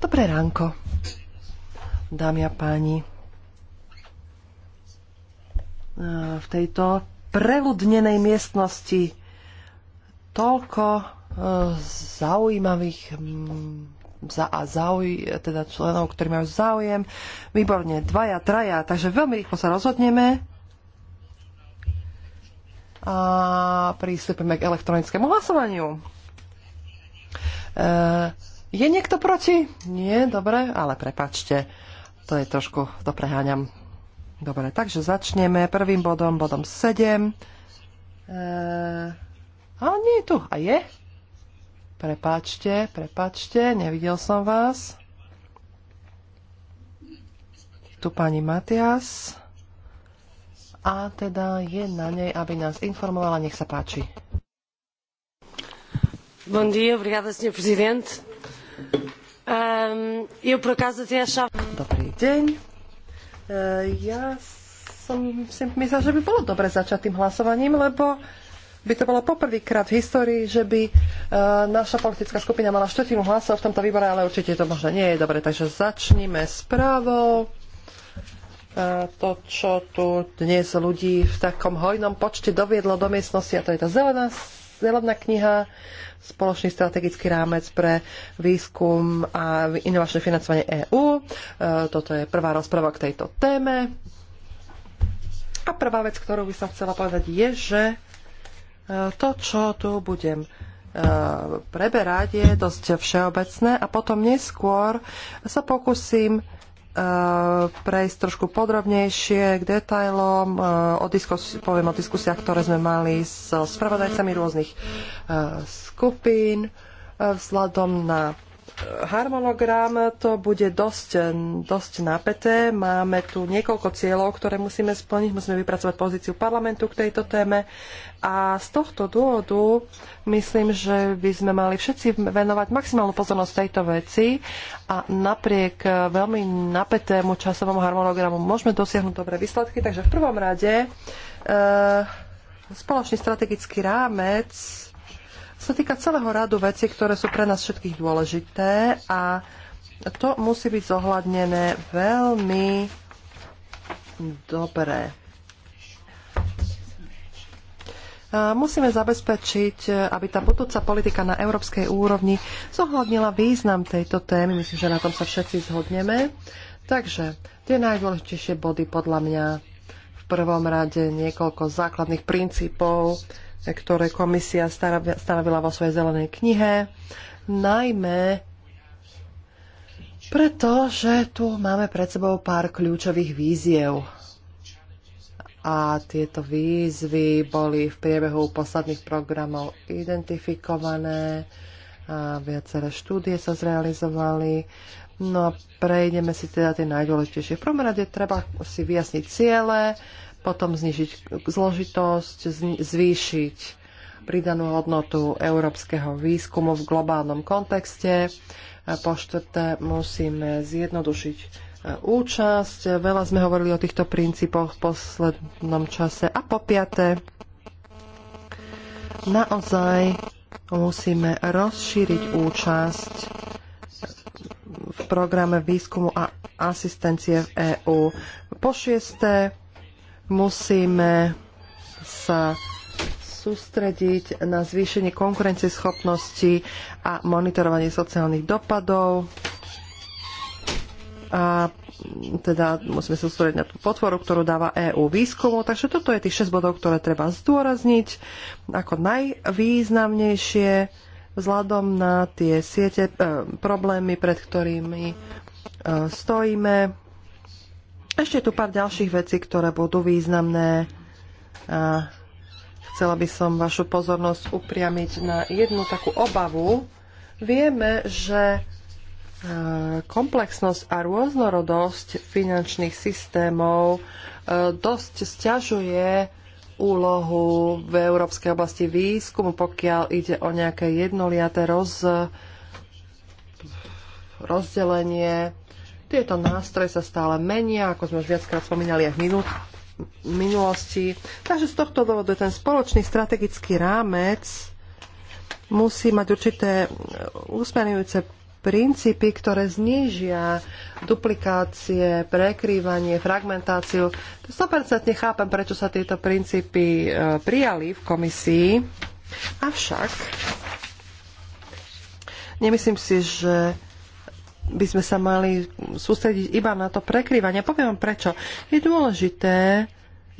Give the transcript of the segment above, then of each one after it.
Dobré ránko, dámy a páni. V tejto preludnenej miestnosti toľko e, zaujímavých za a zauj, teda členov, ktorí majú záujem. Výborne, dvaja, traja, takže veľmi rýchlo sa rozhodneme a pristúpime k elektronickému hlasovaniu. Eh, je niekto proti? Nie, dobre, ale prepačte. To je trošku, to preháňam. Dobre, takže začneme prvým bodom, bodom 7. Uh, eh, a nie je tu, a je? Prepačte, prepačte, nevidel som vás. Tu pani Matias. A teda je na nej, aby nás informovala, nech sa páči. Bom dia, obrigada, Sr. Presidente. Um, eu, por acaso, até achava... Dobrý deň. Uh, ja som si myslela, že by bolo dobre začať tým hlasovaním, lebo by to bolo poprvýkrát v histórii, že by uh, naša politická skupina mala štvrtinu hlasov v tomto výbore, ale určite to možno nie je dobre. Takže začnime správou. Uh, eh, to, čo tu dnes ľudí v takom hojnom počte doviedlo do miestnosti, a to je tá zelená zelená kniha, spoločný strategický rámec pre výskum a inovačné financovanie EÚ. E, toto je prvá rozprava k tejto téme. A prvá vec, ktorú by som chcela povedať, je, že e, to, čo tu budem e, preberať, je dosť všeobecné a potom neskôr sa pokúsim Eh, prejsť trošku podrobnejšie k detailom. Eh, o diskus- poviem o diskusiách, ktoré sme mali s spravodajcami rôznych eh, skupín vzhľadom na harmonogram to bude dosť, dosť napäté. Máme tu niekoľko cieľov, ktoré musíme splniť. Musíme vypracovať pozíciu parlamentu k tejto téme. A z tohto dôvodu myslím, že by sme mali všetci venovať maximálnu pozornosť tejto veci a napriek veľmi napätému časovému harmonogramu môžeme dosiahnuť dobré výsledky. Takže v prvom rade e, spoločný strategický rámec sa týka celého radu vecí, ktoré sú pre nás všetkých dôležité a to musí byť zohľadnené veľmi dobre. Musíme zabezpečiť, aby tá budúca politika na európskej úrovni zohľadnila význam tejto témy. Myslím, že na tom sa všetci zhodneme. Takže tie najdôležitejšie body podľa mňa v prvom rade niekoľko základných princípov, ktoré komisia stanovila vo svojej zelenej knihe, najmä preto, že tu máme pred sebou pár kľúčových víziev. A tieto výzvy boli v priebehu posledných programov identifikované, a viaceré štúdie sa zrealizovali. No a prejdeme si teda tie najdôležitejšie. V prvom rade treba si vyjasniť ciele, potom znižiť zložitosť, zvýšiť pridanú hodnotu európskeho výskumu v globálnom kontexte. Po štvrté, musíme zjednodušiť e, účasť. Veľa sme hovorili o týchto princípoch v poslednom čase. A po piaté, naozaj musíme rozšíriť účasť v programe výskumu a asistencie v EÚ. Po šiesté, musíme sa sústrediť na zvýšenie konkurencieschopnosti a monitorovanie sociálnych dopadov. A teda musíme sa sústrediť na tú potvoru, ktorú dáva EÚ výskumu. Takže toto je tých 6 bodov, ktoré treba zdôrazniť ako najvýznamnejšie vzhľadom na tie siete, e, problémy, pred ktorými e, stojíme ešte tu pár ďalších vecí, ktoré budú významné. A chcela by som vašu pozornosť upriamiť na jednu takú obavu. Vieme, že e, komplexnosť a rôznorodosť finančných systémov e, dosť sťažuje úlohu v európskej oblasti výskumu, pokiaľ ide o nejaké jednoliaté roz, rozdelenie tieto nástroje sa stále menia, ako sme už viackrát spomínali aj v minút, minulosti. Takže z tohto dôvodu ten spoločný strategický rámec musí mať určité usmerňujúce princípy, ktoré znížia duplikácie, prekrývanie, fragmentáciu. 100% chápem, prečo sa tieto princípy e, prijali v komisii. Avšak nemyslím si, že by sme sa mali sústrediť iba na to prekrývanie. Poviem vám prečo. Je dôležité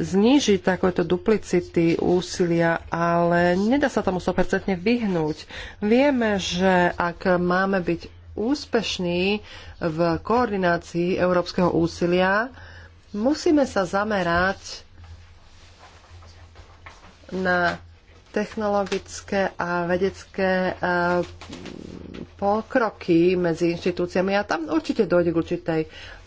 znížiť takéto duplicity úsilia, ale nedá sa tomu 100% vyhnúť. Vieme, že ak máme byť úspešní v koordinácii európskeho úsilia, musíme sa zamerať na technologické a vedecké eh, pokroky medzi inštitúciami a tam určite dojde k určitej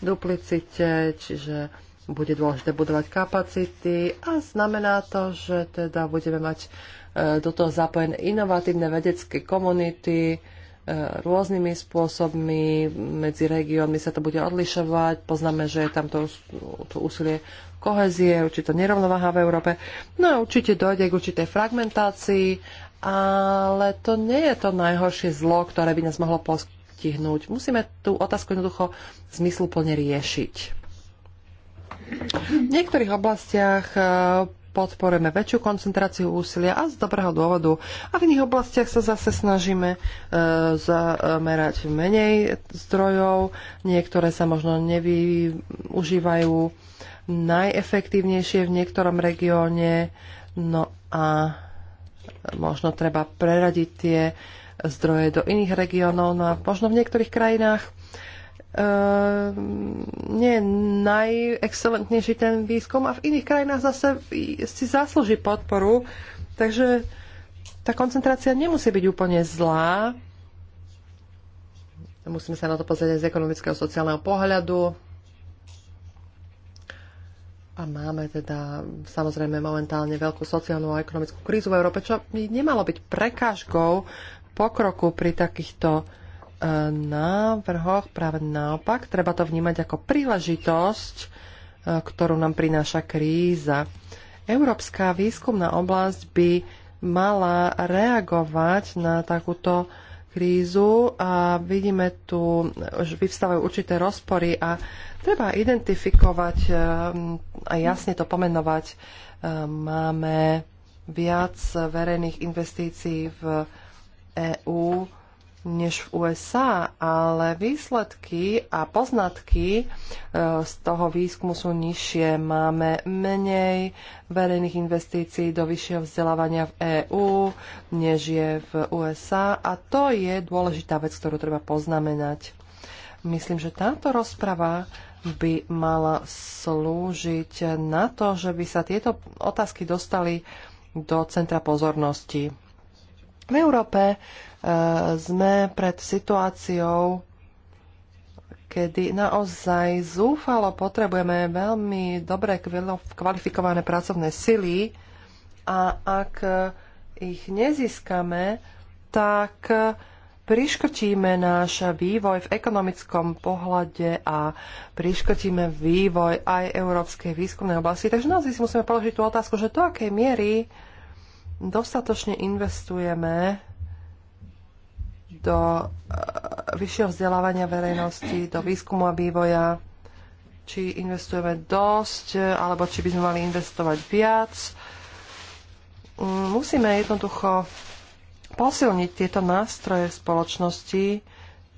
duplicite, čiže bude dôležité budovať kapacity a znamená to, že teda budeme mať eh, do toho zapojené inovatívne vedecké komunity eh, rôznymi spôsobmi medzi regiónmi sa to bude odlišovať. Poznáme, že je tam to, to úsilie kohezie, určitá nerovnováha v Európe. No a určite dojde k určitej fragmentácii, ale to nie je to najhoršie zlo, ktoré by nás mohlo postihnúť. Musíme tú otázku jednoducho zmysluplne riešiť. V niektorých oblastiach eh, podporujeme väčšiu koncentráciu úsilia a z dobrého dôvodu. A v iných oblastiach sa zase snažíme e, zamerať menej zdrojov, niektoré sa možno nevyužívajú najefektívnejšie v niektorom regióne. No a možno treba preradiť tie zdroje do iných regiónov. No a možno v niektorých krajinách e, nie je najexcelentnejší ten výskum a v iných krajinách zase si zaslúži podporu. Takže tá koncentrácia nemusí byť úplne zlá. Musíme sa na to pozrieť z ekonomického sociálneho pohľadu. A máme teda samozrejme momentálne veľkú sociálnu a ekonomickú krízu v Európe, čo by nemalo byť prekážkou pokroku pri takýchto e, návrhoch. Práve naopak, treba to vnímať ako príležitosť, e, ktorú nám prináša kríza. Európska výskumná oblasť by mala reagovať na takúto krízu a vidíme tu, že vyvstávajú určité rozpory a treba identifikovať ehm, a jasne to pomenovať. Ehm, máme viac verejných investícií v EÚ než v USA, ale výsledky a poznatky e, z toho výskumu sú nižšie. Máme menej verejných investícií do vyššieho vzdelávania v EÚ, než je v USA a to je dôležitá vec, ktorú treba poznamenať. Myslím, že táto rozprava by mala slúžiť na to, že by sa tieto otázky dostali do centra pozornosti. V Európe sme pred situáciou, kedy naozaj zúfalo potrebujeme veľmi dobre kvalifikované pracovné sily a ak ich nezískame, tak priškrtíme náš vývoj v ekonomickom pohľade a priškrtíme vývoj aj európskej výskumnej oblasti. Takže naozaj si musíme položiť tú otázku, že do akej miery dostatočne investujeme do eh, vyššieho vzdelávania verejnosti, do výskumu a vývoja, či investujeme dosť, eh, alebo či by sme mali investovať viac. Mm, musíme jednoducho posilniť tieto nástroje spoločnosti,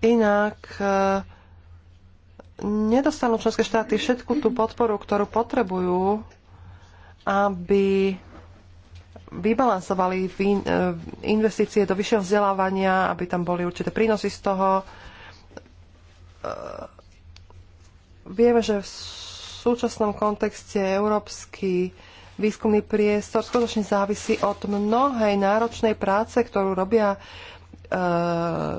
inak eh, nedostanú členské štáty všetku tú podporu, ktorú potrebujú, aby vybalansovali e, investície do vyššieho vzdelávania, aby tam boli určité prínosy z toho. E, vieme, že v súčasnom kontexte európsky výskumný priestor skutočne závisí od mnohej náročnej práce, ktorú robia e,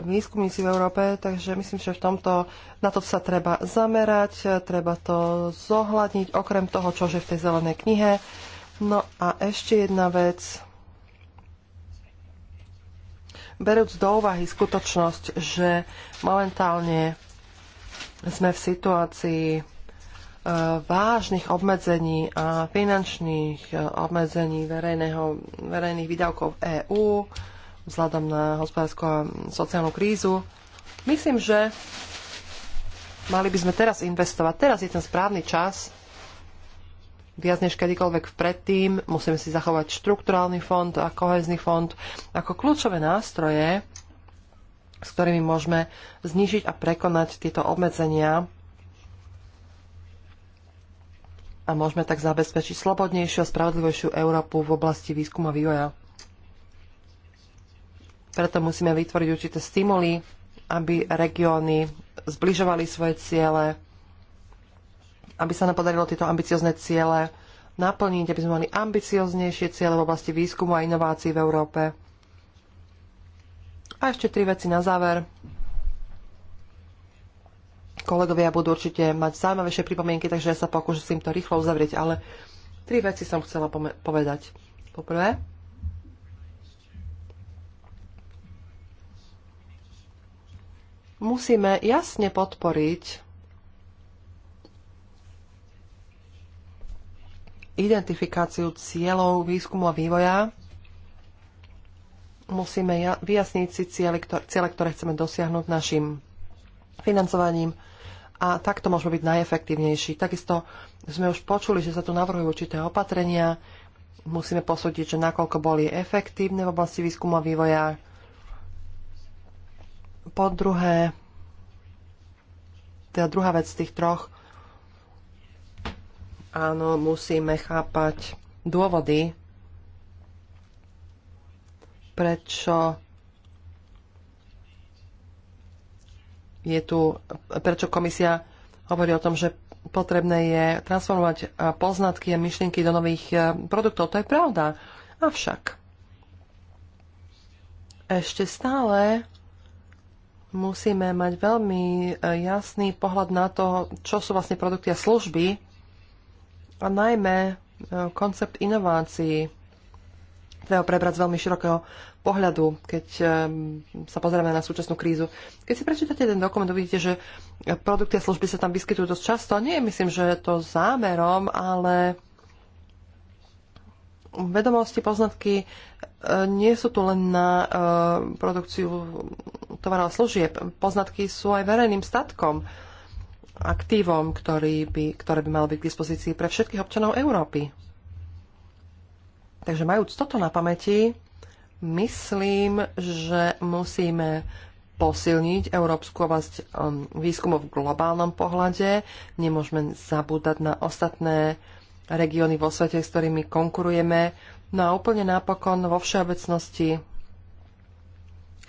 výskumníci v Európe, takže myslím, že v tomto, na to sa treba zamerať, treba to zohľadniť, okrem toho, čo je v tej zelenej knihe. No a ešte jedna vec. Berúc do úvahy skutočnosť, že momentálne sme v situácii e, vážnych obmedzení a finančných e, obmedzení verejného, verejných výdavkov EÚ vzhľadom na hospodárskú a sociálnu krízu. Myslím, že mali by sme teraz investovať. Teraz je ten správny čas viac než kedykoľvek predtým. Musíme si zachovať štrukturálny fond a kohezný fond ako kľúčové nástroje, s ktorými môžeme znižiť a prekonať tieto obmedzenia a môžeme tak zabezpečiť slobodnejšiu a spravodlivejšiu Európu v oblasti výskumu a vývoja. Preto musíme vytvoriť určité stimuly, aby regióny zbližovali svoje ciele, aby sa nám podarilo tieto ambiciozne ciele naplniť, aby sme mali ambicioznejšie ciele v oblasti výskumu a inovácií v Európe. A ešte tri veci na záver. Kolegovia budú určite mať zaujímavejšie pripomienky, takže ja sa pokúsim to rýchlo uzavrieť, ale tri veci som chcela povedať. Poprvé, musíme jasne podporiť identifikáciu cieľov výskumu a vývoja. Musíme vyjasniť si ciele, ciele, ktoré chceme dosiahnuť našim financovaním a takto môžeme byť najefektívnejší. Takisto sme už počuli, že sa tu navrhujú určité opatrenia. Musíme posúdiť, že nakoľko boli efektívne v oblasti výskumu a vývoja. Po druhé, teda druhá vec z tých troch, Áno, musíme chápať dôvody, prečo je tu, prečo komisia hovorí o tom, že potrebné je transformovať e, poznatky a myšlienky do nových e, produktov. To je pravda. Avšak ešte stále musíme mať veľmi e, jasný pohľad na to, čo sú vlastne produkty a služby a najmä e, koncept inovácií treba prebrať z veľmi širokého pohľadu, keď e, sa pozrieme na súčasnú krízu. Keď si prečítate ten dokument, uvidíte, že produkty a služby sa tam vyskytujú dosť často. Nie myslím, že je to zámerom, ale vedomosti, poznatky e, nie sú tu len na produkciu tovarov a služieb. Poznatky sú aj verejným statkom aktívom, ktorý by, ktoré by malo byť k dispozícii pre všetkých občanov Európy. Takže majúc toto na pamäti, myslím, že musíme posilniť európsku oblasť um, výskumu v globálnom pohľade. Nemôžeme zabúdať na ostatné regióny vo svete, s ktorými konkurujeme. No a úplne napokon vo všeobecnosti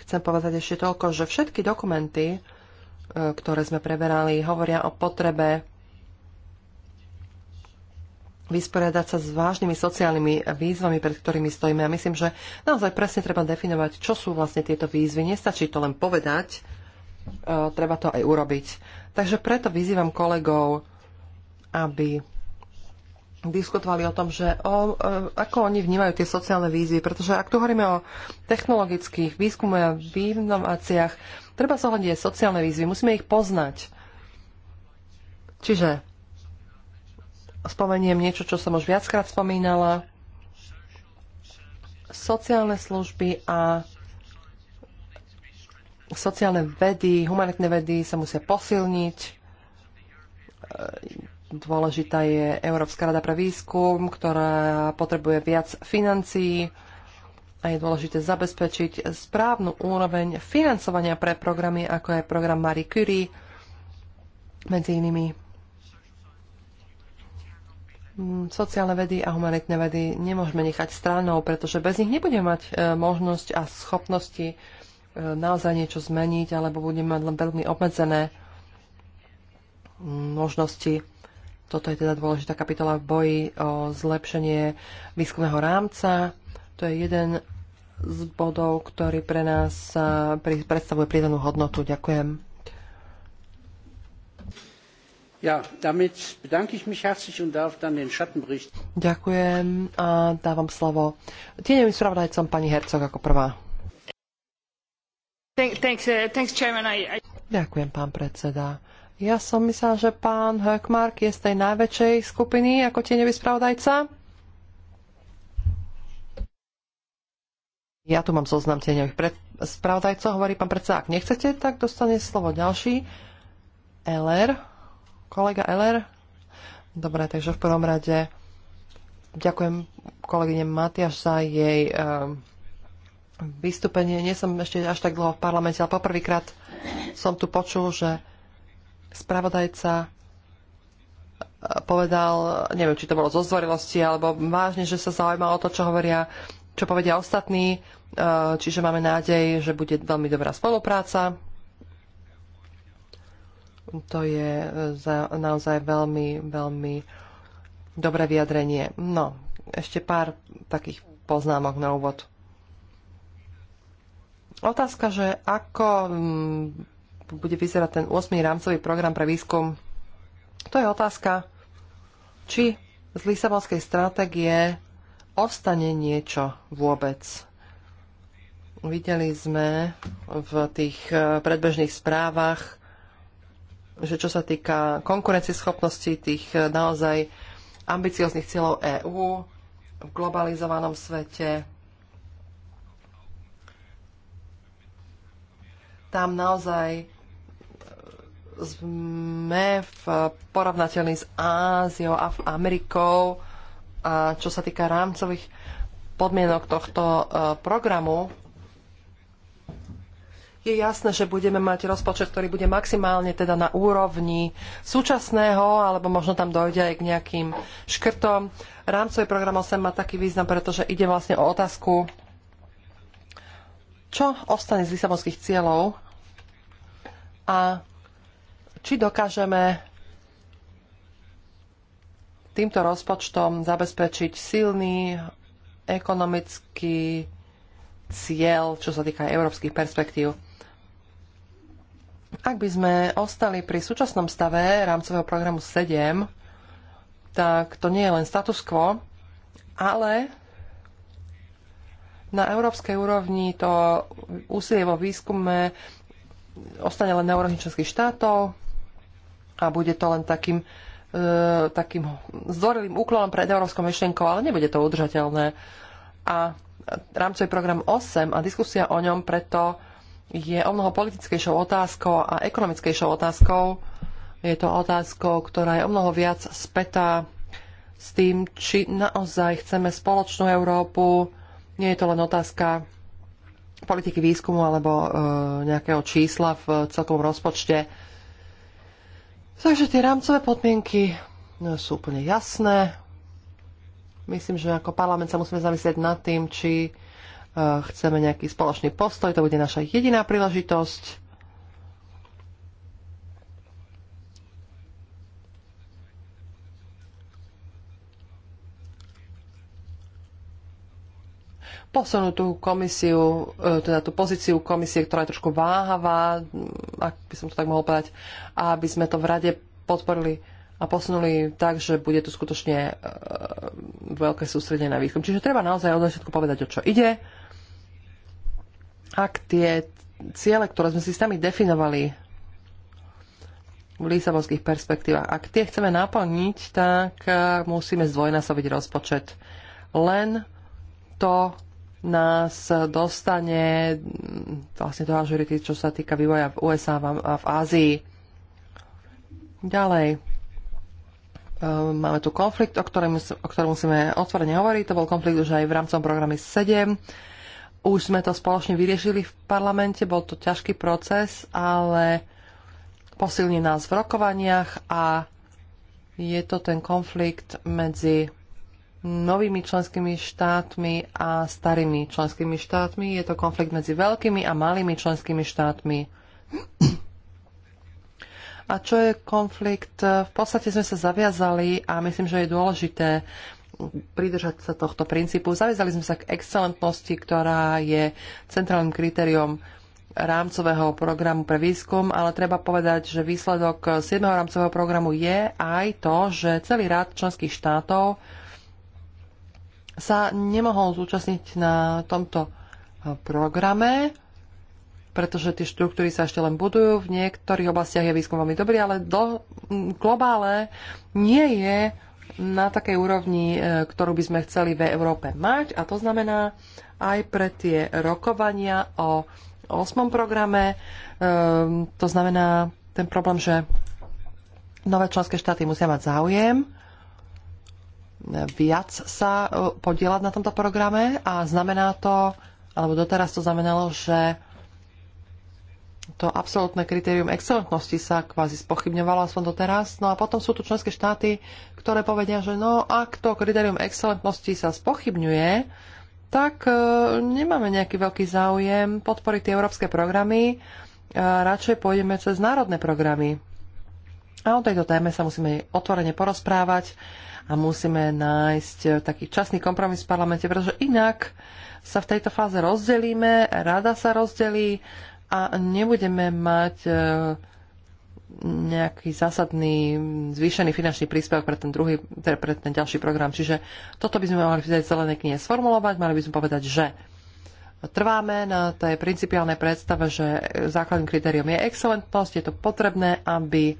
chcem povedať ešte toľko, že všetky dokumenty, E, ktoré sme preberali, hovoria o potrebe vysporiadať sa s vážnymi sociálnymi výzvami, pred ktorými stojíme. A myslím, že naozaj presne treba definovať, čo sú vlastne tieto výzvy. Nestačí to len povedať, e, treba to aj urobiť. Takže preto vyzývam kolegov, aby diskutovali o tom, že o, e, ako oni vnímajú tie sociálne vízie, pretože ak tu hovoríme o technologických výskume a inováciách, treba sa aj sociálne výzvy, musíme ich poznať. Čiže spomeniem niečo, čo som už viackrát spomínala. Sociálne služby a sociálne vedy, humanitné vedy sa musia posilniť Dôležitá je Európska rada pre výskum, ktorá potrebuje viac financií a je dôležité zabezpečiť správnu úroveň financovania pre programy, ako je program Marie Curie, medzi inými. Mm, sociálne vedy a humanitné vedy nemôžeme nechať stranou, pretože bez nich nebudeme mať e, možnosť a schopnosti e, naozaj niečo zmeniť, alebo budeme mať len veľmi obmedzené mm, možnosti toto je teda dôležitá kapitola v boji o zlepšenie výskumného rámca. To je jeden z bodov, ktorý pre nás predstavuje pridanú hodnotu. Ďakujem. Ja, damit bedanke ich mich herzlich und darf dann den Schattenbericht. Ďakujem a dávam slovo tieňovým spravodajcom pani Hercog ako prvá. Thanks, uh, thanks, I, I... Ďakujem, pán predseda. Ja som myslel, že pán Hökmark je z tej najväčšej skupiny ako tieňový spravodajca. Ja tu mám zoznam tieňových pred... spravodajcov, hovorí pán predseda. Ak nechcete, tak dostane slovo ďalší. LR, kolega LR. Dobre, takže v prvom rade ďakujem kolegyne Matiaš za jej um, vystúpenie. Nie som ešte až tak dlho v parlamente, ale poprvýkrát som tu počul, že Spravodajca e, povedal, neviem, či to bolo zo zdvorilosti, alebo vážne, že sa zaujíma o to, čo hovoria, čo povedia ostatní, e, čiže máme nádej, že bude veľmi dobrá spolupráca. To je e, naozaj veľmi, veľmi dobré vyjadrenie. No, ešte pár takých poznámok na úvod. Otázka, že ako bude vyzerať ten 8. rámcový program pre výskum. To je otázka, či z Lisabonskej stratégie ostane niečo vôbec. Videli sme v tých e, predbežných správach, že čo sa týka konkurencieschopnosti tých e, naozaj ambicioznych cieľov EÚ v globalizovanom svete, tam naozaj sme v porovnateľní s Áziou a Amerikou a čo sa týka rámcových podmienok tohto e, programu, je jasné, že budeme mať rozpočet, ktorý bude maximálne teda na úrovni súčasného, alebo možno tam dojde aj k nejakým škrtom. Rámcový program 8 má taký význam, pretože ide vlastne o otázku, čo ostane z lisabonských cieľov a či dokážeme týmto rozpočtom zabezpečiť silný ekonomický cieľ, čo sa týka európskych perspektív. Ak by sme ostali pri súčasnom stave rámcového programu 7, tak to nie je len status quo, ale na európskej úrovni to úsilie vo výskume ostane len na úrovni členských štátov, a bude to len takým, e, takým zdorilým úklonom pred európskou myšlienkou, ale nebude to udržateľné. A rámcový program 8 a diskusia o ňom preto je o mnoho politickejšou otázkou a ekonomickejšou otázkou. Je to otázkou, ktorá je o mnoho viac spätá s tým, či naozaj chceme spoločnú Európu. Nie je to len otázka politiky výskumu alebo e, nejakého čísla v celkom rozpočte. Takže tie rámcové podmienky no, sú úplne jasné. Myslím, že ako parlament sa musíme zamyslieť nad tým, či eh, chceme nejaký spoločný postoj, to bude naša jediná príležitosť posunú tú komisiu, e, teda tú pozíciu komisie, ktorá je trošku váhavá, mm, ak by som to tak mohol povedať, aby sme to v rade podporili a posunuli tak, že bude to skutočne e, veľké sústredenie na výskum. Čiže treba naozaj od začiatku povedať, o čo ide. Ak tie ciele, ktoré sme si sami definovali v lisabonských perspektívach, ak tie chceme naplniť, tak e, musíme zdvojnásobiť rozpočet. Len to nás dostane vlastne do ažurity, čo sa týka vývoja v USA a v Ázii. Ďalej. Ehm, máme tu konflikt, o ktorom, o ktorom musíme otvorene hovoriť. To bol konflikt už aj v rámcom programy 7. Už sme to spoločne vyriešili v parlamente, bol to ťažký proces, ale posilní nás v rokovaniach a je to ten konflikt medzi novými členskými štátmi a starými členskými štátmi. Je to konflikt medzi veľkými a malými členskými štátmi. A čo je konflikt? V podstate sme sa zaviazali a myslím, že je dôležité pridržať sa tohto princípu. Zaviazali sme sa k excelentnosti, ktorá je centrálnym kritériom rámcového programu pre výskum, ale treba povedať, že výsledok 7. rámcového programu je aj to, že celý rád členských štátov sa nemohol zúčastniť na tomto eh, programe, pretože tie štruktúry sa ešte len budujú. V niektorých oblastiach je výskum veľmi dobrý, ale do, globále nie je na takej úrovni, eh, ktorú by sme chceli v Európe mať. A to znamená aj pre tie rokovania o osmom programe. Ehm, to znamená ten problém, že nové členské štáty musia mať záujem viac sa e, podielať na tomto programe a znamená to, alebo doteraz to znamenalo, že to absolútne kritérium excelentnosti sa kvázi spochybňovalo aspoň doteraz. No a potom sú tu členské štáty, ktoré povedia, že no ak to kritérium excelentnosti sa spochybňuje, tak e, nemáme nejaký veľký záujem podporiť tie európske programy, e, radšej pôjdeme cez národné programy. A o tejto téme sa musíme otvorene porozprávať a musíme nájsť eh, taký časný kompromis v parlamente, pretože inak sa v tejto fáze rozdelíme, rada sa rozdelí a nebudeme mať eh, nejaký zásadný zvýšený finančný príspevok pre ten druhý, pre ten ďalší program. Čiže toto by sme mali v tej zelenej knihe sformulovať, mali by sme povedať, že trváme na tej principiálnej predstave, že základným kritériom je excelentnosť, je to potrebné, aby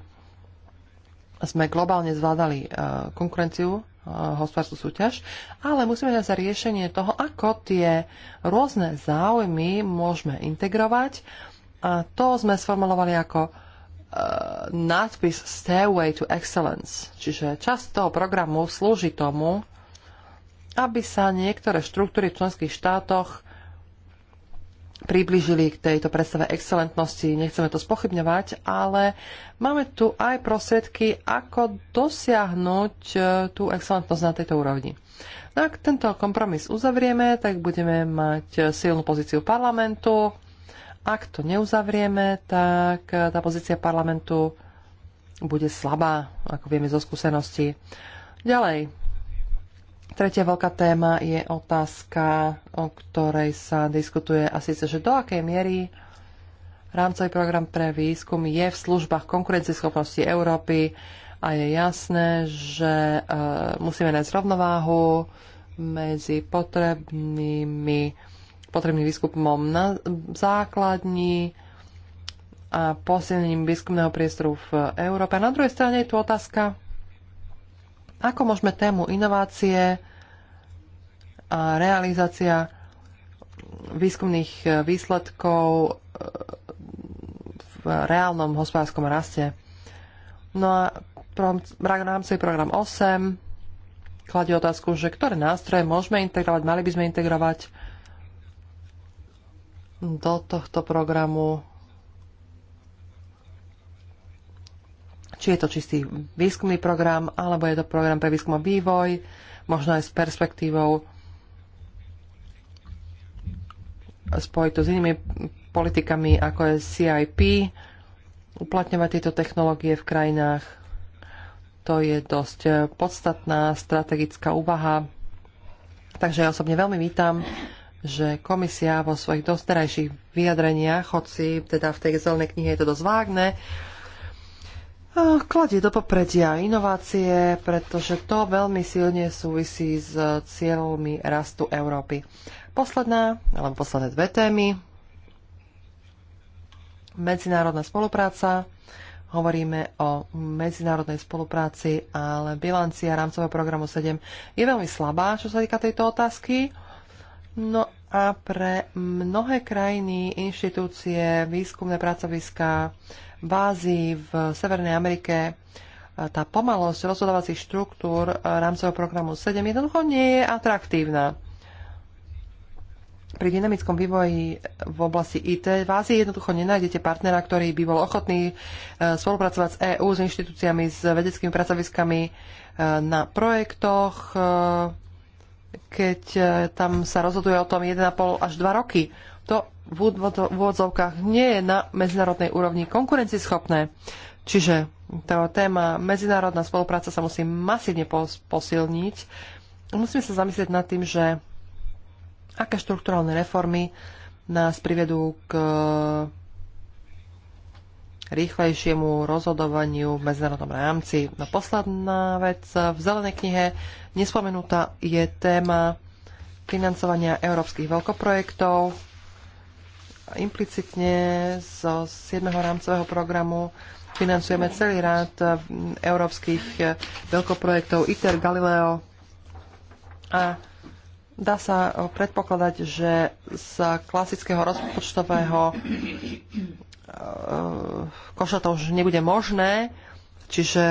sme globálne zvládali e, konkurenciu, e, hospodárskú súťaž, ale musíme nájsť riešenie toho, ako tie rôzne záujmy môžeme integrovať. A to sme sformulovali ako uh, nadpis Stairway to Excellence. Čiže časť toho programu slúži tomu, aby sa niektoré štruktúry v členských štátoch priblížili k tejto predstave excelentnosti. Nechceme to spochybňovať, ale máme tu aj prostriedky, ako dosiahnuť e, tú excelentnosť na tejto úrovni. No ak tento kompromis uzavrieme, tak budeme mať silnú pozíciu parlamentu. Ak to neuzavrieme, tak e, tá pozícia parlamentu bude slabá, ako vieme zo skúsenosti. Ďalej, Tretia veľká téma je otázka, o ktorej sa diskutuje a síce, že do akej miery rámcový program pre výskum je v službách konkurencieschopnosti Európy a je jasné, že e, musíme nájsť rovnováhu medzi potrebnými, potrebným výskumom na základni a posilnením výskumného priestoru v Európe. A na druhej strane je tu otázka, ako môžeme tému inovácie a realizácia výskumných e, výsledkov e, v reálnom hospodárskom raste. No a rámcový program 8 kladie otázku, že ktoré nástroje môžeme integrovať, mali by sme integrovať do tohto programu či je to čistý výskumný program, alebo je to program pre výskum a vývoj, možno aj s perspektívou spojiť s inými politikami, ako je CIP, uplatňovať tieto technológie v krajinách. To je dosť podstatná strategická úvaha. Takže ja osobne veľmi vítam, že komisia vo svojich dosterajších vyjadreniach, hoci teda v tej zelenej knihe je to dosť vágne, kladie do popredia inovácie, pretože to veľmi silne súvisí s cieľmi rastu Európy. Posledná, alebo posledné dve témy. Medzinárodná spolupráca. Hovoríme o medzinárodnej spolupráci, ale bilancia rámcového programu 7 je veľmi slabá, čo sa týka tejto otázky. No a pre mnohé krajiny, inštitúcie, výskumné pracoviská bázy v Severnej Amerike, tá pomalosť rozhodovacích štruktúr rámcového programu 7 jednoducho nie je atraktívna pri dynamickom vývoji v oblasti IT v Ázii jednoducho nenájdete partnera, ktorý by bol ochotný e, spolupracovať s EÚ, s inštitúciami, s vedeckými pracoviskami e, na projektoch, e, keď tam sa rozhoduje o tom 1,5 až 2 roky. To v úvodzovkách nie je na medzinárodnej úrovni konkurencieschopné. Čiže tá téma medzinárodná spolupráca sa musí masívne posilniť. Musíme sa zamyslieť nad tým, že aké štruktúralne reformy nás privedú k e, rýchlejšiemu rozhodovaniu v medzinárodnom rámci. No posledná vec v zelenej knihe nespomenutá je téma financovania európskych veľkoprojektov. Implicitne zo 7. rámcového programu financujeme celý rád e, európskych e, veľkoprojektov ITER, Galileo a Dá sa eh, predpokladať, že z klasického rozpočtového eh, koša to už nebude možné, čiže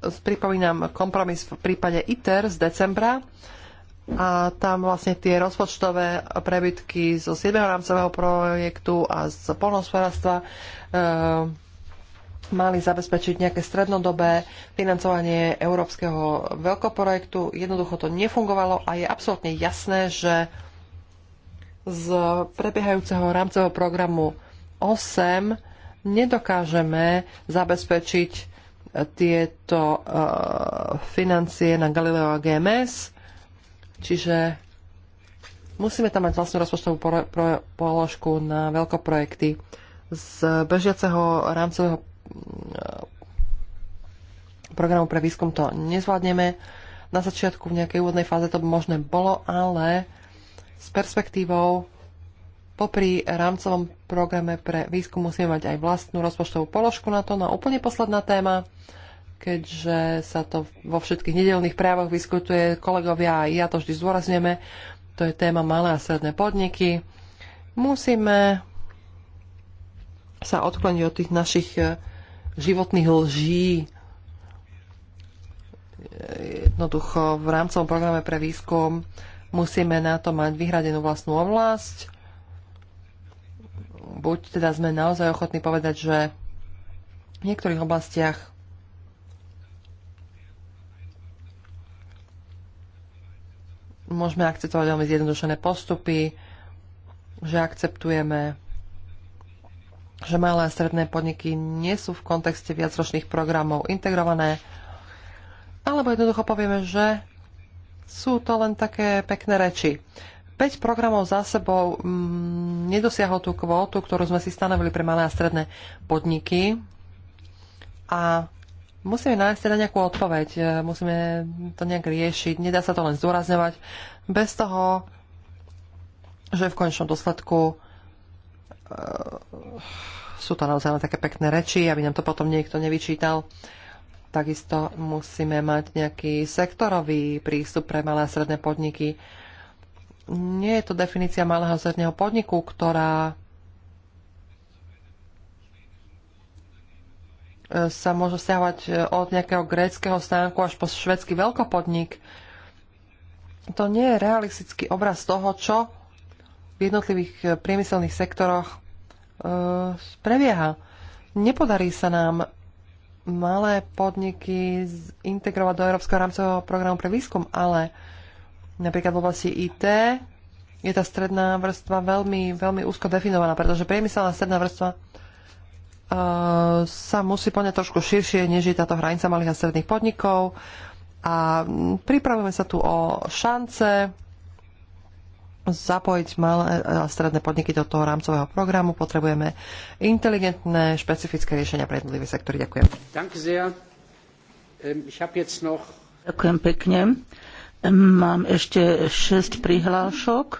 pripomínam kompromis v prípade ITER z decembra a tam vlastne tie rozpočtové prebytky zo 7. rámcového projektu a z polnospodárstva e, eh, mali zabezpečiť nejaké strednodobé financovanie európskeho veľkoprojektu. Jednoducho to nefungovalo a je absolútne jasné, že z prebiehajúceho rámcového programu 8 nedokážeme zabezpečiť tieto eh, financie na Galileo a GMS, čiže musíme tam mať vlastnú rozpočtovú položku na veľkoprojekty z bežiaceho rámcového E, programu pre výskum to nezvládneme. Na začiatku v nejakej úvodnej fáze to by možné bolo, ale s perspektívou popri rámcovom programe pre výskum musíme mať aj vlastnú rozpočtovú položku na to. na no úplne posledná téma, keďže sa to vo všetkých nedelných prejavoch vyskutuje, kolegovia a ja to vždy zdôrazňujeme, to je téma malé a stredné podniky. Musíme sa odkloniť od tých našich e, životných lží. Jednoducho v rámcovom programe pre výskum musíme na to mať vyhradenú vlastnú oblasť. Buď teda sme naozaj ochotní povedať, že v niektorých oblastiach môžeme akceptovať veľmi zjednodušené postupy, že akceptujeme že malé a stredné podniky nie sú v kontexte viacročných programov integrované, alebo jednoducho povieme, že sú to len také pekné reči. 5 programov za sebou mm, nedosiahlo tú kvótu, ktorú sme si stanovili pre malé a stredné podniky. A musíme nájsť teda nejakú odpoveď, e, musíme to nejak riešiť, nedá sa to len zdôrazňovať, bez toho, že v konečnom dôsledku Ehm, sú to naozaj len také pekné reči, aby nám to potom niekto nevyčítal. Takisto musíme mať nejaký sektorový prístup pre malé a stredné podniky. Nie je to definícia malého a stredného podniku, ktorá e, sa môže stiahovať e, od nejakého gréckého stánku až po švedský veľkopodnik. To nie je realistický obraz toho, čo v jednotlivých eh, priemyselných sektoroch eh, prebieha. Nepodarí sa nám malé podniky integrovať do Európskeho rámcového programu pre výskum, ale napríklad v oblasti IT je tá stredná vrstva veľmi, veľmi úzko definovaná, pretože priemyselná stredná vrstva uh, sa musí poňať trošku širšie, než je táto hranica malých a stredných podnikov. A pripravujeme sa tu o šance, zapojiť malé a stredné podniky do toho rámcového programu. Potrebujeme inteligentné, špecifické riešenia pre jednotlivé sektory. Ďakujem. Ähm, Ďakujem pekne. Mám ešte 6 prihlášok e,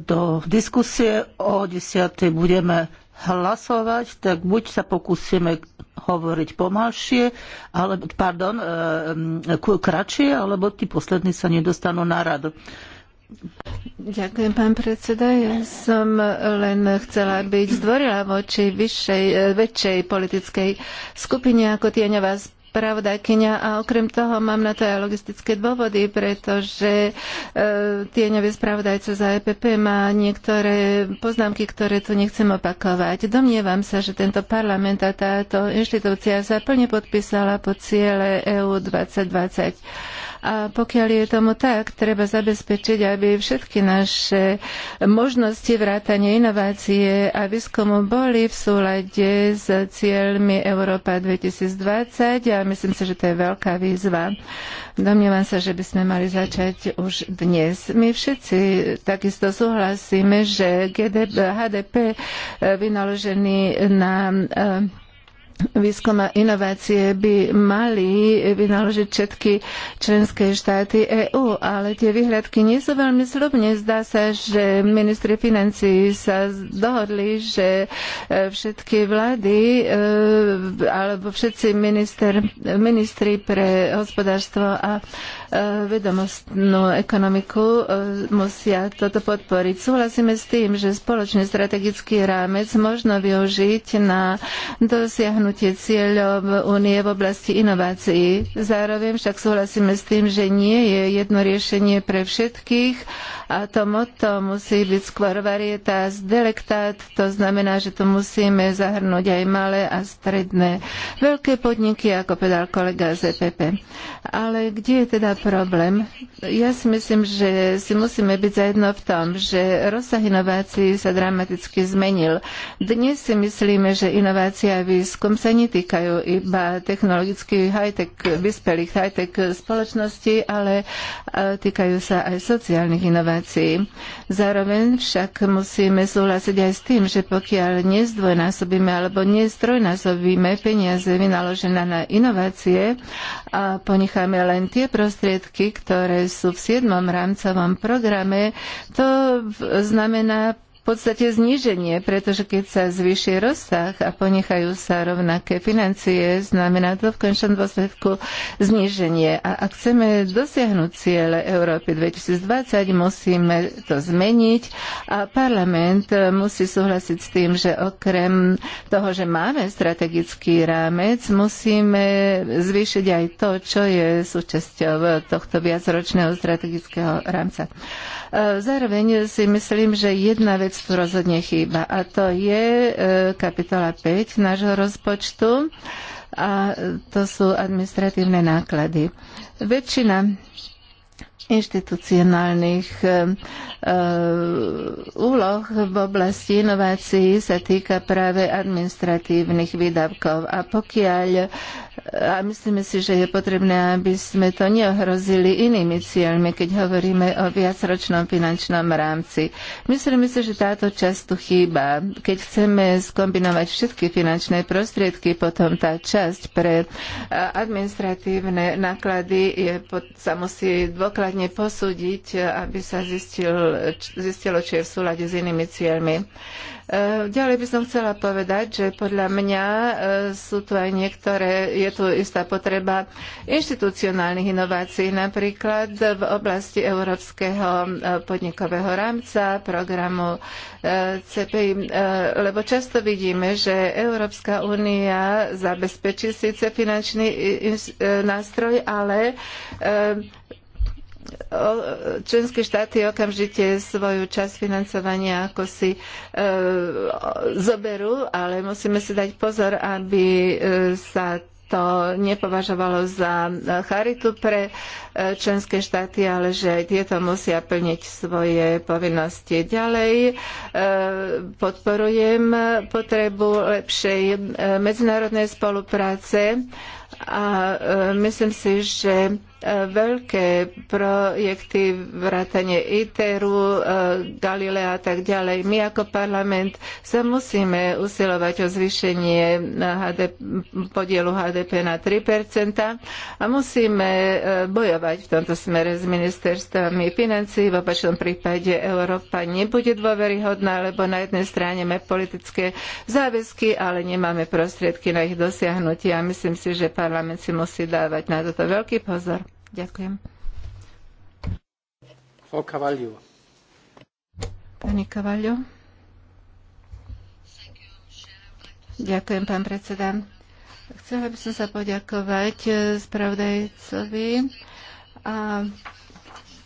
do diskusie. O 10. budeme hlasovať, tak buď sa pokúsime hovoriť pomalšie, ale, pardon, e, kratšie, alebo tí poslední sa nedostanú na radu. Ďakujem, pán predseda. Ja som len chcela byť zdvorila voči vyššej, väčšej politickej skupine ako tieňová spravodajkyňa a okrem toho mám na to aj logistické dôvody, pretože e, tieňový spravodajca za EPP má niektoré poznámky, ktoré tu nechcem opakovať. Domnievam sa, že tento parlament a táto inštitúcia sa plne podpísala po ciele EU 2020 a pokiaľ je tomu tak, treba zabezpečiť, aby všetky naše možnosti vrátania inovácie a výskumu boli v súlade s cieľmi Európa 2020 a myslím si, že to je veľká výzva. Domnievam sa, že by sme mali začať už dnes. My všetci takisto súhlasíme, že HDP vynaložený na eh, výskum a inovácie by mali vynaložiť všetky členské štáty EÚ, ale tie vyhľadky nie sú veľmi zľubne. Zdá sa, že ministri financí sa dohodli, že e, všetky vlády e, alebo všetci minister, ministri pre hospodárstvo a e, vedomostnú ekonomiku musia toto podporiť. Súhlasíme s tým, že spoločný strategický rámec možno využiť na dosiahnutie dosiahnutie cieľov únie v oblasti inovácií. Zároveň však súhlasíme s tým, že nie je jedno riešenie pre všetkých a to motto musí byť skôr varietas delektát, to znamená, že tu musíme zahrnúť aj malé a stredné veľké podniky, ako povedal kolega z EPP. Ale kde je teda problém? Ja si myslím, že si musíme byť zajedno v tom, že rozsah inovácií sa dramaticky zmenil. Dnes si myslíme, že inovácia a výskum pritom sa netýkajú iba technologicky high-tech, vyspelých high-tech spoločností, ale e, týkajú sa aj sociálnych inovácií. Zároveň však musíme súhlasiť aj s tým, že pokiaľ nezdvojnásobíme alebo nestrojnásobíme peniaze vynaložené na inovácie a ponecháme len tie prostriedky, ktoré sú v 7. rámcovom programe, to znamená podstate zníženie, pretože keď sa zvýši rozsah a ponechajú sa rovnaké financie, znamená to v končnom dôsledku zníženie. A ak chceme dosiahnuť ciele Európy 2020, musíme to zmeniť a parlament musí súhlasiť s tým, že okrem toho, že máme strategický rámec, musíme zvýšiť aj to, čo je súčasťou tohto viacročného strategického rámca. E, zároveň si myslím, že jedna vec, vec tu rozhodne chýba a to je e, kapitola 5 nášho rozpočtu a to sú administratívne náklady. Väčšina inštitucionálnych eh, eh, úloh v oblasti inovácií sa týka práve administratívnych výdavkov. A pokiaľ a myslíme si, že je potrebné, aby sme to neohrozili inými cieľmi, keď hovoríme o viacročnom finančnom rámci. Myslím si, že táto časť tu chýba. Keď chceme skombinovať všetky finančné prostriedky, potom tá časť pre eh, administratívne náklady je, sa musí dôkladne správne posúdiť, aby sa zistil, zistilo, či je v súlade s inými cieľmi. E, ďalej by som chcela povedať, že podľa mňa e, sú tu aj niektoré, je tu istá potreba inštitucionálnych inovácií, napríklad v oblasti Európskeho e, podnikového rámca, programu CPI, lebo často vidíme, že Európska únia zabezpečí síce finančný nástroj, ale členské štáty okamžite svoju časť financovania ako si e, zoberú, ale musíme si dať pozor, aby e, sa to nepovažovalo za charitu pre e, členské štáty, ale že aj tieto musia plniť svoje povinnosti. Ďalej e, podporujem potrebu lepšej medzinárodnej spolupráce a myslím si, že veľké projekty, vrátanie ITERu, e, Galilea a tak ďalej. My ako parlament sa musíme usilovať o zvýšenie HDP, podielu HDP na 3% a musíme e, bojovať v tomto smere s ministerstvami financí. V opačnom prípade Európa nebude dôveryhodná, lebo na jednej strane máme politické záväzky, ale nemáme prostriedky na ich dosiahnutie a myslím si, že parlament si musí dávať na toto veľký pozor. Ďakujem. Pani Cavaglio. Ďakujem, pán predseda. Chcela by som sa poďakovať spravodajcovi a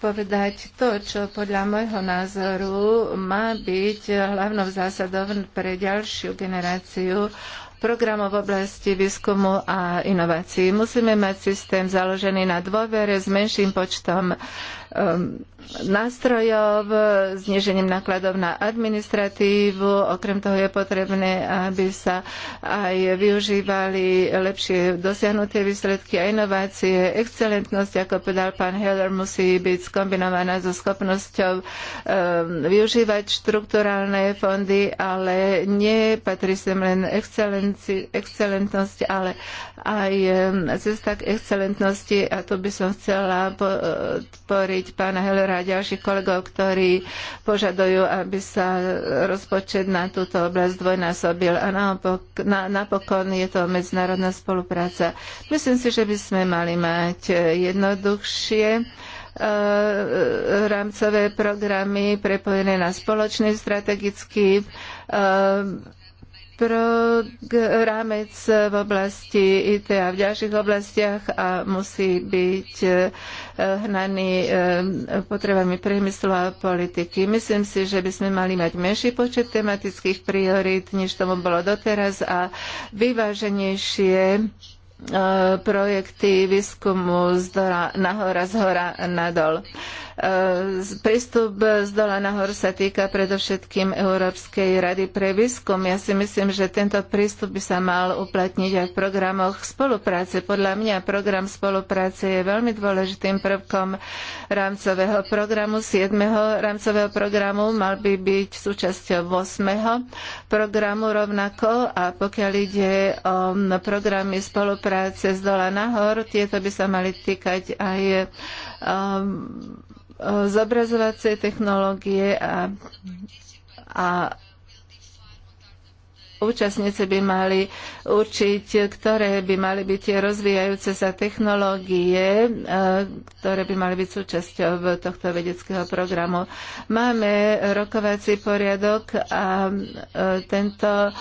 povedať to, čo podľa môjho názoru má byť hlavnou zásadou pre ďalšiu generáciu programov v oblasti výskumu a inovácií. Musíme mať systém založený na dôvere s menším počtom Um, nástrojov, znižením nákladov na administratívu. Okrem toho je potrebné, aby sa aj využívali lepšie dosiahnuté výsledky a inovácie. Excelentnosť, ako povedal pán Heller, musí byť skombinovaná so schopnosťou um, využívať štrukturálne fondy, ale nepatrí sem len excelentnosť, ale aj um, cesta k excelentnosti a tu by som chcela podporiť podporiť pána Hellera a ďalších kolegov, ktorí požadujú, aby sa rozpočet na túto oblasť dvojnásobil. A naopok, na, napokon je to medzinárodná spolupráca. Myslím si, že by sme mali mať jednoduchšie e, rámcové programy prepojené na spoločný strategický e, rámec v oblasti IT a v ďalších oblastiach a musí byť e, hnaný e, potrebami priemyslu a politiky. Myslím si, že by sme mali mať menší počet tematických priorít, než tomu bolo doteraz a vyváženejšie e, projekty výskumu z dora, nahora, z hora, nadol. E, prístup z dola nahor sa týka predovšetkým Európskej rady pre výskum. Ja si myslím, že tento prístup by sa mal uplatniť aj v programoch spolupráce. Podľa mňa program spolupráce je veľmi dôležitým prvkom rámcového programu. 7. rámcového programu mal by byť súčasťou 8. programu rovnako a pokiaľ ide o programy spolupráce z dola nahor, tieto by sa mali týkať aj um, E, zobrazovacie technológie a, a účastníci by mali určiť, ktoré by mali byť tie rozvíjajúce sa technológie, e, ktoré by mali byť súčasťou tohto vedeckého programu. Máme rokovací poriadok a e, tento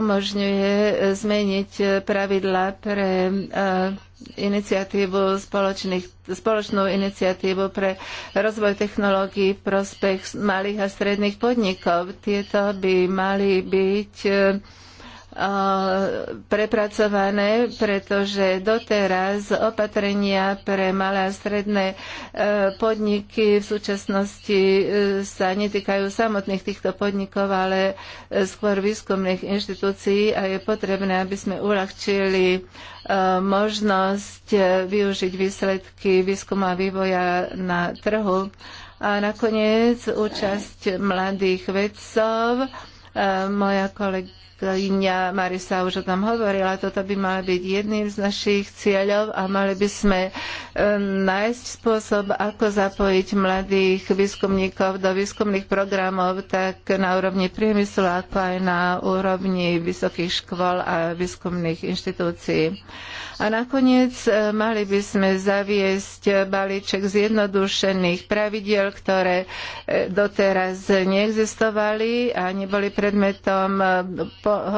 umožňuje zmeniť pravidla pre iniciatívu spoločných, spoločnú iniciatívu pre rozvoj technológií v prospech malých a stredných podnikov. Tieto by mali byť Eh, prepracované, pretože doteraz opatrenia pre malé a stredné eh, podniky v súčasnosti eh, sa netýkajú samotných týchto podnikov, ale skôr výskumných inštitúcií a je potrebné, aby sme uľahčili možnosť využiť výsledky výskumu a vývoja na trhu. A nakoniec účasť mladých vedcov, moja kolegyňa Marisa už o tom hovorila, toto by mal byť jedným z našich cieľov a mali by sme e, nájsť spôsob, ako zapojiť mladých výskumníkov do výskumných programov, tak na úrovni priemyslu, ako aj na úrovni vysokých škôl a výskumných inštitúcií. A nakoniec e, mali by sme zaviesť balíček zjednodušených pravidiel, ktoré e, doteraz neexistovali a neboli pre predmetom eh,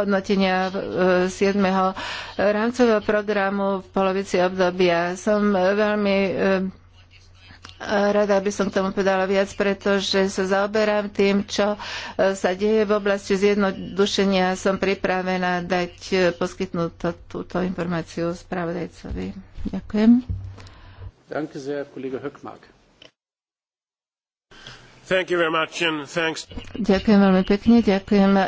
hodnotenia 7. Eh, rámcového programu v polovici obdobia. Som eh, veľmi Rada by som k tomu povedala viac, pretože sa zaoberám tým, čo sa deje v oblasti zjednodušenia. Som pripravená dať poskytnúť to, túto informáciu spravodajcovi. Ďakujem. Danke sehr, kolega Höckmark. Ďakujem veľmi pekne, ďakujem e,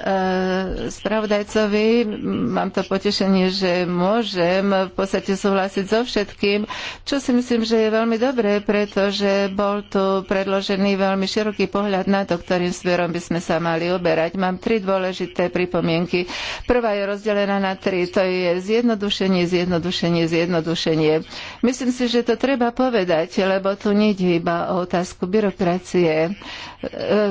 spravodajcovi. Mám to potešenie, že môžem v podstate súhlasiť so všetkým, čo si myslím, že je veľmi dobré, pretože bol tu predložený veľmi široký pohľad na to, ktorým smerom by sme sa mali uberať. Mám tri dôležité pripomienky. Prvá je rozdelená na tri. To je zjednodušenie, zjednodušenie, zjednodušenie. Myslím si, že to treba povedať, lebo tu nejde iba o otázku byrokracie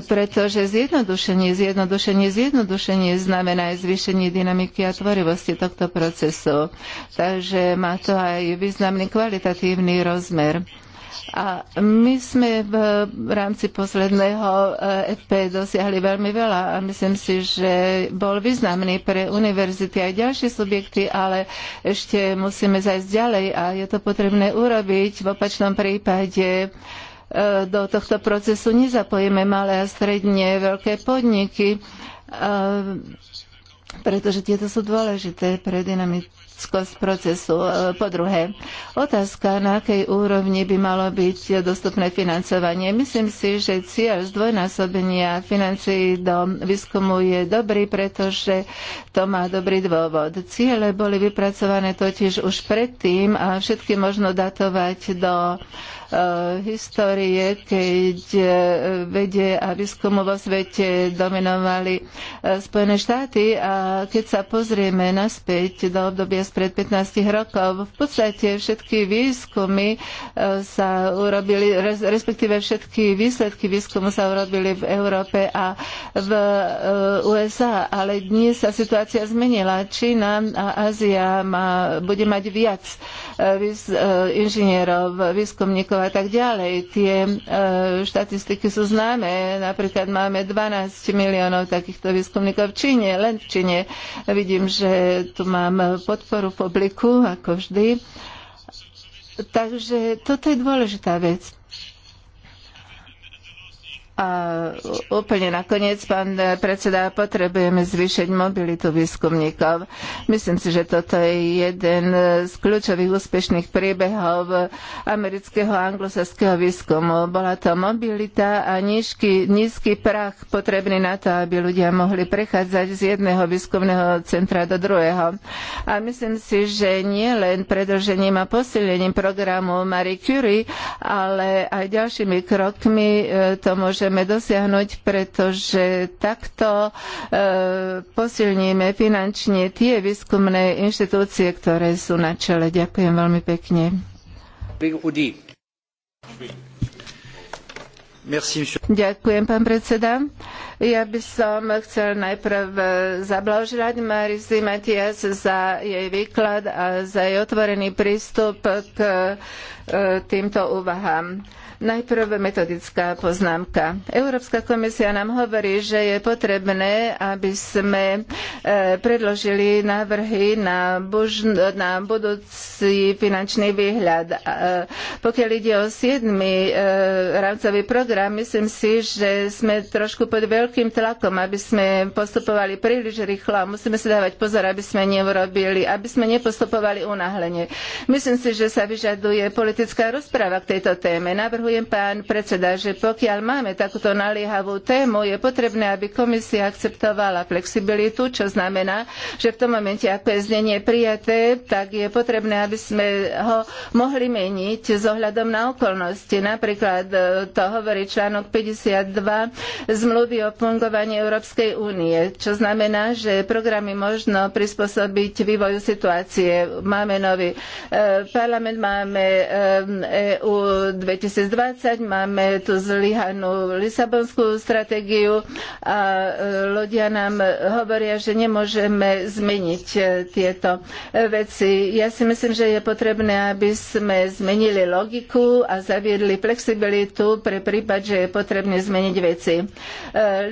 pretože zjednodušenie, zjednodušenie, zjednodušenie znamená aj zvýšenie dynamiky a tvorivosti tohto procesu. Takže má to aj významný kvalitatívny rozmer. A my sme v rámci posledného eh, FP dosiahli veľmi veľa a myslím si, že bol významný pre univerzity aj ďalšie subjekty, ale ešte musíme zajsť ďalej a je to potrebné urobiť. V opačnom prípade E, do tohto procesu nezapojíme malé a stredne veľké podniky, e, pretože tieto sú dôležité pre dynamickosť procesu. E, po druhé, otázka, na akej úrovni by malo byť dostupné financovanie. Myslím si, že cieľ zdvojnásobenia financií do výskumu je dobrý, pretože to má dobrý dôvod. Ciele boli vypracované totiž už predtým a všetky možno datovať do Eh, histórie, keď eh, vede a výskumu vo svete dominovali eh, Spojené štáty a keď sa pozrieme naspäť do obdobia spred 15 rokov, v podstate všetky výskumy sa urobili, respektíve všetky výsledky výskumu sa urobili v Európe a v USA, ale dnes sa situácia zmenila. Čína a Ázia má, bude mať viac inžinierov, výskumníkov štátov a tak ďalej. Tie e, štatistiky sú známe. Napríklad máme 12 miliónov takýchto výskumníkov v Číne, len v Číne. Vidím, že tu mám podporu publiku, ako vždy. Takže toto je dôležitá vec. A úplne nakoniec, pán predseda, potrebujeme zvýšiť mobilitu výskumníkov. Myslím si, že toto je jeden z kľúčových úspešných príbehov amerického anglosaského výskumu. Bola to mobilita a nízky, nízky prach potrebný na to, aby ľudia mohli prechádzať z jedného výskumného centra do druhého. A myslím si, že nie len predlžením a posilnením programu Marie Curie, ale aj ďalšími krokmi e, to môže môžeme dosiahnuť, pretože takto e, posilníme finančne tie výskumné inštitúcie, ktoré sú na čele. Ďakujem veľmi pekne. Ďakujem, pán predseda. Ja by som chcel najprv zablahoželať Marisi Matias za jej výklad a za jej otvorený prístup k e, týmto úvahám. Najprv metodická poznámka. Európska komisia nám hovorí, že je potrebné, aby sme e, predložili návrhy na, buž, na budúci finančný výhľad. E, pokiaľ ide o 7. E, rámcový program, myslím si, že sme trošku pod veľkým tlakom, aby sme postupovali príliš rýchlo a musíme si dávať pozor, aby sme neurobili, aby sme nepostupovali unáhlenie. Myslím si, že sa vyžaduje politická rozpráva k tejto téme. Navrhu navrhujem, pán predseda, že pokiaľ máme takúto naliehavú tému, je potrebné, aby komisia akceptovala flexibilitu, čo znamená, že v tom momente, ako je znenie prijaté, tak je potrebné, aby sme ho mohli meniť s ohľadom na okolnosti. Napríklad e, to hovorí článok 52 zmluvy o fungovaní Európskej únie, čo znamená, že programy možno prispôsobiť vývoju situácie. Máme nový e, parlament, máme EU e 2020 2020, máme tu zlyhanú Lisabonskú stratégiu a e, ľudia nám hovoria, že nemôžeme zmeniť e, tieto e, veci. Ja si myslím, že je potrebné, aby sme zmenili logiku a zaviedli flexibilitu pre prípad, že je potrebné zmeniť veci.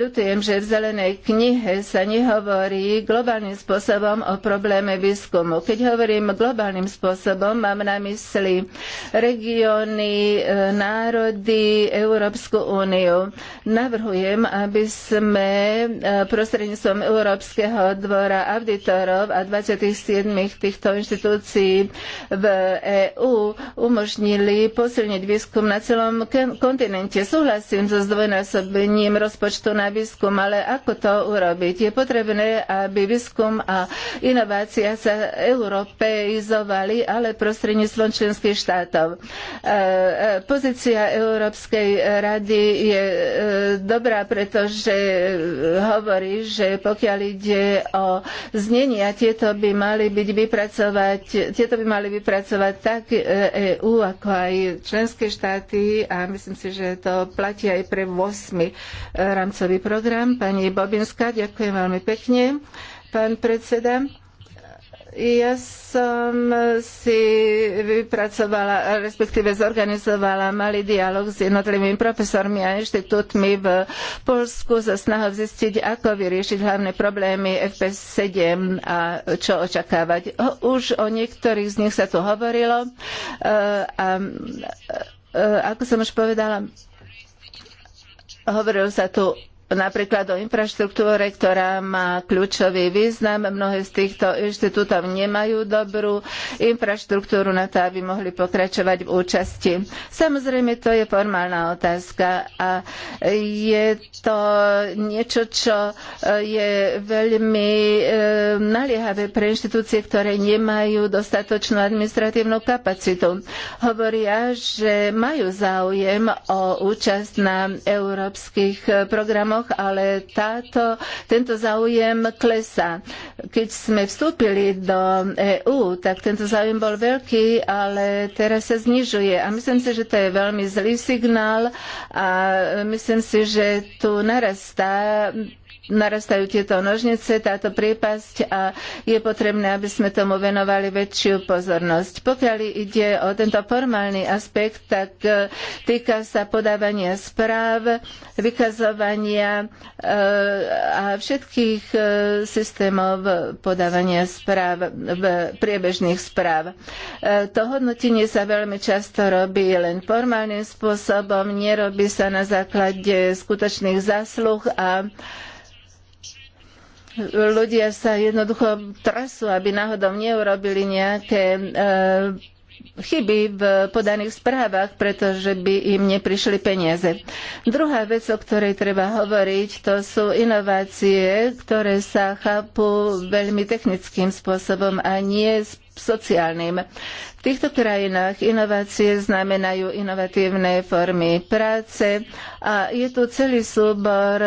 Ľutujem, že v zelenej knihe sa nehovorí globálnym spôsobom o probléme výskumu. Keď hovorím globálnym spôsobom, mám na mysli regióny, národy, národy Európsku úniu. Navrhujem, aby sme e, prostredníctvom Európskeho dvora auditorov a 27 týchto inštitúcií v EÚ umožnili posilniť výskum na celom kontinente. Súhlasím so zdvojnásobením rozpočtu na výskum, ale ako to urobiť? Je potrebné, aby výskum a inovácia sa europeizovali, ale prostredníctvom členských štátov. E, e, pozícia Rezolúcia Európskej rady je e, dobrá, pretože hovorí, že pokiaľ ide o znenia, tieto by mali byť vypracovať, tieto by mali vypracovať tak EÚ, e ako aj členské štáty a myslím si, že to platí aj pre 8. E, rámcový program. Pani Bobinská, ďakujem veľmi pekne. Pán predseda, ja som si vypracovala, respektíve zorganizovala malý dialog s jednotlivými profesormi a inštitútmi v Polsku za snahou zistiť, ako vyriešiť hlavné problémy FP7 a čo očakávať. Už o niektorých z nich sa tu hovorilo e, a e, ako som už povedala, hovorilo sa tu napríklad o infraštruktúre, ktorá má kľúčový význam. Mnohé z týchto inštitútov nemajú dobrú infraštruktúru na to, aby mohli pokračovať v účasti. Samozrejme, to je formálna otázka a je to niečo, čo je veľmi eh, naliehavé pre inštitúcie, ktoré nemajú dostatočnú administratívnu kapacitu. Hovoria, že majú záujem o účasť na európskych programoch regiónoch, ale táto, tento záujem klesá. Keď sme vstúpili do EÚ, tak tento záujem bol veľký, ale teraz sa znižuje. A myslím si, že to je veľmi zlý signál a myslím si, že tu narastá narastajú tieto nožnice, táto priepasť a je potrebné, aby sme tomu venovali väčšiu pozornosť. Pokiaľ ide o tento formálny aspekt, tak e, týka sa podávania správ, vykazovania e, a všetkých e, systémov podávania správ, priebežných správ. To hodnotenie sa veľmi často robí len formálnym spôsobom, nerobí sa na základe skutočných zásluh a ľudia sa jednoducho trasú, aby náhodou neurobili nejaké eh, chyby v podaných správach, pretože by im neprišli peniaze. Druhá vec, o ktorej treba hovoriť, to sú inovácie, ktoré sa chápu veľmi technickým spôsobom a nie sociálnym. V týchto krajinách inovácie znamenajú inovatívne formy práce a je tu celý súbor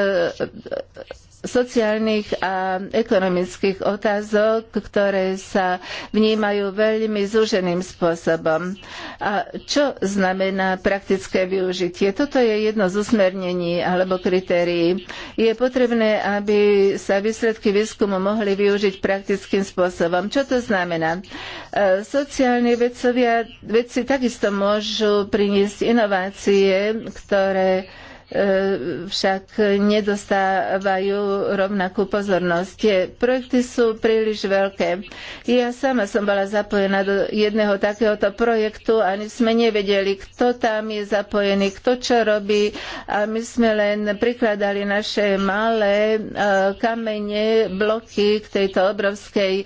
sociálnych a ekonomických otázok, ktoré sa vnímajú veľmi zúženým spôsobom. A čo znamená praktické využitie? Toto je jedno z usmernení alebo kritérií. Je potrebné, aby sa výsledky výskumu mohli využiť praktickým spôsobom. Čo to znamená? E, sociálni vedcovia, vedci takisto môžu priniesť inovácie, ktoré však nedostávajú rovnakú pozornosť. Tie projekty sú príliš veľké. Ja sama som bola zapojená do jedného takéhoto projektu a my sme nevedeli, kto tam je zapojený, kto čo robí a my sme len prikladali naše malé e, kamene, bloky k tejto obrovskej e,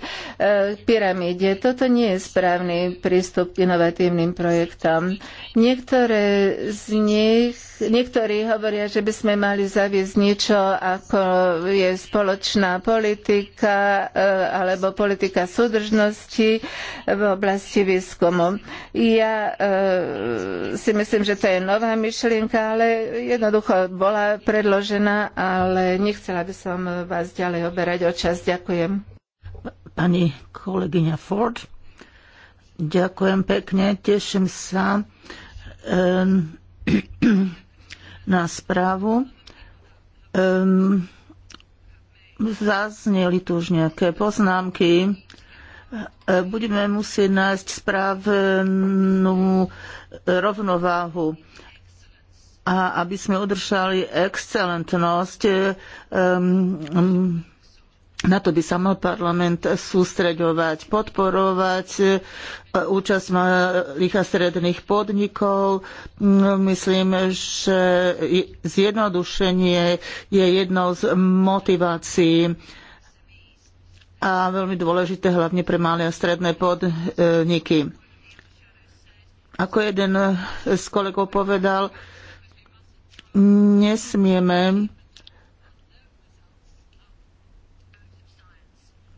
pyramíde. Toto nie je správny prístup k inovatívnym projektom. Niektoré z nich, niektorí hovoria, že by sme mali zaviesť niečo, ako je spoločná politika eh, alebo politika súdržnosti v oblasti výskumu. Ja eh, si myslím, že to je nová myšlienka, ale jednoducho bola predložená, ale nechcela by som vás ďalej oberať o čas. Ďakujem. Pani kolegyňa Ford, ďakujem pekne, teším sa. Ehm na správu. Um, zazneli tu už nejaké poznámky. E, budeme musieť nájsť správnu rovnováhu a aby sme udržali excelentnosť, um, um, na to by sa mal parlament sústreďovať, podporovať e, účasť malých a stredných podnikov. Mm, myslím, že zjednodušenie je jednou z motivácií a veľmi dôležité hlavne pre malé a stredné podniky. Ako jeden z kolegov povedal, nesmieme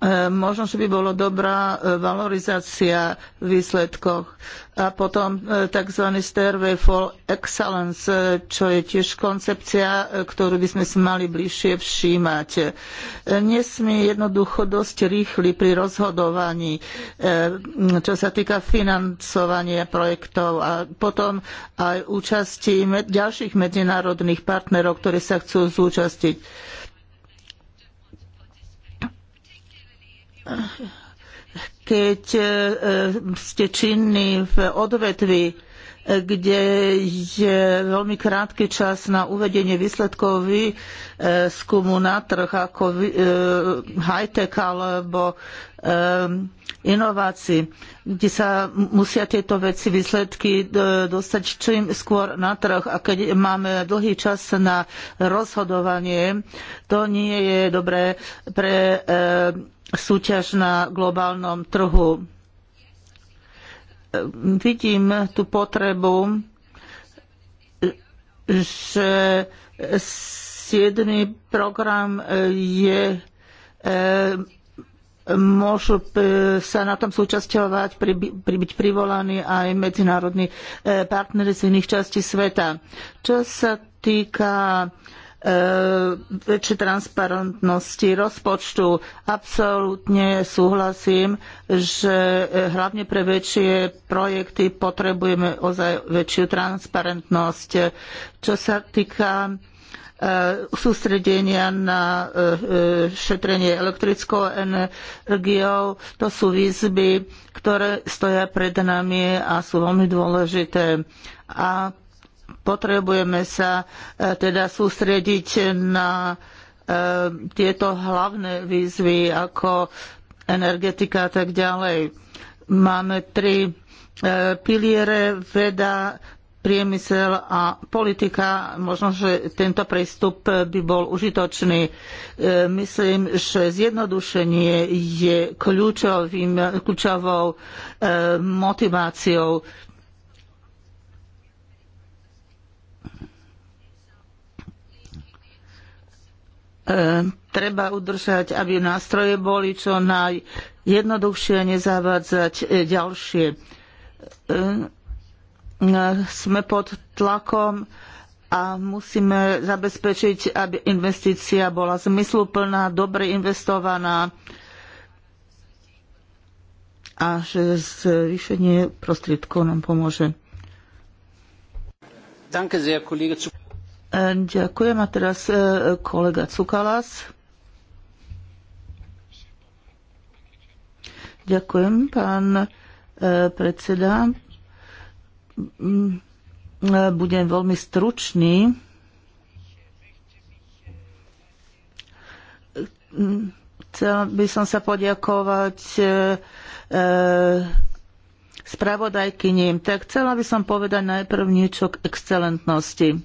E, možno, že by bolo dobrá e, valorizácia v A potom e, tzv. Stairway for Excellence, čo je tiež koncepcia, ktorú by sme si mali bližšie všímať. Nesmie jednoducho dosť rýchly pri rozhodovaní, čo sa týka financovania projektov a potom aj účasti ďalších medzinárodných partnerov, ktorí sa chcú zúčastniť keď e, ste činní v odvetvi, kde je veľmi krátky čas na uvedenie výsledkov výskumu na trh ako e, high-tech alebo e, inovácií, kde sa musia tieto veci, výsledky dostať čím skôr na trh. A keď máme dlhý čas na rozhodovanie, to nie je dobré pre súťaž na globálnom trhu. Vidím tú potrebu, že 7. program je e, môžu sa na tom súčasťovať, byť privolaní aj medzinárodní e, partnery z iných častí sveta. Čo sa týka E, väčšej transparentnosti rozpočtu. Absolútne súhlasím, že hlavne pre väčšie projekty potrebujeme ozaj väčšiu transparentnosť. Čo sa týka e, sústredenia na e, šetrenie elektrickou energiou. To sú výzvy, ktoré stoja pred nami a sú veľmi dôležité. A potrebujeme sa e, teda sústrediť na e, tieto hlavné výzvy ako energetika a tak ďalej. Máme tri e, piliere veda, priemysel a politika. Možno, že tento prístup by bol užitočný. Myslím, že zjednodušenie je kľúčovým, kľúčovou motiváciou Ehm, treba udržať, aby nástroje boli čo najjednoduchšie a nezavádzať e, ďalšie. Ehm, e, sme pod tlakom a musíme zabezpečiť, aby investícia bola zmysluplná, dobre investovaná a že zvýšenie prostriedkov nám pomôže. Danke sehr, Kollege. Ďakujem. A teraz e, kolega Cukalas. Ďakujem, pán e, predseda. Mm, e, budem veľmi stručný. Chcela by som sa poďakovať spravodajkyním. Tak chcela by som povedať najprv niečo k excelentnosti.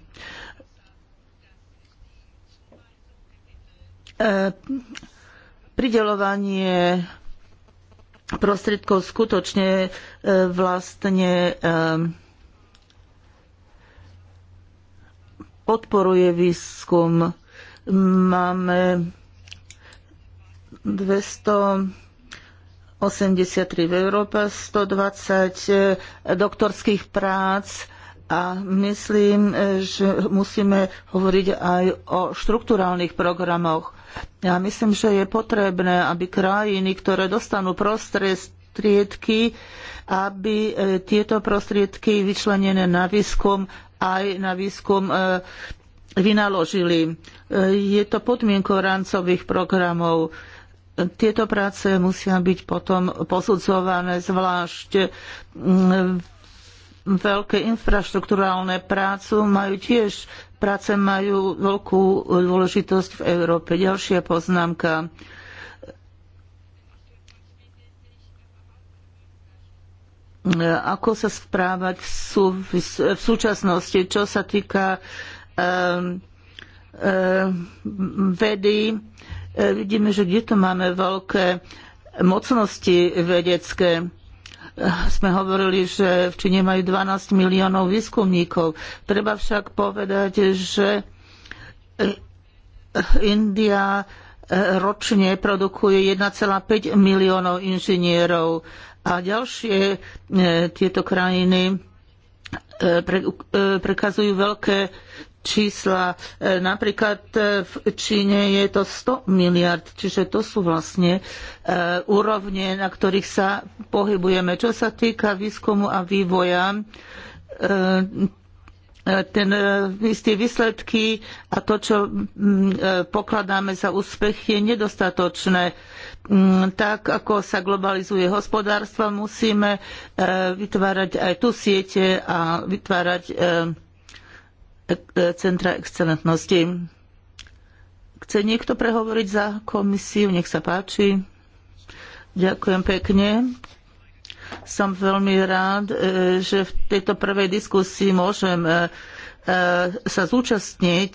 E, prideľovanie prostriedkov skutočne e, vlastne e, podporuje výskum. Máme 283 v Európe, 120 doktorských prác a myslím, že musíme hovoriť aj o štrukturálnych programoch. Ja myslím, že je potrebné, aby krajiny, ktoré dostanú prostriedky, aby e, tieto prostriedky vyčlenené na výskum aj na výskum e, vynaložili. E, je to podmienkou rámcových programov. Tieto práce musia byť potom posudzované zvlášť veľké infraštruktúrálne prácu majú tiež práce majú veľkú dôležitosť v Európe. Ďalšia poznámka. Ako sa správať v, sú, v súčasnosti, čo sa týka um, um, vedy. Vidíme, že kde to máme veľké mocnosti vedecké sme hovorili, že v Číne majú 12 miliónov výskumníkov. Treba však povedať, že eh, India eh, ročne produkuje 1,5 miliónov inžinierov a ďalšie eh, tieto krajiny prekazujú veľké čísla. E, napríklad e, v Číne je to 100 miliard, čiže to sú vlastne e, úrovne, na ktorých sa pohybujeme. Čo sa týka výskumu a vývoja, ten, istý výsledky a to, čo pokladáme za úspech, je nedostatočné. Mm, tak, ako sa globalizuje hospodárstvo, musíme vytvárať aj tu siete a vytvárať Centra excelentnosti. Chce niekto prehovoriť za komisiu? Nech sa páči. Ďakujem pekne. Som veľmi rád, e, že v tejto prvej diskusii môžem e, e, sa zúčastniť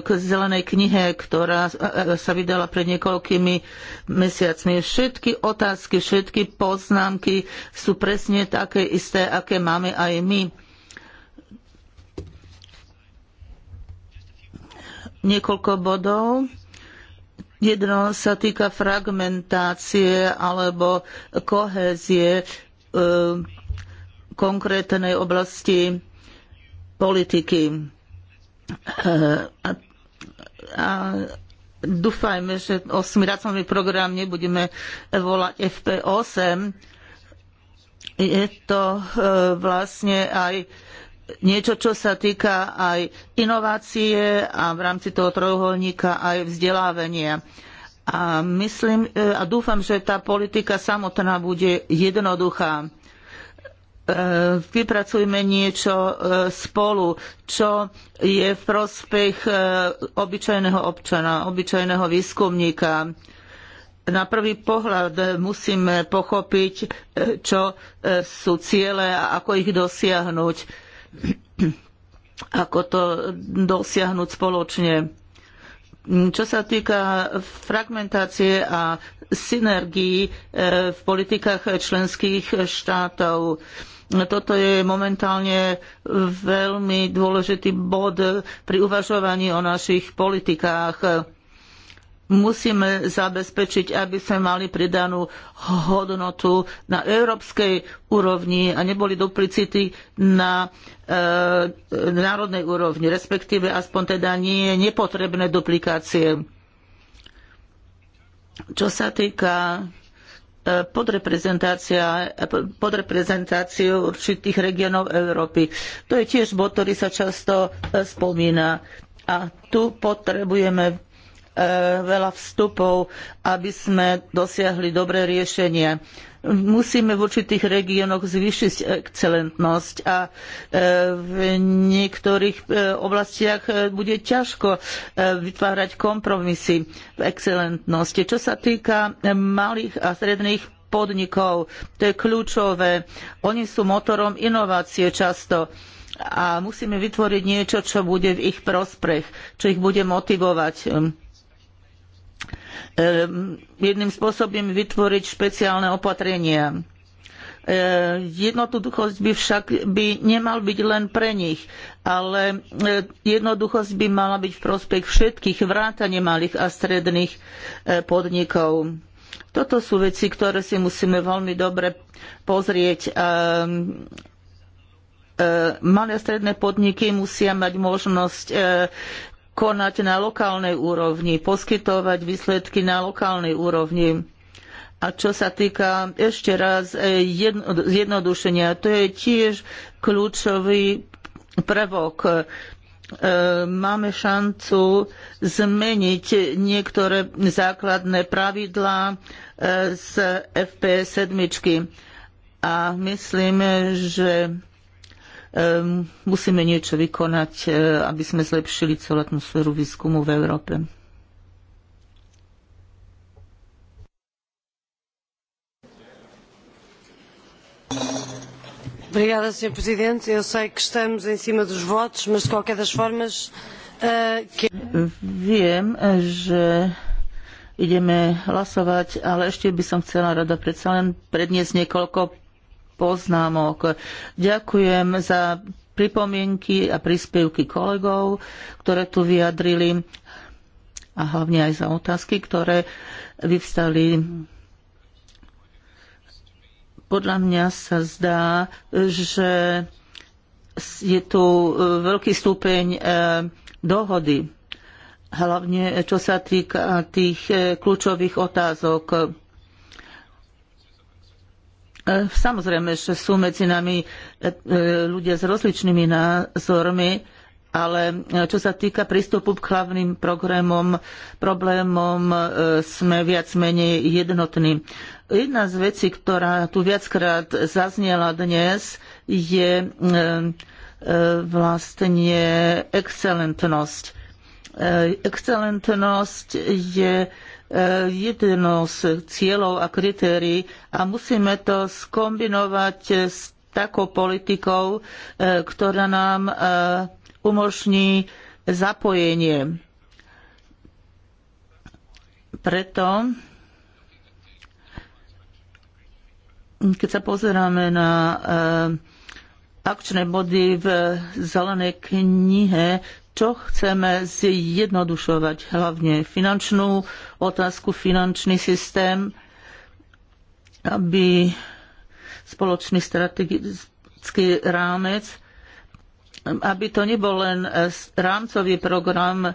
k zelenej knihe, ktorá sa vydala pred niekoľkými mesiacmi. Všetky otázky, všetky poznámky sú presne také isté, aké máme aj my niekoľko bodov. Jedno sa týka fragmentácie alebo kohézie e, konkrétnej oblasti politiky. E, a, a dúfajme, že 8 program nebudeme volať FP8. Je to e, vlastne aj niečo, čo sa týka aj inovácie a v rámci toho trojuholníka aj vzdelávania. A myslím e, a dúfam, že tá politika samotná bude jednoduchá. E, vypracujme niečo e, spolu, čo je v prospech obyčajného občana, obyčajného výskumníka na prvý pohľad musíme pochopiť, čo sú ciele a ako ich dosiahnuť ako to dosiahnuť spoločne. Čo sa týka fragmentácie a synergii eh, v politikách členských štátov, toto je momentálne veľmi dôležitý bod pri uvažovaní o našich politikách musíme zabezpečiť, aby sme mali pridanú hodnotu na európskej úrovni a neboli duplicity na e, národnej úrovni, respektíve aspoň teda nie nepotrebné duplikácie. Čo sa týka e, podreprezentáciu určitých regionov Európy. To je tiež bod, ktorý sa často e, spomína. A tu potrebujeme E, veľa vstupov, aby sme dosiahli dobré riešenie. Musíme v určitých regiónoch zvýšiť excelentnosť a e, v niektorých e, oblastiach bude ťažko vytvárať kompromisy v excelentnosti. Čo sa týka malých a stredných podnikov, to je kľúčové. Oni sú motorom inovácie často a musíme vytvoriť niečo, čo bude v ich prospech, čo ich bude motivovať Ehm, jedným spôsobom vytvoriť špeciálne opatrenia. Ehm, jednoduchosť by však by nemal byť len pre nich, ale ehm, jednoduchosť by mala byť v prospech všetkých vrátane malých a stredných podnikov. Toto sú veci, ktoré si musíme veľmi dobre pozrieť. Malé a stredné podniky musia mať možnosť konať na lokálnej úrovni, poskytovať výsledky na lokálnej úrovni. A čo sa týka ešte raz e, zjednodušenia, to je tiež kľúčový prvok. E, máme šancu zmeniť niektoré základné pravidlá e, z FPS 7. A myslím, že Ehm, musíme niečo vykonať, eh, aby sme zlepšili celú atmosféru výskumu v Európe. Obrigada, Sr. Presidente. Eu sei que estamos em cima dos votos, mas de qualquer das formas. Uh, que... Viem, že ideme hlasovať, ale ešte by som chcela rada predsa len predniesť niekoľko poznámok. Ďakujem za pripomienky a príspevky kolegov, ktoré tu vyjadrili a hlavne aj za otázky, ktoré vyvstali. Podľa mňa sa zdá, že je tu e, veľký stupeň e, dohody, hlavne čo sa týka tých e, kľúčových otázok E, samozrejme, že sú medzi nami e, e, ľudia s rozličnými názormi, ale čo sa týka prístupu k hlavným programom, problémom, sme viac menej jednotní. Jedna z vecí, ktorá tu viackrát zaznela dnes, je vlastne excelentnosť. Excelentnosť je Eh, jednou z cieľov a kritérií a musíme to skombinovať eh, s takou politikou, eh, ktorá nám umožní zapojenie. Preto keď sa pozeráme na akčné body v zelenej knihe, čo chceme zjednodušovať, hlavne finančnú otázku, finančný systém, aby spoločný strategický rámec, aby to nebol len rámcový program, e,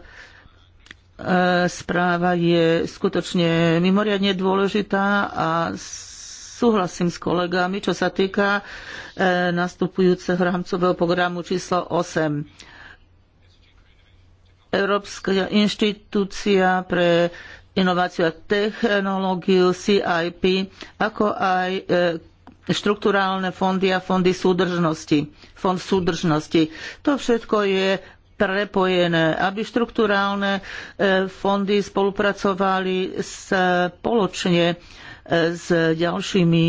správa je skutočne mimoriadne dôležitá a súhlasím s kolegami, čo sa týka e, nastupujúceho rámcového programu číslo 8 Európska inštitúcia pre inováciu a technológiu CIP, ako aj e, štrukturálne fondy a fondy súdržnosti. Fond súdržnosti. To všetko je prepojené, aby štrukturálne e, fondy spolupracovali spoločne e, s ďalšími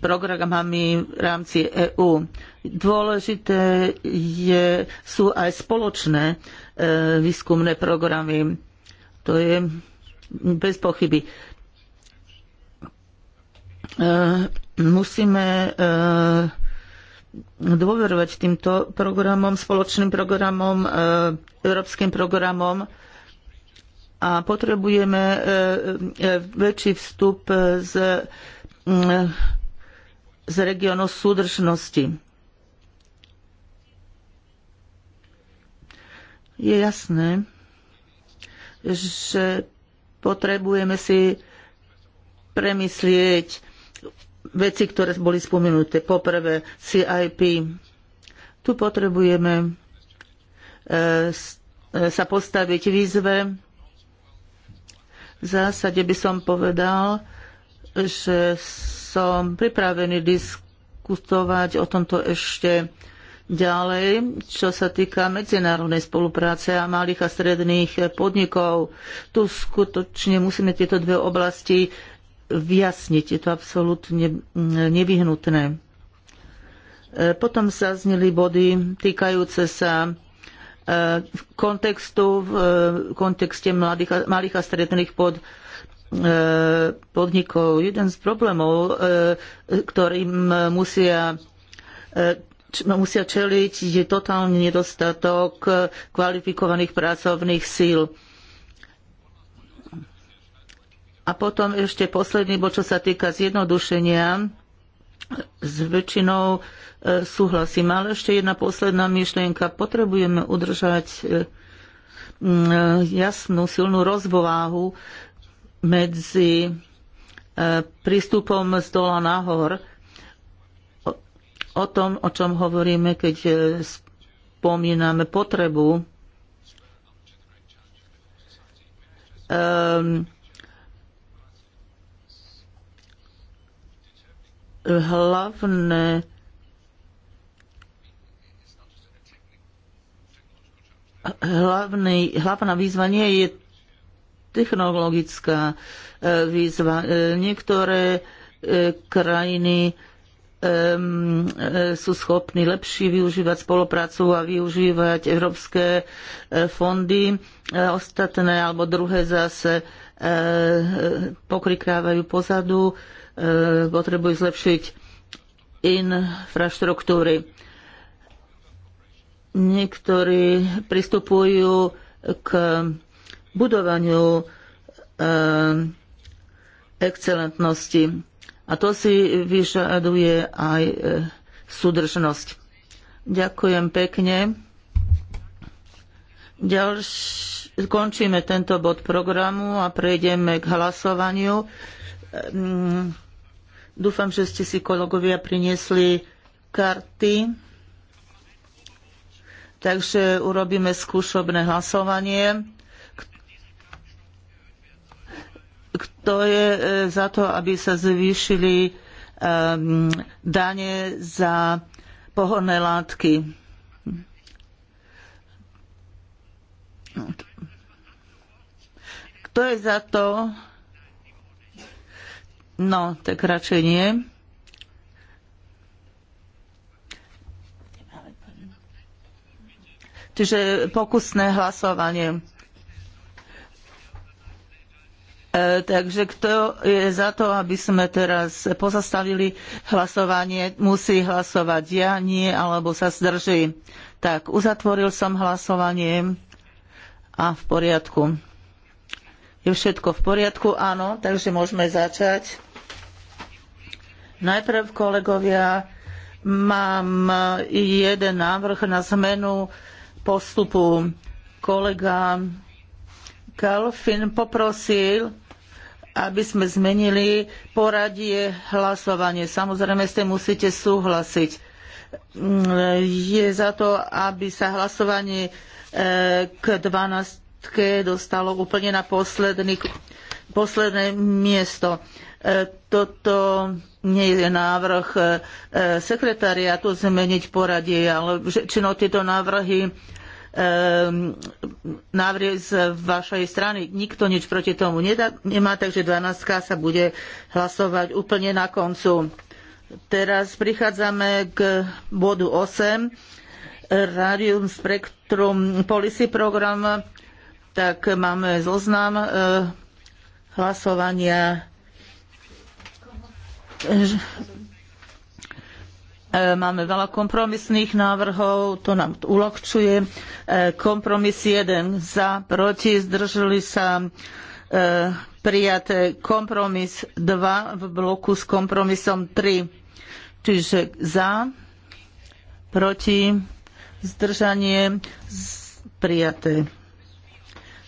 programami v rámci EÚ. Dôležité je, sú aj spoločné e, výskumné programy. To je bez pochyby. E, musíme e, dôverovať týmto programom, spoločným programom, e, európskym programom a potrebujeme e, e, väčší vstup z z regiónu súdržnosti. Je jasné, že potrebujeme si premyslieť veci, ktoré boli spomenuté. Poprvé CIP. Tu potrebujeme e, e, sa postaviť výzve. V zásade by som povedal, že som pripravený diskutovať o tomto ešte Ďalej, čo sa týka medzinárodnej spolupráce a malých a stredných podnikov, tu skutočne musíme tieto dve oblasti vyjasniť. Je to absolútne nevyhnutné. Potom sa zneli body týkajúce sa e, kontextu e, v kontexte mladých, malých a stredných podnikov E, podnikov. Jeden z problémov, e, ktorým musia e, musia čeliť, je totálny nedostatok kvalifikovaných pracovných síl. A potom ešte posledný bod, čo sa týka zjednodušenia. S väčšinou súhlasím, ale ešte jedna posledná myšlienka. Potrebujeme udržať jasnú, silnú rozvováhu medzi e, prístupom z dola nahor o tom, o čom hovoríme, keď e, spomíname potrebu hlavné hlavný, hlavná výzva nie je technologická e, výzva. E, niektoré e, krajiny sú schopní lepšie využívať spoluprácu a využívať európske fondy. Ostatné alebo druhé zase pokrikávajú pozadu, potrebujú zlepšiť infraštruktúry. Niektorí pristupujú k budovaniu eh, excelentnosti. A to si vyžaduje aj eh, súdržnosť. Ďakujem pekne. Ďalš... Končíme tento bod programu a prejdeme k hlasovaniu. Mm, dúfam, že ste si kolegovia priniesli karty. Takže urobíme skúšobné hlasovanie. kto je e, za to, aby sa zvýšili um, dane za pohonné látky. Kto je za to? No, tak radšej nie. Čiže pokusné hlasovanie. E, takže kto je za to, aby sme teraz pozastavili hlasovanie, musí hlasovať ja, nie, alebo sa zdrží. Tak, uzatvoril som hlasovanie a v poriadku. Je všetko v poriadku, áno, takže môžeme začať. Najprv, kolegovia, mám jeden návrh na zmenu postupu kolega Kalfin poprosil, aby sme zmenili poradie hlasovanie. Samozrejme, ste musíte súhlasiť. Je za to, aby sa hlasovanie e, k 12. dostalo úplne na posledné miesto. E, toto nie je návrh e, sekretariátu zmeniť poradie, ale väčšinou tieto návrhy Ehm, návrh z vašej strany. Nikto nič proti tomu nedá, nemá, takže 12 sa bude hlasovať úplne na koncu. Teraz prichádzame k bodu 8, Radium Spectrum Policy Program. Tak máme zoznam eh, hlasovania E, máme veľa kompromisných návrhov, to nám uľahčuje. E, kompromis 1 za, proti, zdržali sa e, prijaté kompromis 2 v bloku s kompromisom 3. Čiže za, proti, zdržanie, prijaté.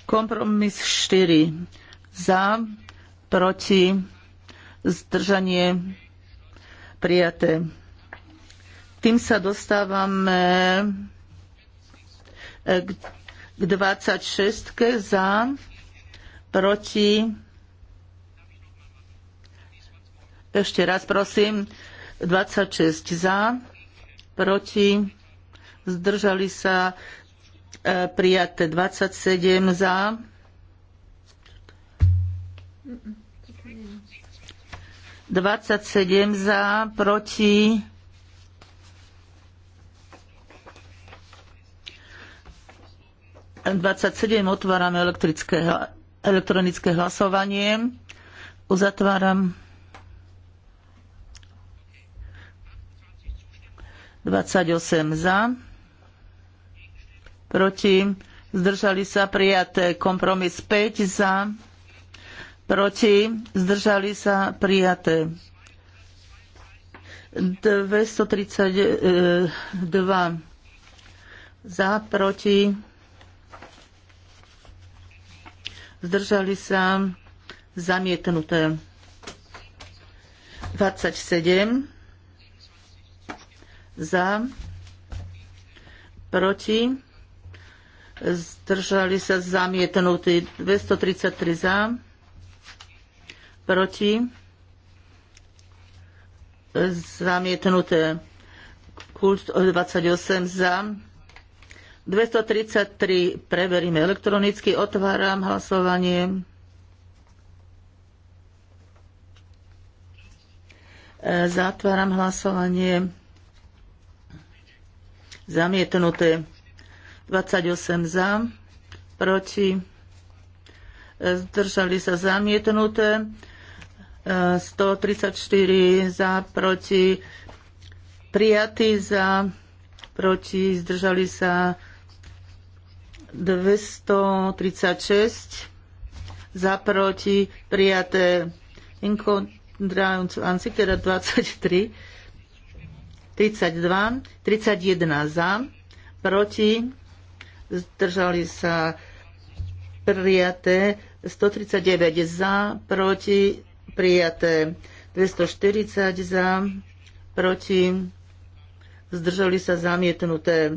Kompromis 4. Za, proti, zdržanie, prijaté tým sa dostávame e, k 26 za, proti. Ešte raz prosím, 26 za, proti, zdržali sa e, prijaté 27 za. Dvadsaťsedem za, proti 27 otvárame elektronické hlasovanie. Uzatváram. 28 za, proti, zdržali sa prijaté kompromis 5 za, proti, zdržali sa prijaté 232 e, za, proti, zdržali sa, zamietnuté. 27 za, proti, zdržali sa zamietnutí 233 za, proti, zamietnuté 28 za, 233 preveríme elektronicky. Otváram hlasovanie. E, zatváram hlasovanie. Zamietnuté. 28 za, proti. E, zdržali sa zamietnuté. 134 e, za, proti. Prijatý za, proti. Zdržali sa 236 za proti prijaté inkondrajúci, teda 23, 32, 31 za, proti, zdržali sa prijaté 139 za, proti, prijaté 240 za, proti, zdržali sa zamietnuté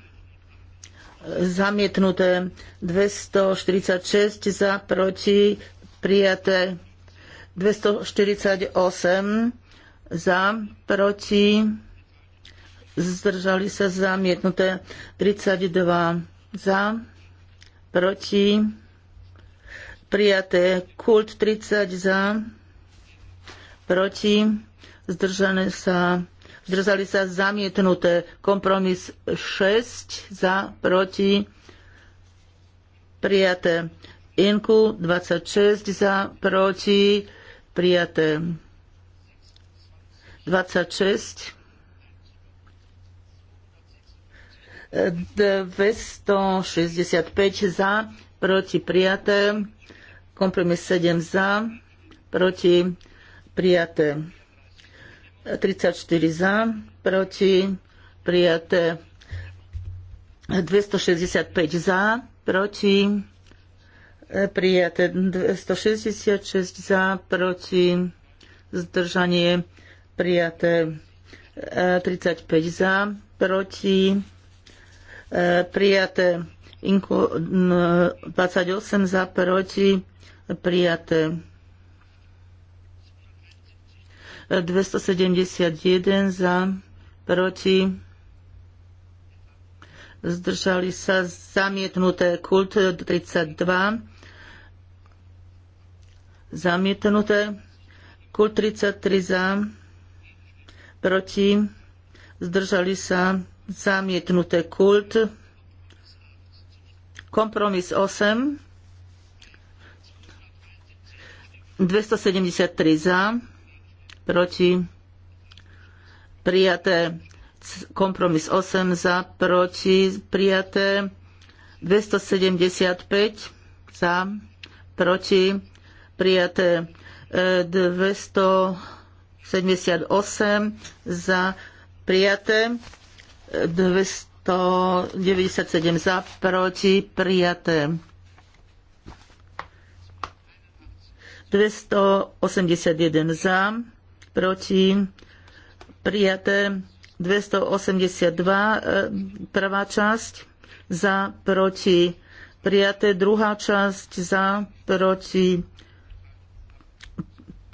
zamietnuté 246 za, proti, prijaté 248 za, proti, zdržali sa zamietnuté 32 za, proti, prijaté kult 30 za, proti, zdržané sa zdržali sa zamietnuté. Kompromis 6 za, proti, prijaté. Inku 26 za, proti, prijaté. 26. 265 za, proti prijaté. Kompromis 7 za, proti prijaté. 34 za, proti, prijaté 265 za, proti, prijaté 266 za, proti, zdržanie prijaté 35 za, proti, prijaté 28 za, proti, prijaté 271 za, proti, zdržali sa zamietnuté kult 32, zamietnuté kult 33 za, proti, zdržali sa zamietnuté kult, kompromis 8, 273 za, proti, prijaté. Kompromis 8 za, proti, prijaté. 275 za, proti, prijaté. 278 e, za, prijaté. 297 e, za, proti, prijaté. 281 za, proti, prijaté 282, e, prvá časť, za, proti, prijaté druhá časť, za, proti,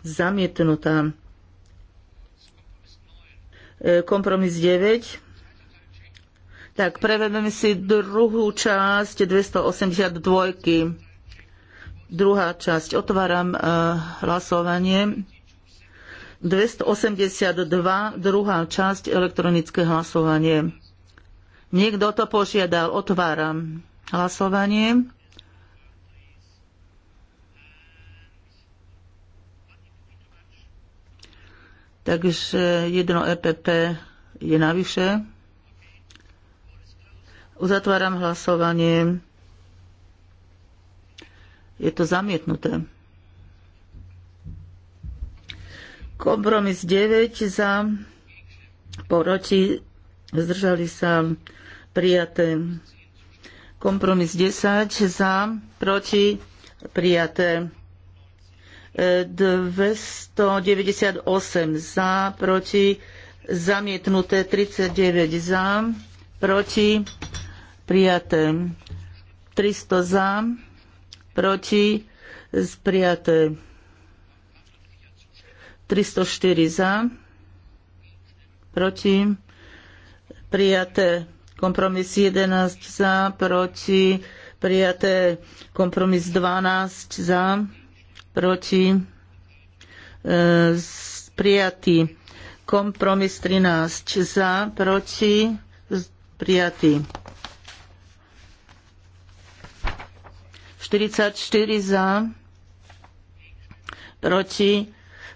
zamietnutá. E, kompromis 9. Tak, prevedeme si druhú časť 282. Druhá časť. Otváram e, hlasovanie. 282, druhá časť, elektronické hlasovanie. Niekto to požiadal, otváram hlasovanie. Takže jedno EPP je navyše. Uzatváram hlasovanie. Je to zamietnuté. Kompromis 9 za, proti, zdržali sa prijaté. Kompromis 10 za, proti, prijaté. 298 e, za, proti, zamietnuté 39 za, proti, prijaté. 300 za, proti, prijaté. 304 za, proti, prijaté kompromis 11 za, proti, prijaté kompromis 12 za, proti, e, prijatý kompromis 13 za, proti, prijatý. 44 za, proti,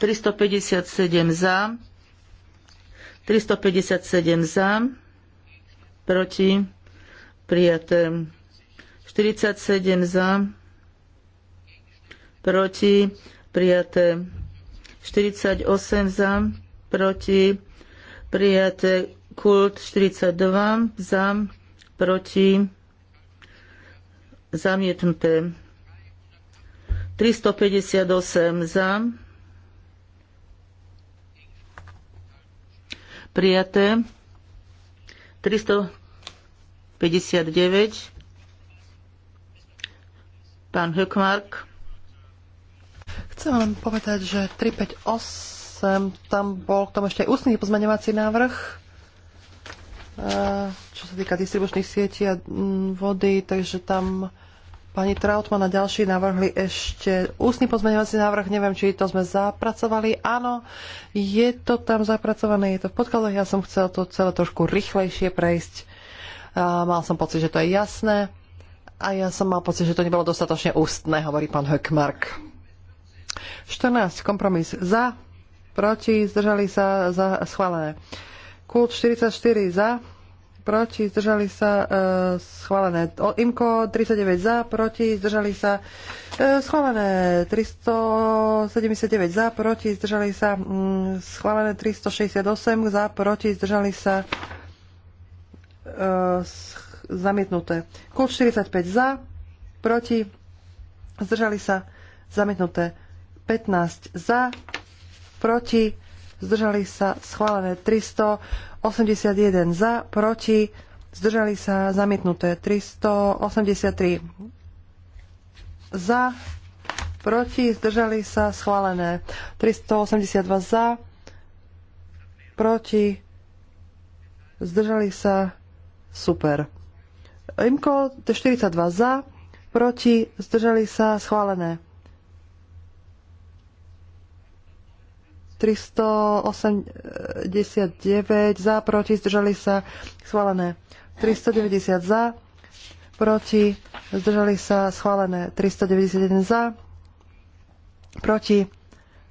357 za, 357 za, proti, prijaté. 47 za, proti, prijaté. 48 za, proti, prijaté. Kult 42 za, proti, zamietnuté. 358 za, Prijaté. 359. Pán Hökmark. Chcem len povedať, že 358, tam bol k tomu ešte aj ústny pozmeňovací návrh eh, čo sa týka distribučných sietí a mm, vody, takže tam Pani Trautman a ďalší navrhli ešte ústny pozmeňovací návrh, neviem, či to sme zapracovali. Áno, je to tam zapracované, je to v podkladoch, ja som chcel to celé trošku rýchlejšie prejsť. A mal som pocit, že to je jasné a ja som mal pocit, že to nebolo dostatočne ústne, hovorí pán Höckmark. 14. Kompromis za, proti, zdržali sa, za, schválené. Kult 44 za, proti, zdržali sa, e, schválené. O, IMKO 39 za, proti, zdržali sa, e, schválené. 379 za, proti, zdržali sa, mm, schválené. 368 za, proti, zdržali sa, e, zamietnuté. Kult 45 za, proti, zdržali sa, zamietnuté. 15 za, proti, zdržali sa, schválené. 300 81 za, proti, zdržali sa, zamietnuté 383 za, proti, zdržali sa, schválené 382 za, proti, zdržali sa, super. Imko 42 za, proti, zdržali sa, schválené 389 za, proti, zdržali sa, schválené. 390 za, proti, zdržali sa, schválené. 391 za, proti,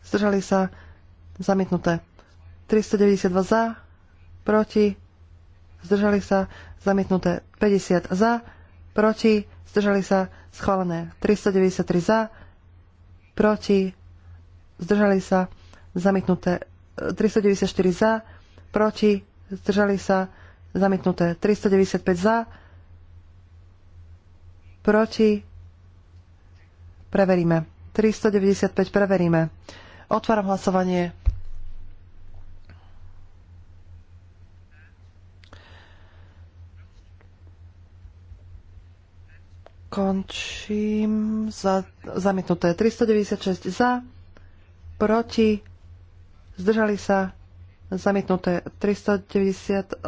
zdržali sa, zamietnuté. 392 za, proti, zdržali sa, zamietnuté. 50 za, proti, zdržali sa, schválené. 393 za, proti, zdržali sa, zamietnuté 394 za, proti, zdržali sa, zamietnuté 395 za, proti, preveríme. 395 preveríme. Otváram hlasovanie. Končím za, zamietnuté 396 za, proti zdržali sa, zamietnuté 398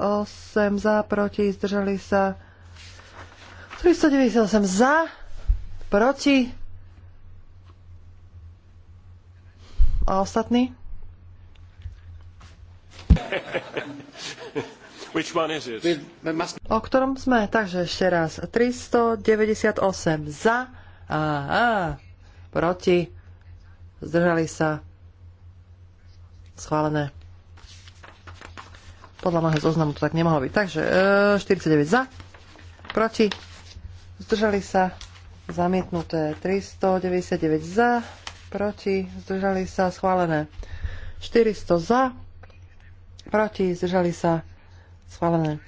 za, proti, zdržali sa 398 za, proti a ostatní? O ktorom sme? Takže ešte raz. 398 za a proti zdržali sa Schválené. Podľa môjho zoznamu to tak nemohlo byť. Takže e, 49 za, proti, zdržali sa, zamietnuté 399 za, proti, zdržali sa, schválené 400 za, proti, zdržali sa, schválené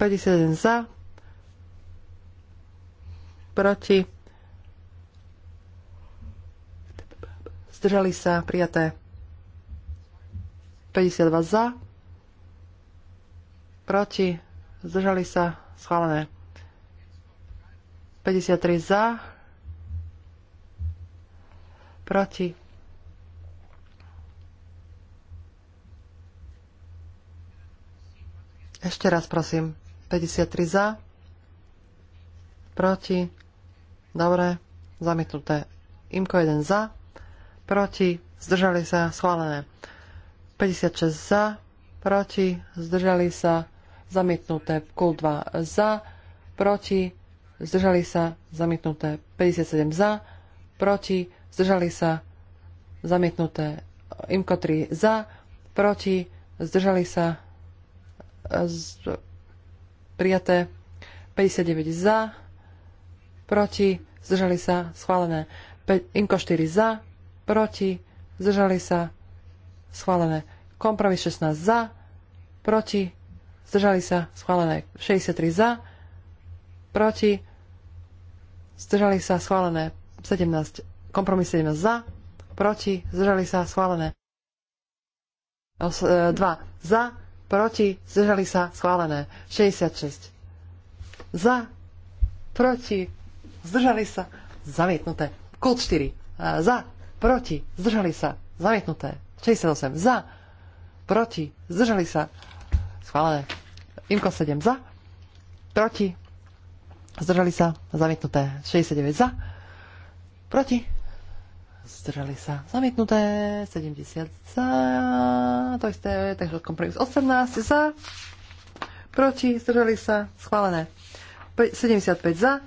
51 za, proti, zdržali sa, prijaté 52 za, proti, zdržali sa, schválené. 53 za, proti. Ešte raz prosím. 53 za, proti, dobre, zamietnuté. Imko 1 za, proti, zdržali sa, schválené. 56 za, proti, zdržali sa, zamietnuté. Kult 2 za, proti, zdržali sa, zamietnuté. 57 za, proti, zdržali sa, zamietnuté. Imko 3 za, proti, zdržali sa, z, prijaté. 59 za, proti, zdržali sa, schválené. Imko 4 za, proti, zdržali sa, schválené. Kompromis 16 za, proti, zdržali sa, schválené. 63 za, proti, zdržali sa, schválené. 17, kompromis 17 za, proti, zdržali sa, schválené. 2 e, za, proti, zdržali sa, schválené. 66 za, proti, zdržali sa, zamietnuté. Kult 4 e, za, proti, zdržali sa, zamietnuté. 68 za, proti, zdržali sa, schválené. Imko 7 za, proti, zdržali sa, zamietnuté. 69 za, proti, zdržali sa, zamietnuté. 70 za, to isté, takže kompromis 18 za, proti, zdržali sa, schválené. 75 za,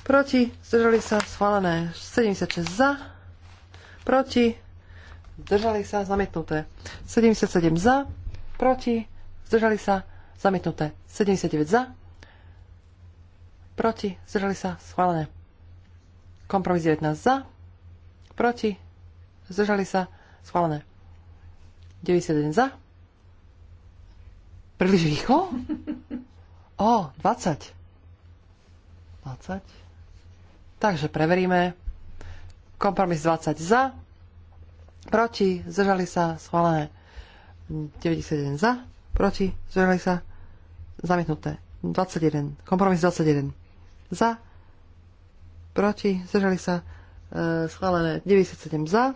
proti, zdržali sa, schválené. 76 za, proti, zdržali sa, zamietnuté. 77 za, proti, zdržali sa, zamietnuté. 79 za, proti, zdržali sa, schválené. Kompromis 19 za, proti, zdržali sa, schválené. 91 za. Príliš rýchlo? O, 20. 20. Takže preveríme. Kompromis 20 za, proti, zdržali sa, schválené. 91 za, proti, zdržali sa, zamietnuté. 21, kompromis 21. Za, proti, zdržali sa, e, schválené. 97 za,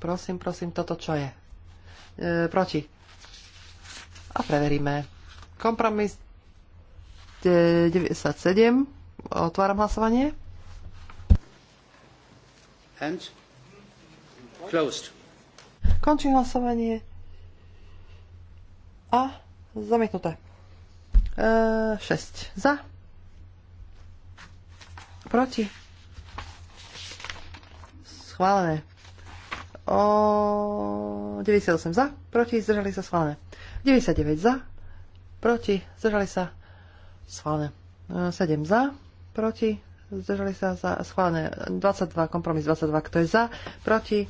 prosím, prosím, toto čo je? E, proti. A preveríme. Kompromis 97, otváram hlasovanie. And closed. Končím hlasovanie. A zamietnuté. E, 6 za. Proti. Schválené. O 98 za. Proti. Zdržali sa schválené. 99 za. Proti. Zdržali sa schválené. 7 e, za. Proti. Zdržali sa za, schválené. 22 kompromis 22. Kto je za? Proti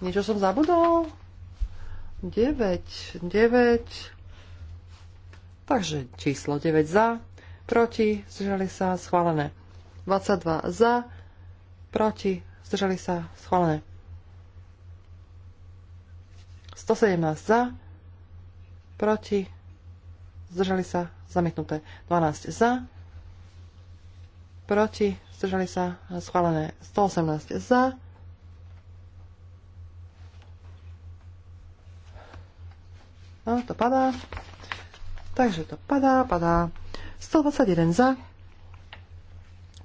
Niečo som zabudol? 9, 9. Takže číslo 9 za, proti, zdržali sa, schválené. 22 za, proti, zdržali sa, schválené. 117 za, proti, zdržali sa, zamietnuté. 12 za, proti, zdržali sa, schválené. 118 za, No, to padá. Takže to padá, padá. 121 za.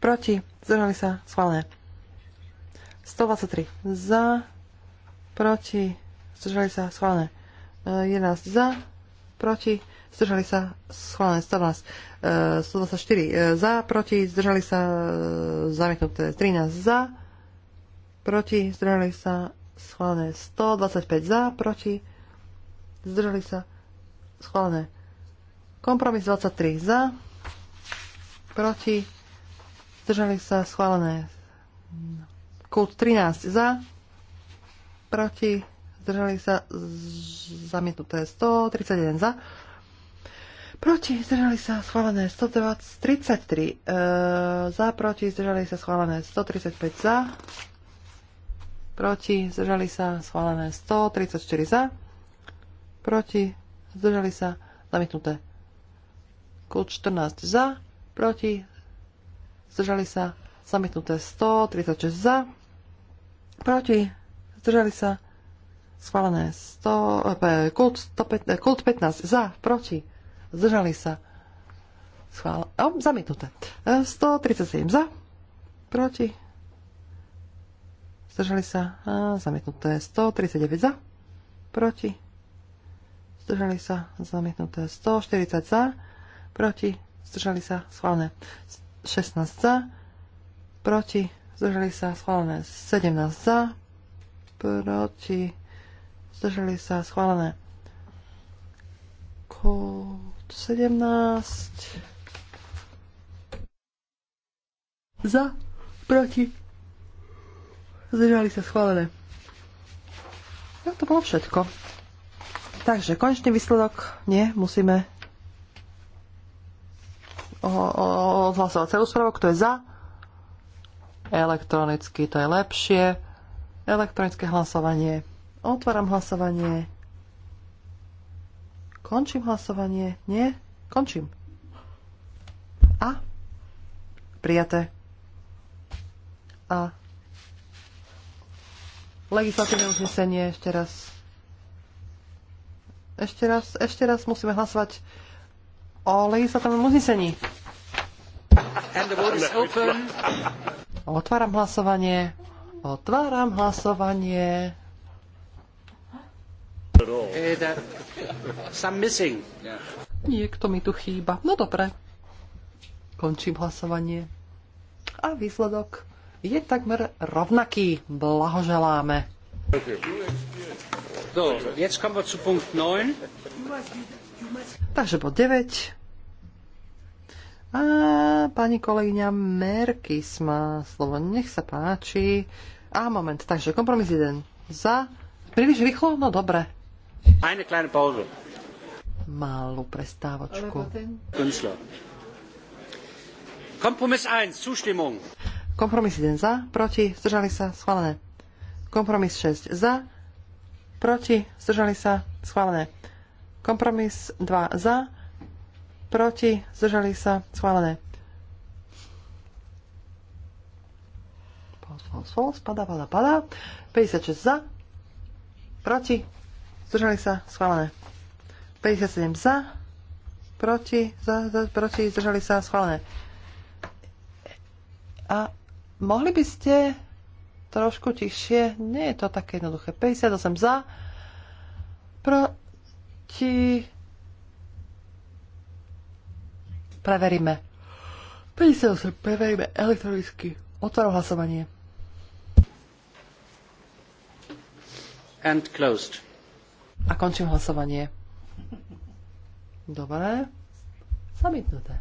Proti. Zdržali sa. Schválené. 123 za. Proti. Zdržali sa. Schválené. 11 e, za. Proti. Zdržali sa. Schválené. 112. 124 e, e, za. Proti. Zdržali sa. Zamietnuté. 13 za. Proti. Zdržali sa. Schválené. 125 za. Proti zdržali sa, schválené. Kompromis 23 za, proti, zdržali sa, schválené. Kult 13 za, proti, zdržali sa, zamietnuté 131 za, proti, zdržali sa, schválené 133 e, za, proti, zdržali sa, schválené 135 za, proti, zdržali sa, schválené 134 za, proti, zdržali sa, zamietnuté. Kult 14 za, proti, zdržali sa, zamietnuté 136 za, proti, zdržali sa, schválené 100, kult, 105, kult 15 za, proti, zdržali sa, schválené, oh, zamietnuté 137 eh, za, proti, zdržali sa, a eh, zamietnuté 139 za, proti, zdržali sa zamietnuté 140 za, proti, zdržali sa schválne 16 za, proti, zdržali sa schválené 17 za, proti, zdržali sa schválené kód 17 za, proti, zdržali sa schválené. No to bolo všetko. Takže konečný výsledok nie, musíme odhlasovať celú správu, kto je za. Elektronicky to je lepšie. Elektronické hlasovanie. Otváram hlasovanie. Končím hlasovanie. Nie? Končím. A? Prijaté. A? Legislatívne uznesenie ešte raz. Ešte raz, ešte raz musíme hlasovať o legislatívnom uznesení. Otváram hlasovanie. Otváram hlasovanie. Eh, Niekto mi tu chýba. No dobre. Končím hlasovanie. A výsledok je takmer rovnaký. Blahoželáme. Okay. Takže po 9. A pani kolegyňa Merkis má slovo. Nech sa páči. A moment, takže kompromis 1. Za. Príliš rýchlo? No dobre. Eine kleine Pause. Malú prestávočku. Kompromis 1. Zustimmung. Kompromis 1 za, proti, zdržali sa, schválené. Kompromis 6 za, proti, zdržali sa, schválené. Kompromis 2 za, proti, zdržali sa, schválené. spada, pada, pada. 56 za, proti, zdržali sa, schválené. 57 za, proti, za, za, proti zdržali sa, schválené. A mohli by ste trošku tichšie. Nie je to také jednoduché. 58 za, proti... Preveríme. 58 preveríme elektronicky. Otváram hlasovanie. And closed. A končím hlasovanie. Dobre. Zamietnuté.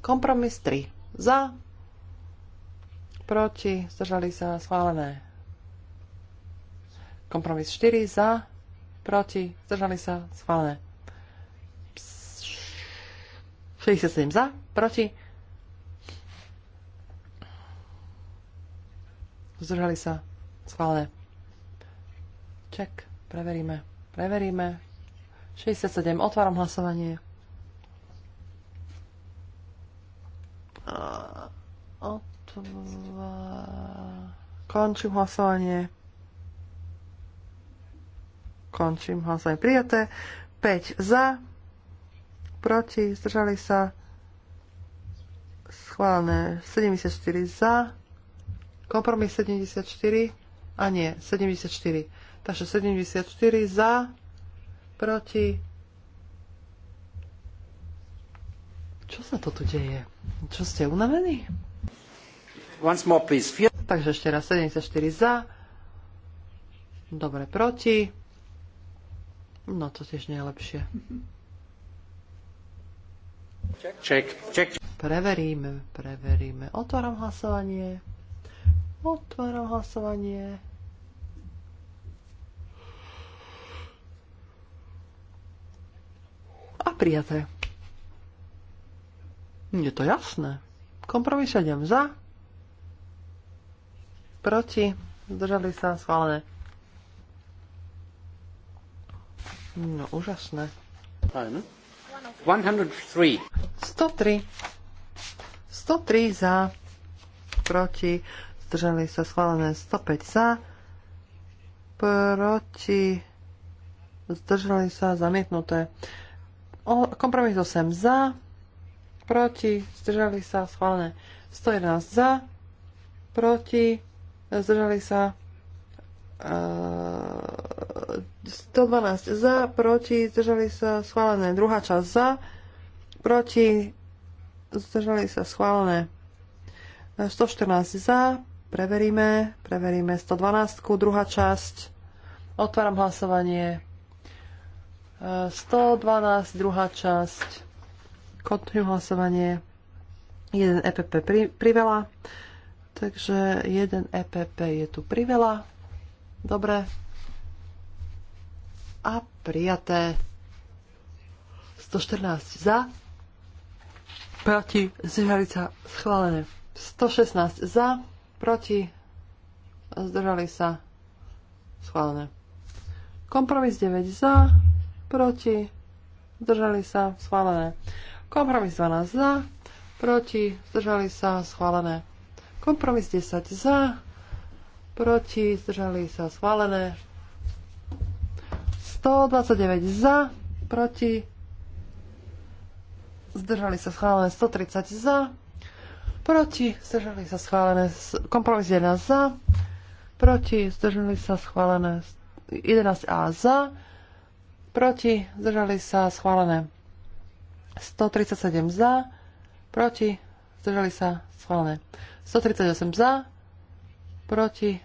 Kompromis 3. Za, proti, zdržali sa, schválené. Kompromis 4 za, proti, zdržali sa, schválené. 67 za, proti, zdržali sa, schválené. Ček, preveríme, preveríme. 67, otváram hlasovanie. Uh, Končím hlasovanie. Končím hlasovanie. Prijaté. 5 za. Proti. Zdržali sa. Schválené. 74 za. Kompromis 74. A nie. 74. Takže 74 za. Proti. Čo sa to tu deje? Čo ste unavení? Once more, please. Takže ešte raz 74 za. Dobre, proti. No to tiež nie je lepšie. Check, check, check. Preveríme, preveríme. Otváram hlasovanie. Otváram hlasovanie. A prijaté. Je to jasné. Kompromis 7 za, Proti? Zdržali sa? Schválené. No, úžasné. 103. 103. 103 za, proti, zdržali sa schválené 105 za, proti, zdržali sa zamietnuté. O, kompromis 8 za, proti, zdržali sa schválené 111 za, proti, zdržali sa 112 e, za, proti, zdržali sa schválené. Druhá časť za, proti, zdržali sa schválené. 114 e, za, preveríme, preveríme 112, druhá časť. Otváram hlasovanie. 112, e, druhá časť. Kontinujem hlasovanie. Jeden EPP pri, priveľa. Takže jeden EPP je tu priveľa. Dobre. A prijaté. 114 za. Proti. Zdržali sa. Schválené. 116 za. Proti. Zdržali sa. Schválené. Kompromis 9 za. Proti. Zdržali sa. Schválené. Kompromis 12 za. Proti. Zdržali sa. Schválené. Kompromis 10 za, proti, zdržali sa schválené. 129 za, proti, zdržali sa schválené. 130 za, proti, zdržali sa schválené. Kompromis 11 za, proti, zdržali sa schválené. 11A za, proti, zdržali sa schválené. 137 za, proti, zdržali sa schválené. 138 za, proti,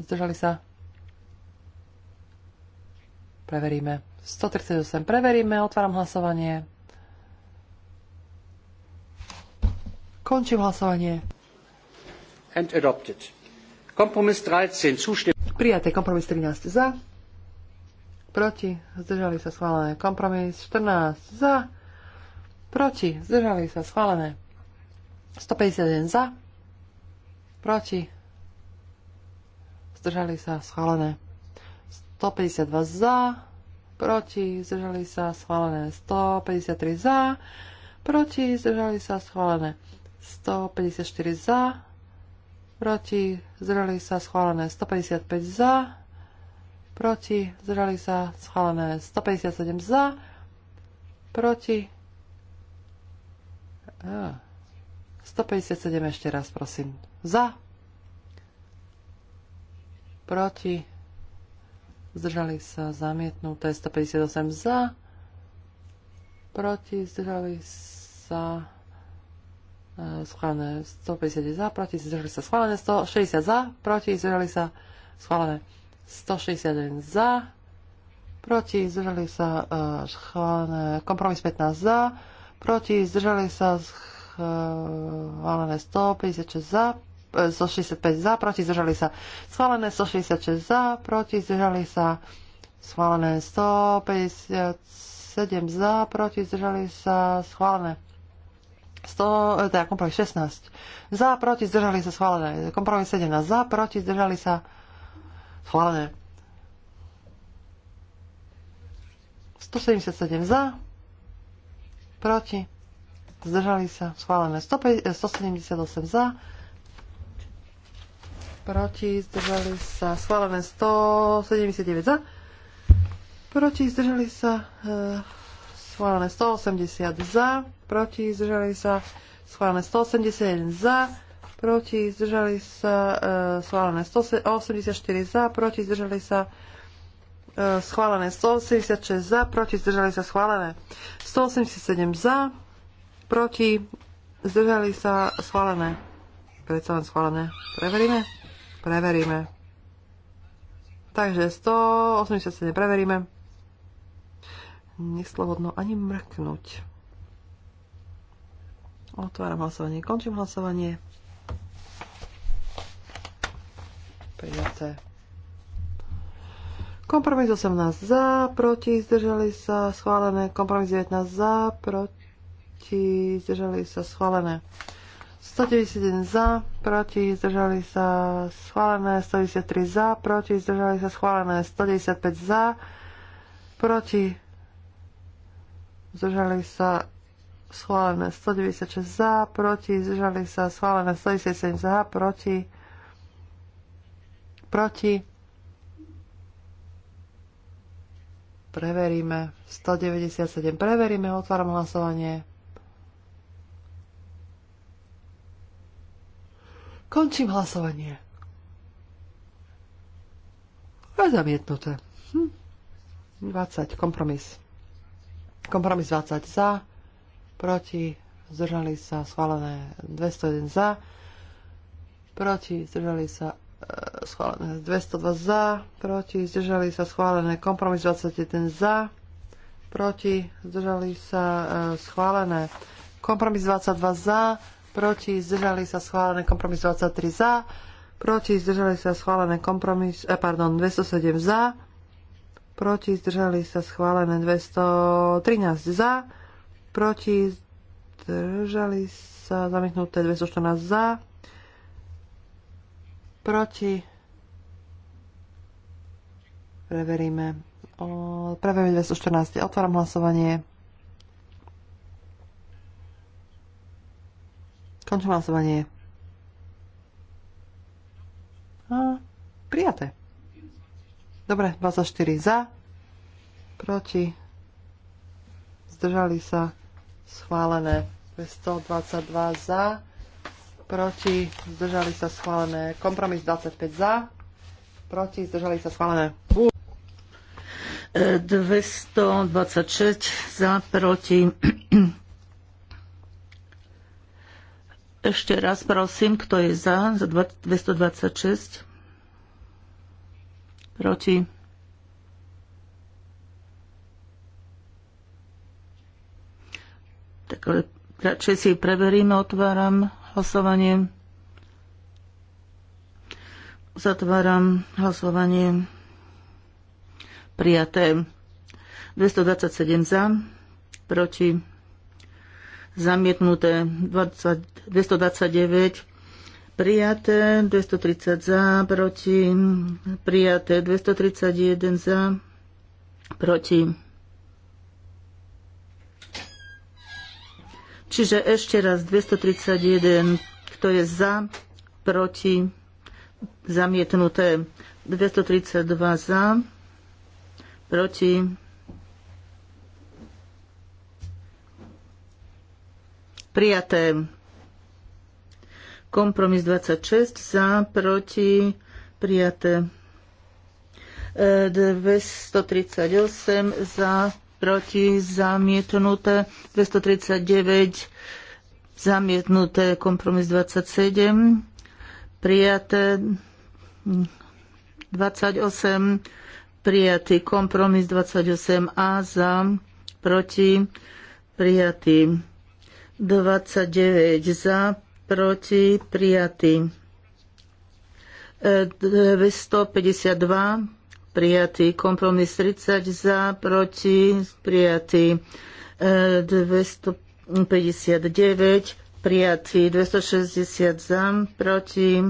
zdržali sa. Preveríme. 138 preveríme, otváram hlasovanie. Končím hlasovanie. And adopted. Kompromis 13 zustimmen. Prijaté kompromis 13 za. Proti. Zdržali sa schválené. Kompromis 14 za. Proti. Zdržali sa schválené. 151 za. Proti. Zdržali sa schválené. 152 za. Proti. Zdržali sa schválené. 153 za. Proti. Zdržali sa schválené. 154 za. Proti. Zdržali sa schválené. 155 za. Proti. Zdržali sa schválené. 157 za. Proti. Ah. 157 ešte raz, prosím. Za. Proti. Zdržali sa zamietnuté. 158 e, za. Proti. Zdržali sa schválené 150 za, proti, zdržali sa schválené 160 za, proti, zdržali sa e, schválené 161 za, proti, zdržali sa schválené kompromis 15 za, proti, zdržali sa schválené schválené 156 za, 165 e, za, proti zdržali sa. Schválené 166 za, proti zdržali sa. Schválené 157 za, proti zdržali sa. Schválené 100, e, teda kompromis 16 za, proti zdržali sa. Schválené kompromis 17 za, proti zdržali sa. Schválené 177 za, proti zdržali sa, schválené 178 eh, za, proti, zdržali sa, schválené 179 eh, za, proti, zdržali sa, schválené 180 eh, za, proti, zdržali sa, schválené 181 za, proti, zdržali sa, schválené 184 za, proti, zdržali sa, schválené 186 za, proti zdržali sa schválené 187 za, proti, zdržali sa schválené. Predsa len schválené. Preveríme? Preveríme. Takže 187 preveríme. Neslobodno ani mrknúť. Otváram hlasovanie, končím hlasovanie. Prijaté. Kompromis 18 za, proti, zdržali sa, schválené. Kompromis 19 za, proti proti, zdržali sa schválené. 191 za, proti, zdržali sa schválené, 193 za, proti, zdržali sa schválené, 195 za, proti, zdržali sa schválené, 196 za, proti, zdržali sa schválené, 197 za, proti, proti, preveríme, 197 preveríme, otváram hlasovanie. Končím hlasovanie. Je zamietnuté. Hm. 20. Kompromis. Kompromis 20 za, proti, zdržali sa, schválené 201 za, proti, zdržali sa, e, schválené 202 za, proti, zdržali sa, schválené kompromis 21 za, proti, zdržali sa, e, schválené kompromis 22 za, proti, zdržali sa schválené kompromis 23 za, proti, zdržali sa schválené kompromis, eh, pardon, 207 za, proti, zdržali sa schválené 213 za, proti, zdržali sa zamietnuté 214 za, proti, preveríme, o, preveríme 214, otváram hlasovanie, Končím hlasovanie. A prijaté. Dobre, 24 za, proti, zdržali sa, schválené. 222 za, proti, zdržali sa, schválené. Kompromis 25 za, proti, zdržali sa, schválené. 226 za, proti, ešte raz prosím, kto je za, za 226, proti. Tak radšej si preveríme, otváram hlasovanie. Zatváram hlasovanie. Prijaté. 227 za, proti zamietnuté 20, 229, prijaté 230 za, proti, prijaté 231 za, proti. Čiže ešte raz 231, kto je za, proti, zamietnuté 232 za, proti, Prijaté. Kompromis 26 za, proti, prijaté. 238 e, za, proti, zamietnuté. 239 zamietnuté. Kompromis 27 prijaté. 28 prijatý. Kompromis 28a za, proti, prijatý. 29 za, proti, prijatý. 252 e, prijatý. Kompromis 30 za, proti, prijatý. 259 e, prijatý. 260 za, proti.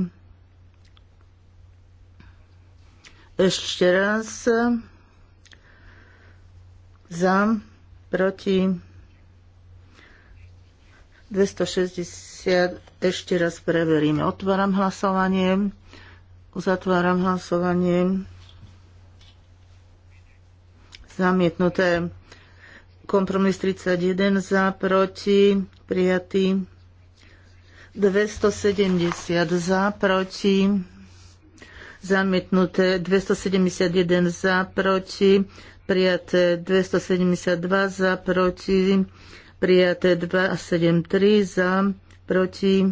Ešte raz. Za, proti 260 ešte raz preveríme. Otváram hlasovanie. Uzatváram hlasovanie. Zamietnuté. Kompromis 31 za, proti, prijatý. 270 za, proti, zamietnuté. 271 za, proti, prijaté. 272 za, proti, prijaté 273 za, proti,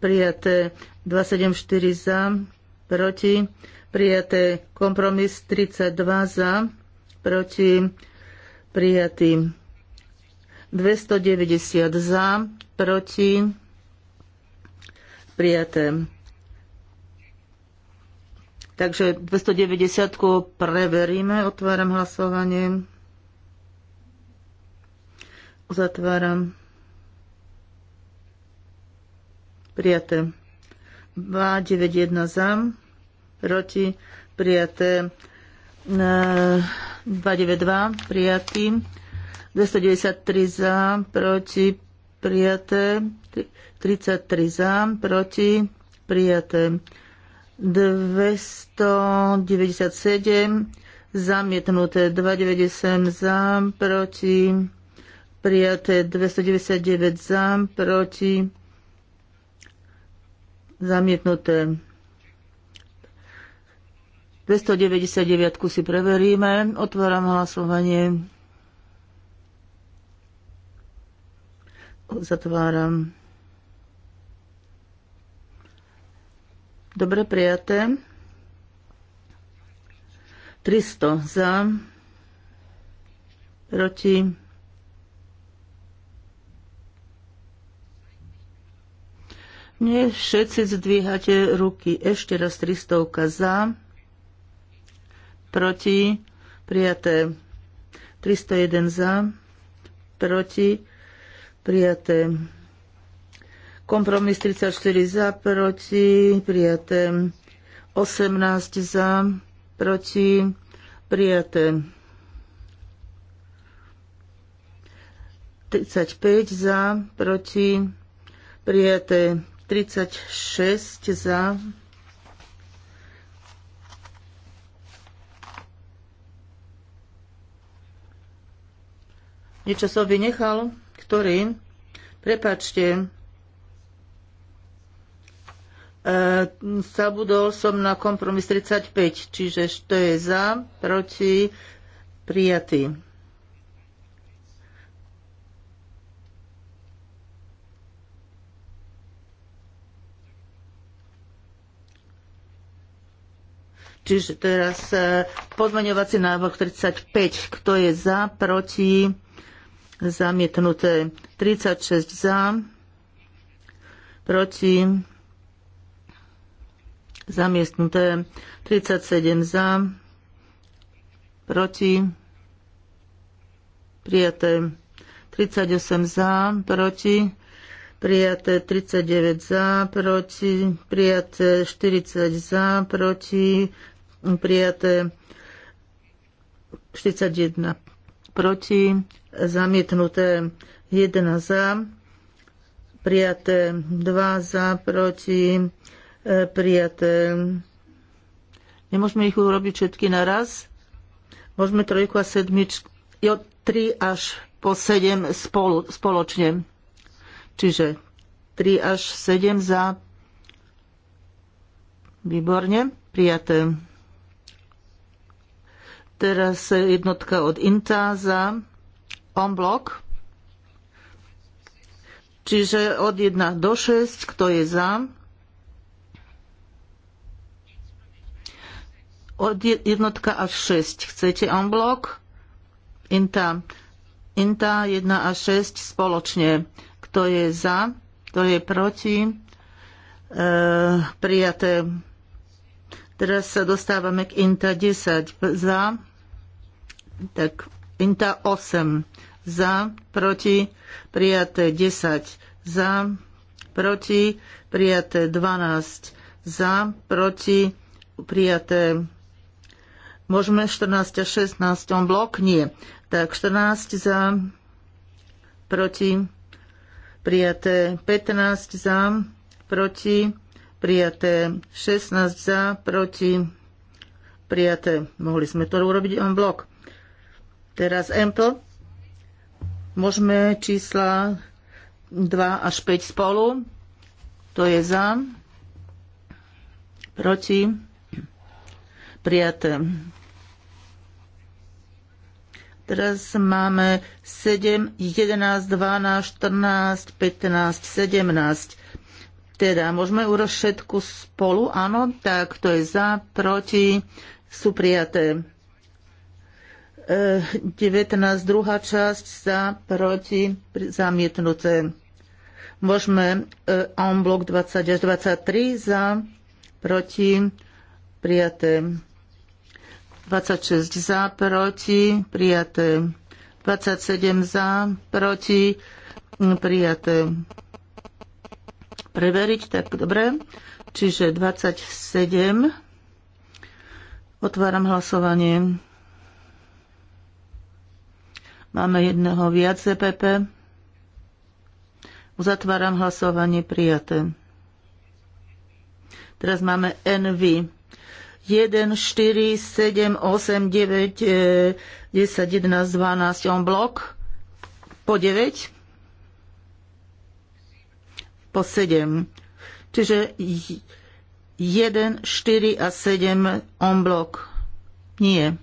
prijaté 274 za, proti, prijaté kompromis 32 za, proti, prijatý 290 za, proti, prijaté. Takže 290 preveríme, otváram hlasovanie. Uzatváram. Prijaté. 291 za, proti, prijaté. 292 prijatý. 293 za, proti, prijaté. 33 za, proti, prijaté. 297 zamietnuté. 297 za, proti, prijaté 299 za, proti, zamietnuté. 299 si preveríme. Otváram hlasovanie. Zatváram. Dobre prijaté. 300 za, proti Nie všetci zdvíhate ruky. Ešte raz 300 za. Proti. Prijaté. 301 za. Proti. Prijaté. Kompromis 34 za. Proti. Prijaté. 18 za. Proti. Prijaté. 35 za. Proti. Prijaté. 36 za. Niečo som vynechal? Ktorý? Prepačte. E, zabudol som na kompromis 35, čiže to je za, proti, prijatý. Čiže teraz e, pozmaňovací návrh 35. Kto je za, proti? Zamietnuté. 36 za, proti? Zamietnuté. 37 za, proti? Prijaté. 38 za, proti? prijaté 39 za, proti, prijaté 40 za, proti, prijaté 41 proti, zamietnuté 1 za, prijaté 2 za, proti, e, prijaté. Nemôžeme ich urobiť všetky naraz. Môžeme trojku a sedmičku, jo, 3 až po 7 spolu, spoločne. Čiže 3 až 7 za. Výborne, prijaté. Teraz jednotka od INTA za on blok. Čiže od 1 do 6, kto je za? Od jednotka až 6. Chcete on blok? INTA. INTA 1 a 6 spoločne. Kto je za? Kto je proti? E, prijaté. Teraz sa dostávame k INTA 10. Za? Tak Inta 8 za, proti, prijaté 10 za, proti, prijaté 12 za, proti, prijaté Môžeme 14 a 16 on blok? Nie. Tak 14 za, proti, prijaté 15 za, proti, prijaté 16 za, proti, prijaté. Mohli sme to urobiť on blok. Teraz Ample. Môžeme čísla 2 až 5 spolu. To je za. Proti. Prijaté. Teraz máme 7, 11, 12, 14, 15, 17. Teda môžeme urobiť všetku spolu, áno, tak to je za, proti, sú prijaté. 19, druhá časť za, proti, zamietnuté. Môžeme e, en blok 20 až 23 za, proti, prijaté. 26 za, proti, prijaté. 27 za, proti, prijaté. Preveriť, tak dobre. Čiže 27. Otváram hlasovanie. Máme jedného viac EPP. Uzatváram hlasovanie prijaté. Teraz máme NV. 1, 4, 7, 8, 9, 10, 11, 12 on blok. Po 9. Po 7. Čiže 1, 4 a 7 on blok. Nie.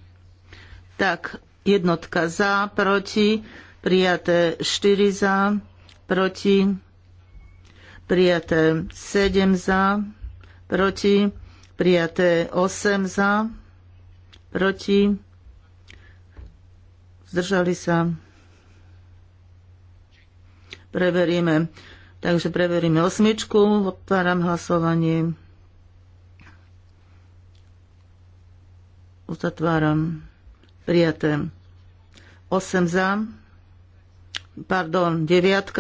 Tak, Jednotka za, proti, prijaté 4 za, proti, prijaté 7 za, proti, prijaté 8 za, proti, zdržali sa. Preveríme. Takže preveríme osmičku. Otváram hlasovanie. Uzatváram prijaté. 8 za, pardon, 9,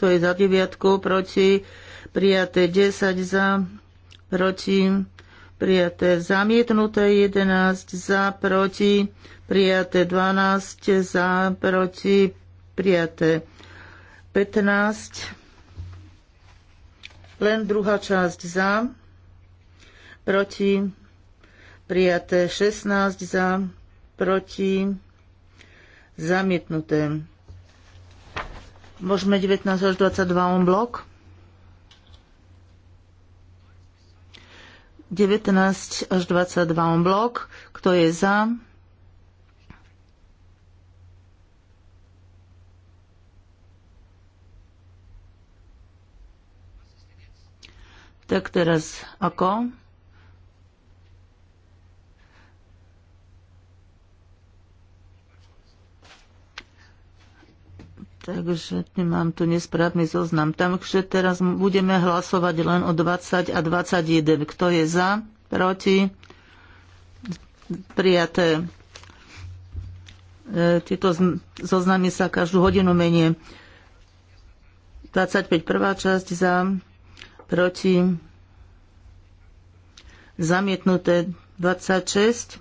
to je za 9, proti, prijaté 10 za, proti, prijaté zamietnuté 11 za, proti, prijaté 12 za, proti, prijaté 15, len druhá časť za, proti, prijaté 16 za, proti, zamietnuté. Môžeme 19 až 22 on blok. 19 až 22 on blok. Kto je za? Tak teraz ako? Ako? Takže mám tu nesprávny zoznam. Takže teraz budeme hlasovať len o 20 a 21. Kto je za? Proti? Prijaté. E, tieto zoznamy sa každú hodinu menie. 25. prvá časť za, proti, zamietnuté 26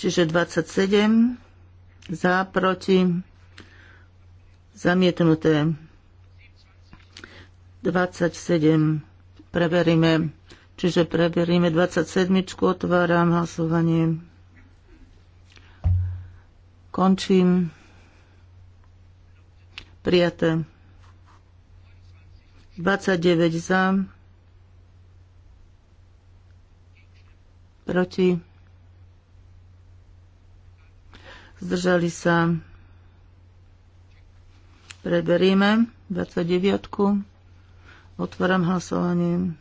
Čiže 27 za, proti, zamietnuté. 27 preveríme. Čiže preveríme 27. Otváram hlasovanie. Končím. Prijaté. 29 za. Proti. zdržali sa, preberieme 29. Otváram hlasovanie.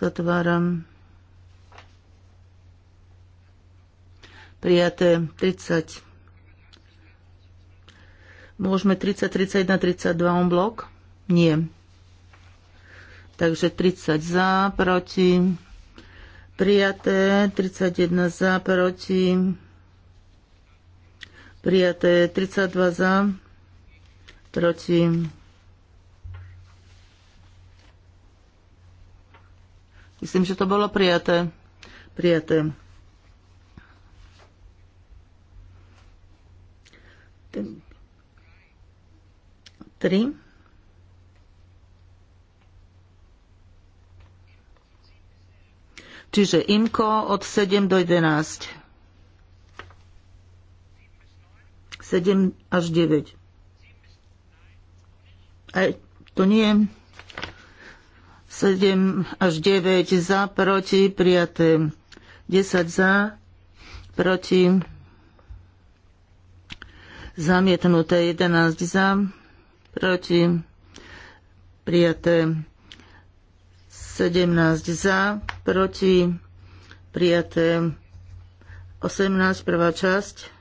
Zatváram. Prijaté 30. Môžeme 30, 31, 32 on blok? Nie. Takže 30 za, proti. Prijaté 31 za, proti Prijaté 32 za, proti. Myslím, že to bolo prijaté. Prijaté. Tri. Čiže imko od 7 do 11. 7 až 9. Aj to nie. 7 až 9 za, proti, prijaté. 10 za, proti, zamietnuté. 11 za, proti, prijaté. 17 za, proti, prijaté. 18, prvá časť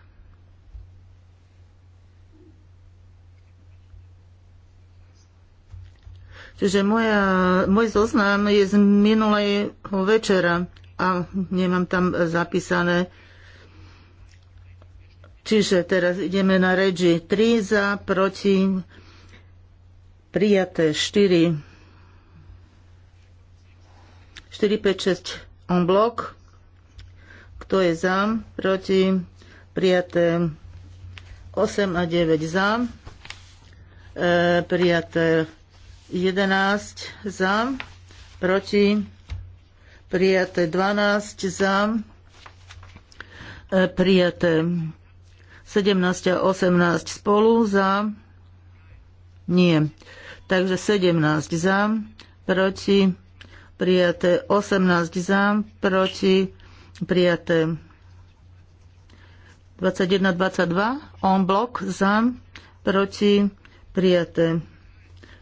Čiže moja, môj zoznam je z minulého večera a nemám tam zapísané. Čiže teraz ideme na reči 3 za, proti, prijaté 4, 4, 5, 6 on blok. Kto je za? Proti? Prijaté 8 a 9 za. E, prijaté 11 za, proti, prijaté 12 za, e, prijaté 17 a 18 spolu za, nie. Takže 17 za, proti, prijaté 18 za, proti, prijaté 21, 22, on blok za, proti, prijaté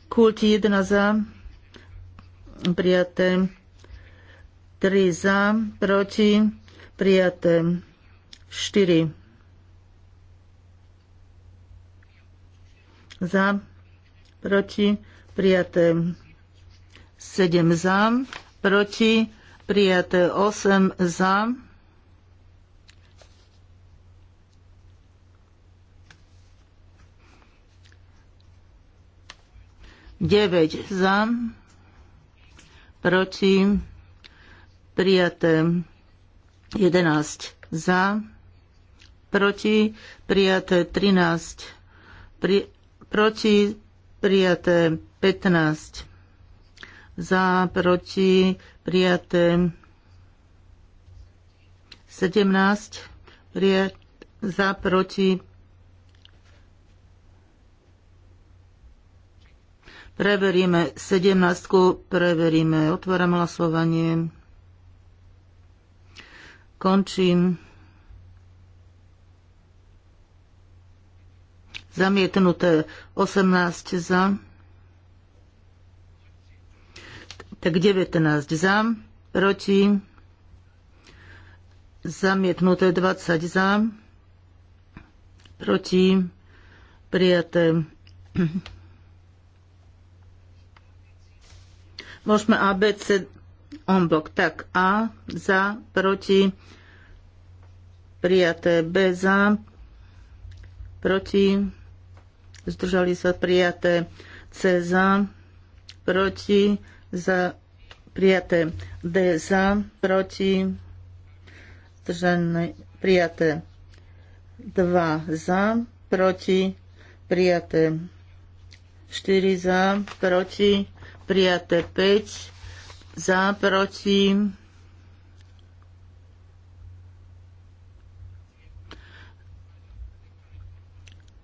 Kult jedna za, prijaté tri za, proti, prijaté štyri za, proti, prijaté sedem za, proti, prijaté osem za, 9 za, proti, prijaté 11 za, proti, prijaté 13, pri, proti, prijaté 15 za, proti, prijaté 17, prijaté, za, proti, Preveríme sedemnáctku, Preveríme. Otváram hlasovanie. Končím. Zamietnuté 18 za. Tak 19 za. Proti. Zamietnuté 20 za. Proti. Prijaté Môžeme ABC on blok. Tak A za, proti, prijaté B za, proti, zdržali sa prijaté C za, proti, za, prijaté D za, proti, zdržané prijaté 2 za, proti, prijaté 4 za, proti, prijaté 5, za, proti,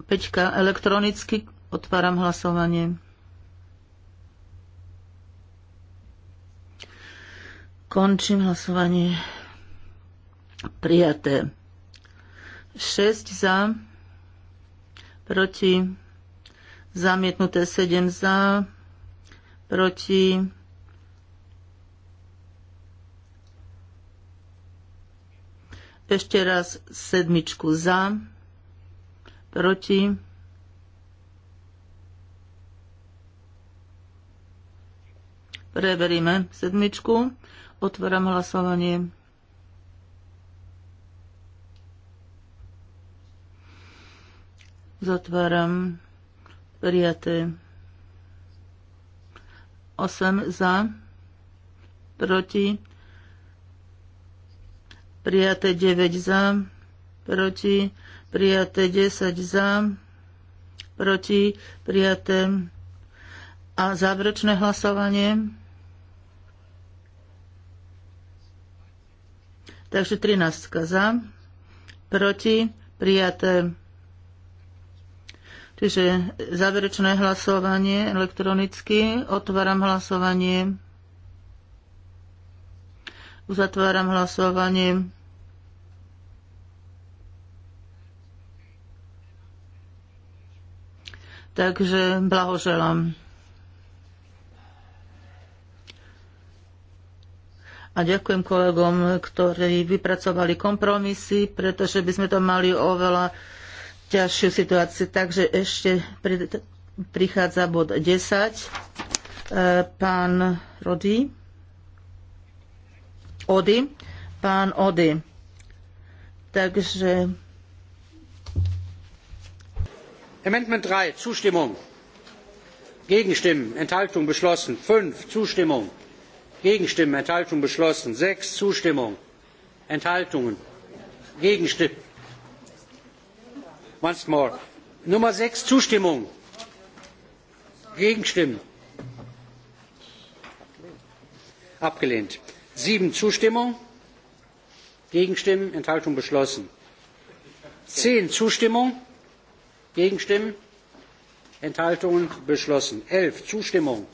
Peťka, elektronicky otváram hlasovanie. Končím hlasovanie. Prijaté. 6 za, proti, zamietnuté 7 za, proti, ešte raz sedmičku za, proti, preveríme sedmičku, otváram hlasovanie. Zatváram prijaté. 8 za, proti, prijaté 9 za, proti, prijaté 10 za, proti, prijaté a záverečné hlasovanie. Takže 13 za, proti, prijaté Čiže záverečné hlasovanie elektronicky. Otváram hlasovanie. Uzatváram hlasovanie. Takže blahoželám. A ďakujem kolegom, ktorí vypracovali kompromisy, pretože by sme to mali oveľa ťažšiu situáciu. Takže ešte prichádza bod 10. E, pán Rody. Ody. Pán Ody. Takže... Amendment 3. Zustimmung. Gegenstimmen. Enthaltung beschlossen. 5. Zustimmung. Gegenstimmen. Enthaltung beschlossen. 6. Zustimmung. Enthaltungen. Gegenstimmen once more. Nummer sechs Zustimmung. Gegenstimmen. Abgelehnt. Sieben Zustimmung. Gegenstimmen. Enthaltung beschlossen. Zehn Zustimmung. Gegenstimmen. Enthaltungen beschlossen. Elf Zustimmung.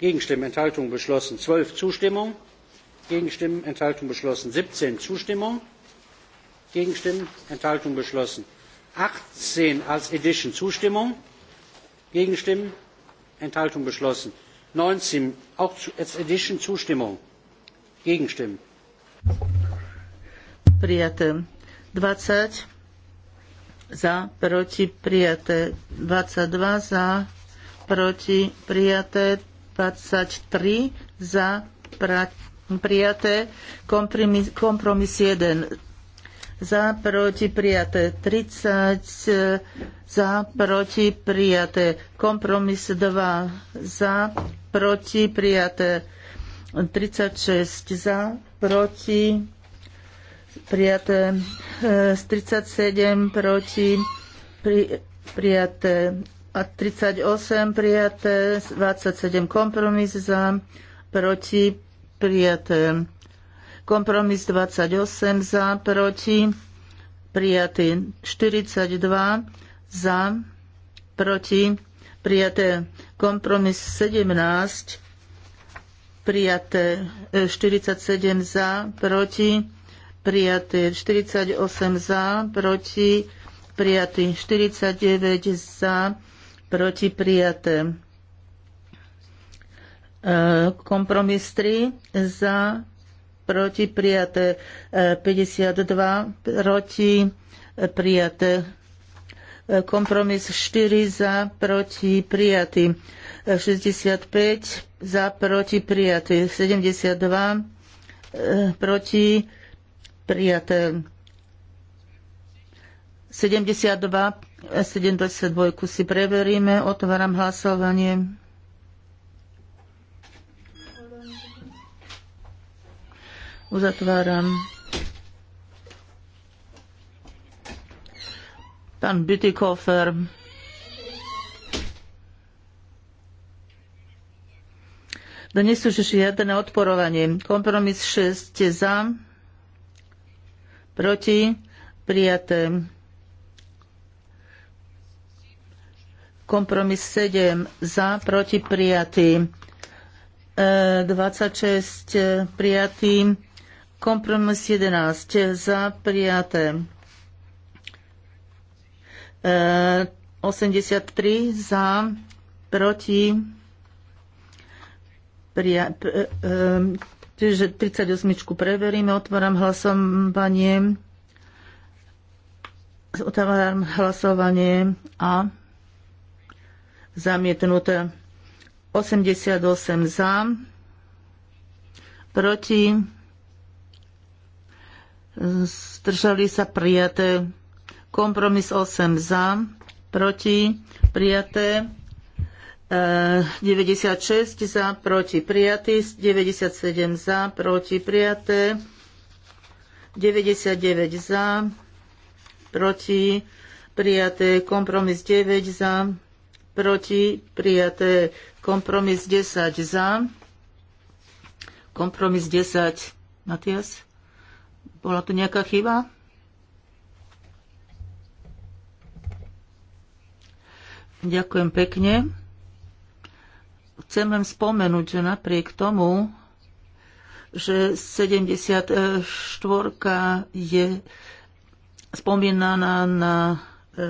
Gegenstimmen. Enthaltungen beschlossen. Zwölf Zustimmung. Gegenstimmen. Enthaltungen beschlossen. Siebzehn Zustimmung. Gegenstimmen? Enthaltung beschlossen. Achtzehn als Edition Zustimmung. Gegenstimmen? Enthaltung beschlossen. Neunzehn auch als Edition Zustimmung. Gegenstimmen? Prijaté. 20 za, proti, prijaté. 22 za, proti, prijaté. tri, za, prijaté. Kompromis, kompromis za, proti, prijaté 30, e, za, proti, prijaté kompromis 2, za, proti, prijaté 36, za, proti, prijaté 37, e, proti, prijaté a 38, prijaté 27 kompromis za, proti, prijaté Kompromis 28 za, proti, prijatý 42 za, proti, prijaté kompromis 17, prijaté 47 e, za, proti, prijaté 48 za, proti, prijatý 49 za, proti prijaté. E, kompromis 3 za, proti prijaté 52, e, proti e, prijaté e, kompromis 4 za, proti prijatý 65, za, proti prijatý 72, proti prijaté 72, 72 si preveríme, otváram hlasovanie. Uzatváram. Pán Bütikofer. Dnes už žiadne odporovanie. Kompromis 6 za, proti, prijaté. Kompromis 7 za, proti, prijatý. E, 26 e, prijatý. Kompromis 11 za prijaté. 83 e, za proti prija, e, e, Čiže 38 preveríme, otváram hlasovanie. Otváram hlasovanie a zamietnuté 88 za, proti zdržali sa prijaté. Kompromis 8 za, proti prijaté. 96 e, za, proti prijatý, 97 za, proti prijaté, 99 za, proti prijaté, kompromis 9 za, proti prijaté, kompromis 10 za, kompromis 10, Matias? Bola tu nejaká chyba? Ďakujem pekne. Chcem len spomenúť, že napriek tomu, že 74 je spomínaná na, e,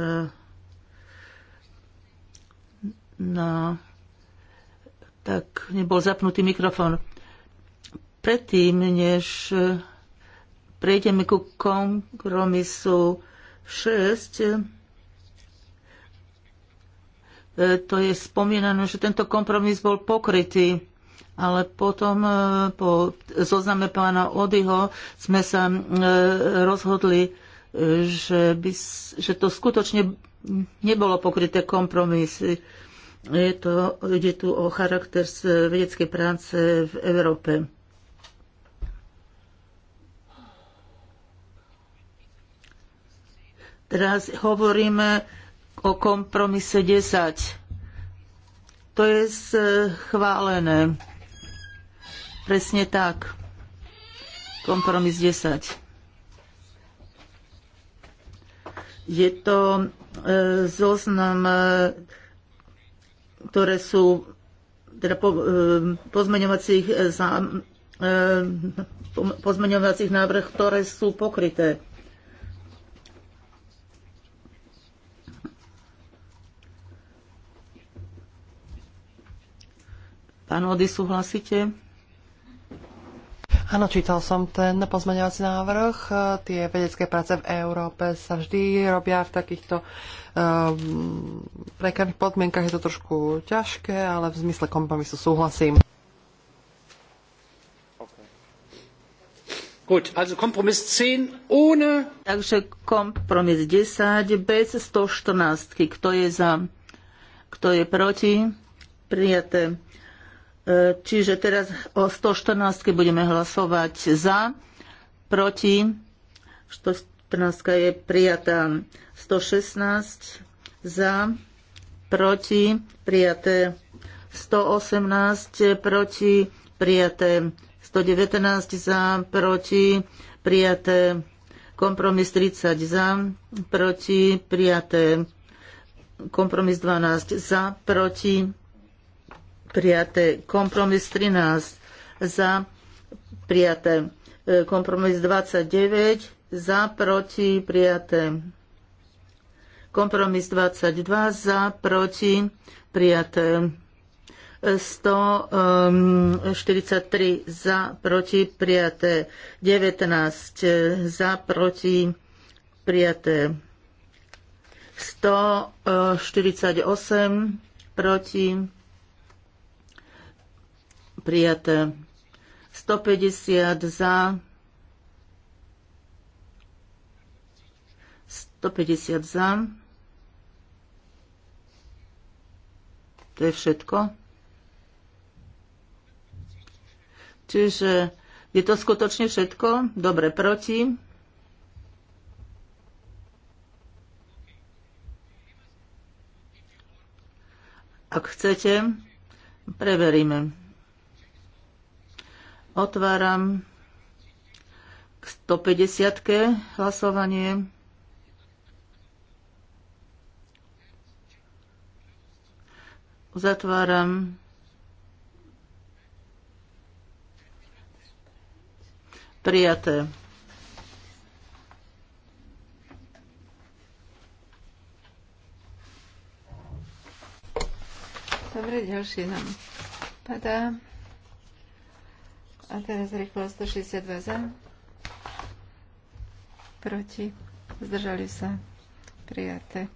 na tak nebol zapnutý mikrofón. Predtým, než prejdeme ku kompromisu 6. E, to je spomínané, že tento kompromis bol pokrytý, ale potom e, po zozname pána Odyho sme sa e, rozhodli, že, by, že to skutočne nebolo pokryté kompromisy. Je to, ide tu o charakter vedeckej práce v Európe. Teraz hovoríme o kompromise 10. To je schválené. Presne tak. Kompromis 10. Je to e, zoznam, e, ktoré sú teda po, e, pozmeňovacích, pozmeňovacích návrh, ktoré sú pokryté Pán Ody, súhlasíte? Áno, čítal som ten pozmeňovací návrh. E, tie vedecké práce v Európe sa vždy robia v takýchto um, e, prekárnych podmienkach. Je to trošku ťažké, ale v zmysle kompromisu súhlasím. Gut, also kompromis 10 ohne... Takže kompromis 10 bez 114. Kto je za? Kto je proti? Prijaté. Čiže teraz o 114 budeme hlasovať za, proti. 114 je prijatá. 116 za, proti, prijaté. 118 proti, prijaté. 119 za, proti, prijaté. Kompromis 30 za, proti, prijaté. Kompromis 12 za, proti, prijaté. Kompromis 13 za, prijaté. E, kompromis 29 za, proti, prijaté. Kompromis 22 za, proti, prijaté. 143 e, e, za, proti, prijaté. 19 za, proti, prijaté. 148 proti, prijaté. 150 za, 150 za. To je všetko. Čiže je to skutočne všetko? Dobre, proti. Ak chcete, preveríme. Otváram k 150. hlasovanie. Zatváram Prijaté. Dobre, ďalšie nám padá. A teraz rýchlo 162 za. Proti. Zdržali sa. Prijaté.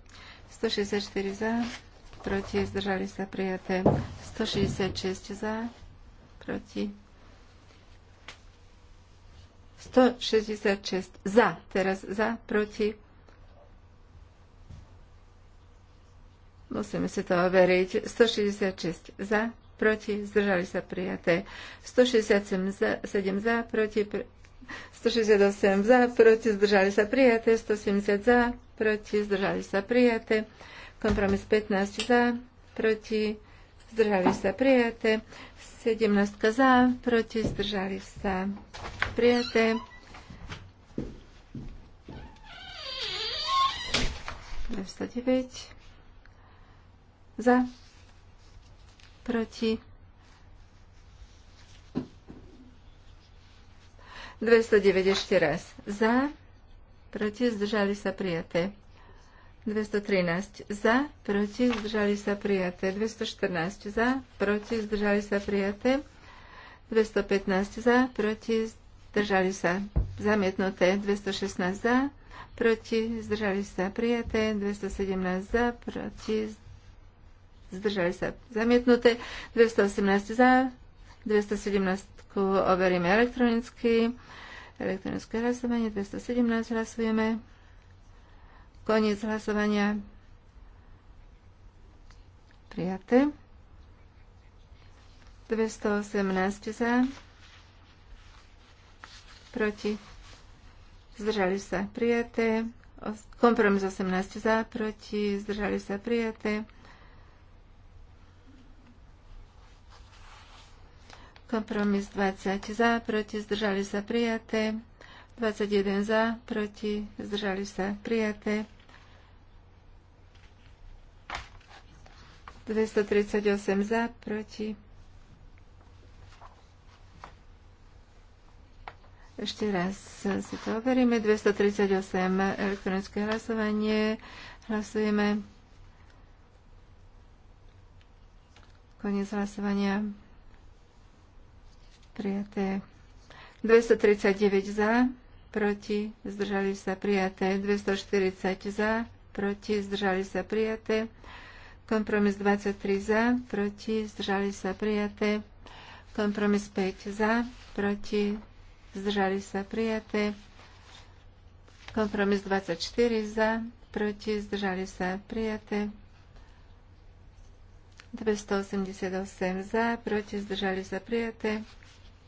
164 za. Proti. Zdržali sa. Prijaté. 166 za. Proti. 166 za. Teraz za. Proti. Musíme si to overiť. 166 za proti, zdržali sa prijaté. 167 za, proti, 168 za, proti, zdržali sa prijaté. 170 za, proti, zdržali sa prijaté. Kompromis 15 za, proti, zdržali sa prijaté. 17 za, proti, zdržali sa prijaté. za proti 209 ešte raz za, proti zdržali sa prijaté 213 za, proti zdržali sa prijaté 214 za, proti zdržali sa prijaté 215 za, proti zdržali sa zamietnuté 216 za, proti zdržali sa prijaté 217 za, proti zdržali zdržali sa zamietnuté, 218 za, 217 overíme elektronicky, elektronické hlasovanie, 217 hlasujeme, koniec hlasovania, prijaté, 218 za, proti, zdržali sa prijaté, kompromis 18 za, proti, zdržali sa prijaté, Kompromis 20 za, proti, zdržali sa prijaté. 21 za, proti, zdržali sa prijaté. 238 za, proti. Ešte raz si to overíme. 238 elektronické hlasovanie. Hlasujeme. Koniec hlasovania prijaté. 239 za, proti, zdržali sa prijaté. 240 za, proti, zdržali sa prijaté. Kompromis 23 za, proti, zdržali sa prijaté. Kompromis 5 za, proti, zdržali sa prijaté. Kompromis 24 za, proti, zdržali sa prijaté. 288 za, proti, zdržali sa prijaté.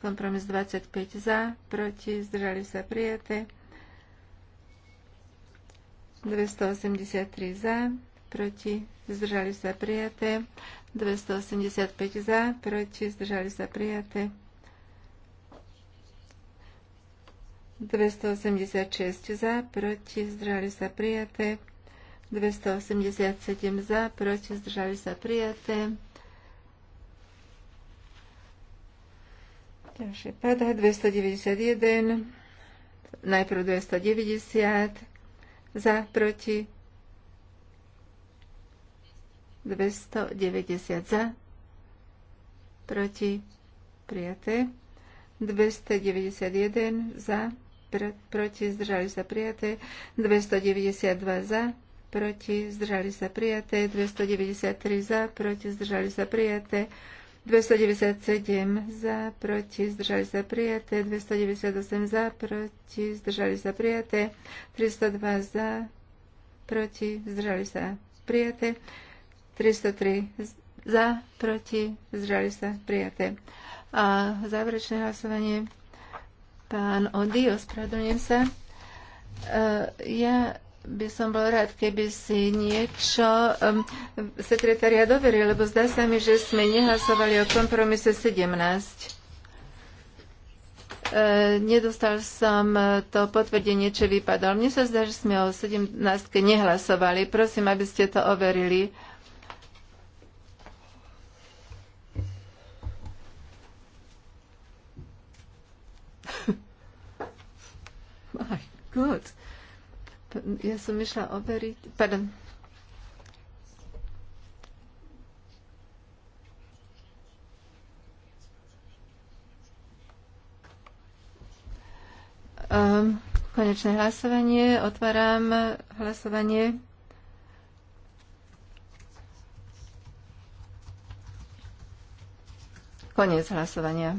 Kompromis 25 za, proti, zdržali sa prijaté. 283 za, proti, zdržali sa prijaté. 285 za, proti, zdržali sa prijaté. 286 za, proti, zdržali sa prijaté. 287 za, proti, zdržali sa prijaté. Ďalšie padá 291, najprv 290, za, proti, 290 za, proti, prijaté, 291 za, pr- proti, zdržali sa prijaté, 292 za, proti, zdržali sa prijaté, 293 za, proti, zdržali sa prijaté, 297 za, proti, zdržali sa prijaté, 298 za, proti, zdržali sa prijaté, 302 za, proti, zdržali sa prijaté, 303 za, proti, zdržali sa prijaté. A záverečné hlasovanie, pán odio ospravedlňujem sa. E, ja by som bol rád, keby si niečo um, sekretariat doveril, lebo zdá sa mi, že sme nehlasovali o kompromise 17. E, nedostal som to potvrdenie, čo vypadalo. Mne sa zdá, že sme o 17. nehlasovali. Prosím, aby ste to overili. My God. Ja som išla overiť... Pardon. Um, konečné hlasovanie. Otváram hlasovanie. Koniec hlasovania.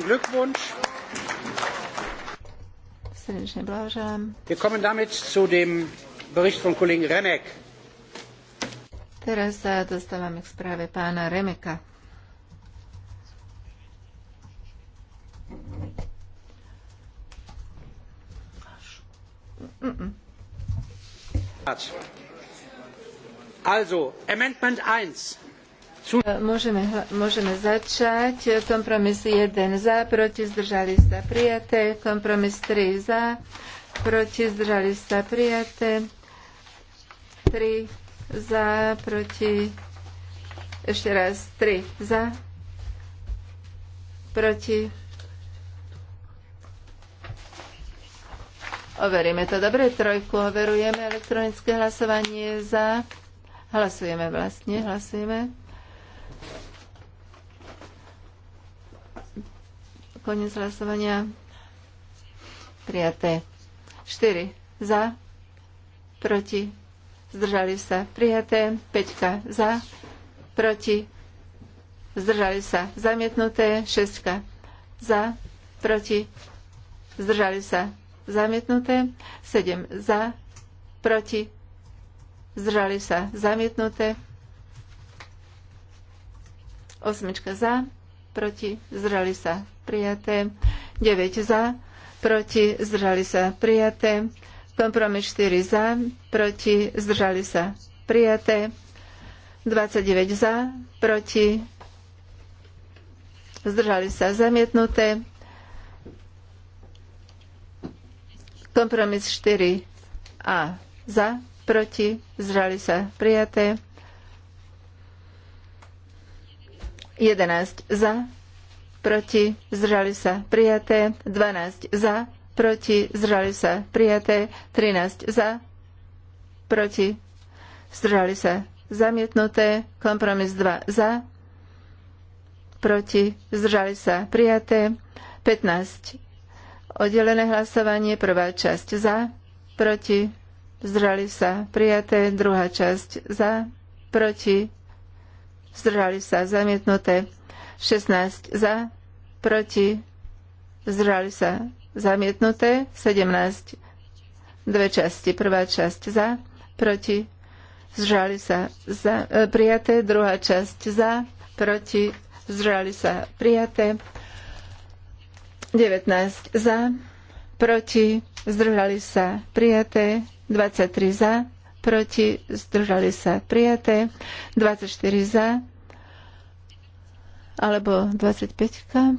Herzlichen Glückwunsch. Wir kommen damit zu dem Bericht von Kollegen Remek. Teraz sa dostávame k správe pána Remeka. Also, Amendment 1. E, môžeme, môžeme začať. Kompromis 1 za, proti, zdržali sa prijaté. Kompromis 3 za, proti, zdržali sa prijaté. 3 za, proti, ešte raz 3 za, proti. Overíme to. Dobre, trojku overujeme. Elektronické hlasovanie za. Hlasujeme vlastne, hlasujeme. koniec hlasovania. Prijaté. 4 za, proti, zdržali sa. Prijaté. 5 za, proti, zdržali sa. Zamietnuté. 6 za, proti, zdržali sa. Zamietnuté. 7 za, proti, zdržali sa. Zamietnuté. Osmička za, proti, zdrali sa prijaté, 9 za, proti, zdrali sa prijaté, kompromis 4 za, proti, zdrali sa prijaté, 29 za, proti, zdržali sa zamietnuté, kompromis 4 a za, proti, zdrali sa prijaté, 11 za, proti, zdržali sa prijaté, 12 za, proti, zdržali sa prijaté, 13 za, proti, zdržali sa zamietnuté, kompromis 2 za, proti, zdržali sa prijaté, 15 oddelené hlasovanie, prvá časť za, proti, zdržali sa prijaté, druhá časť za, proti, zdržali sa zamietnuté, 16 za, proti, zdržali sa zamietnuté, 17 dve časti, prvá časť za, proti, zdržali sa za, e, prijaté, druhá časť za, proti, zdržali sa prijaté, 19 za, proti, zdržali sa prijaté, 23 za, proti, zdržali sa prijaté, 24 za, alebo 25,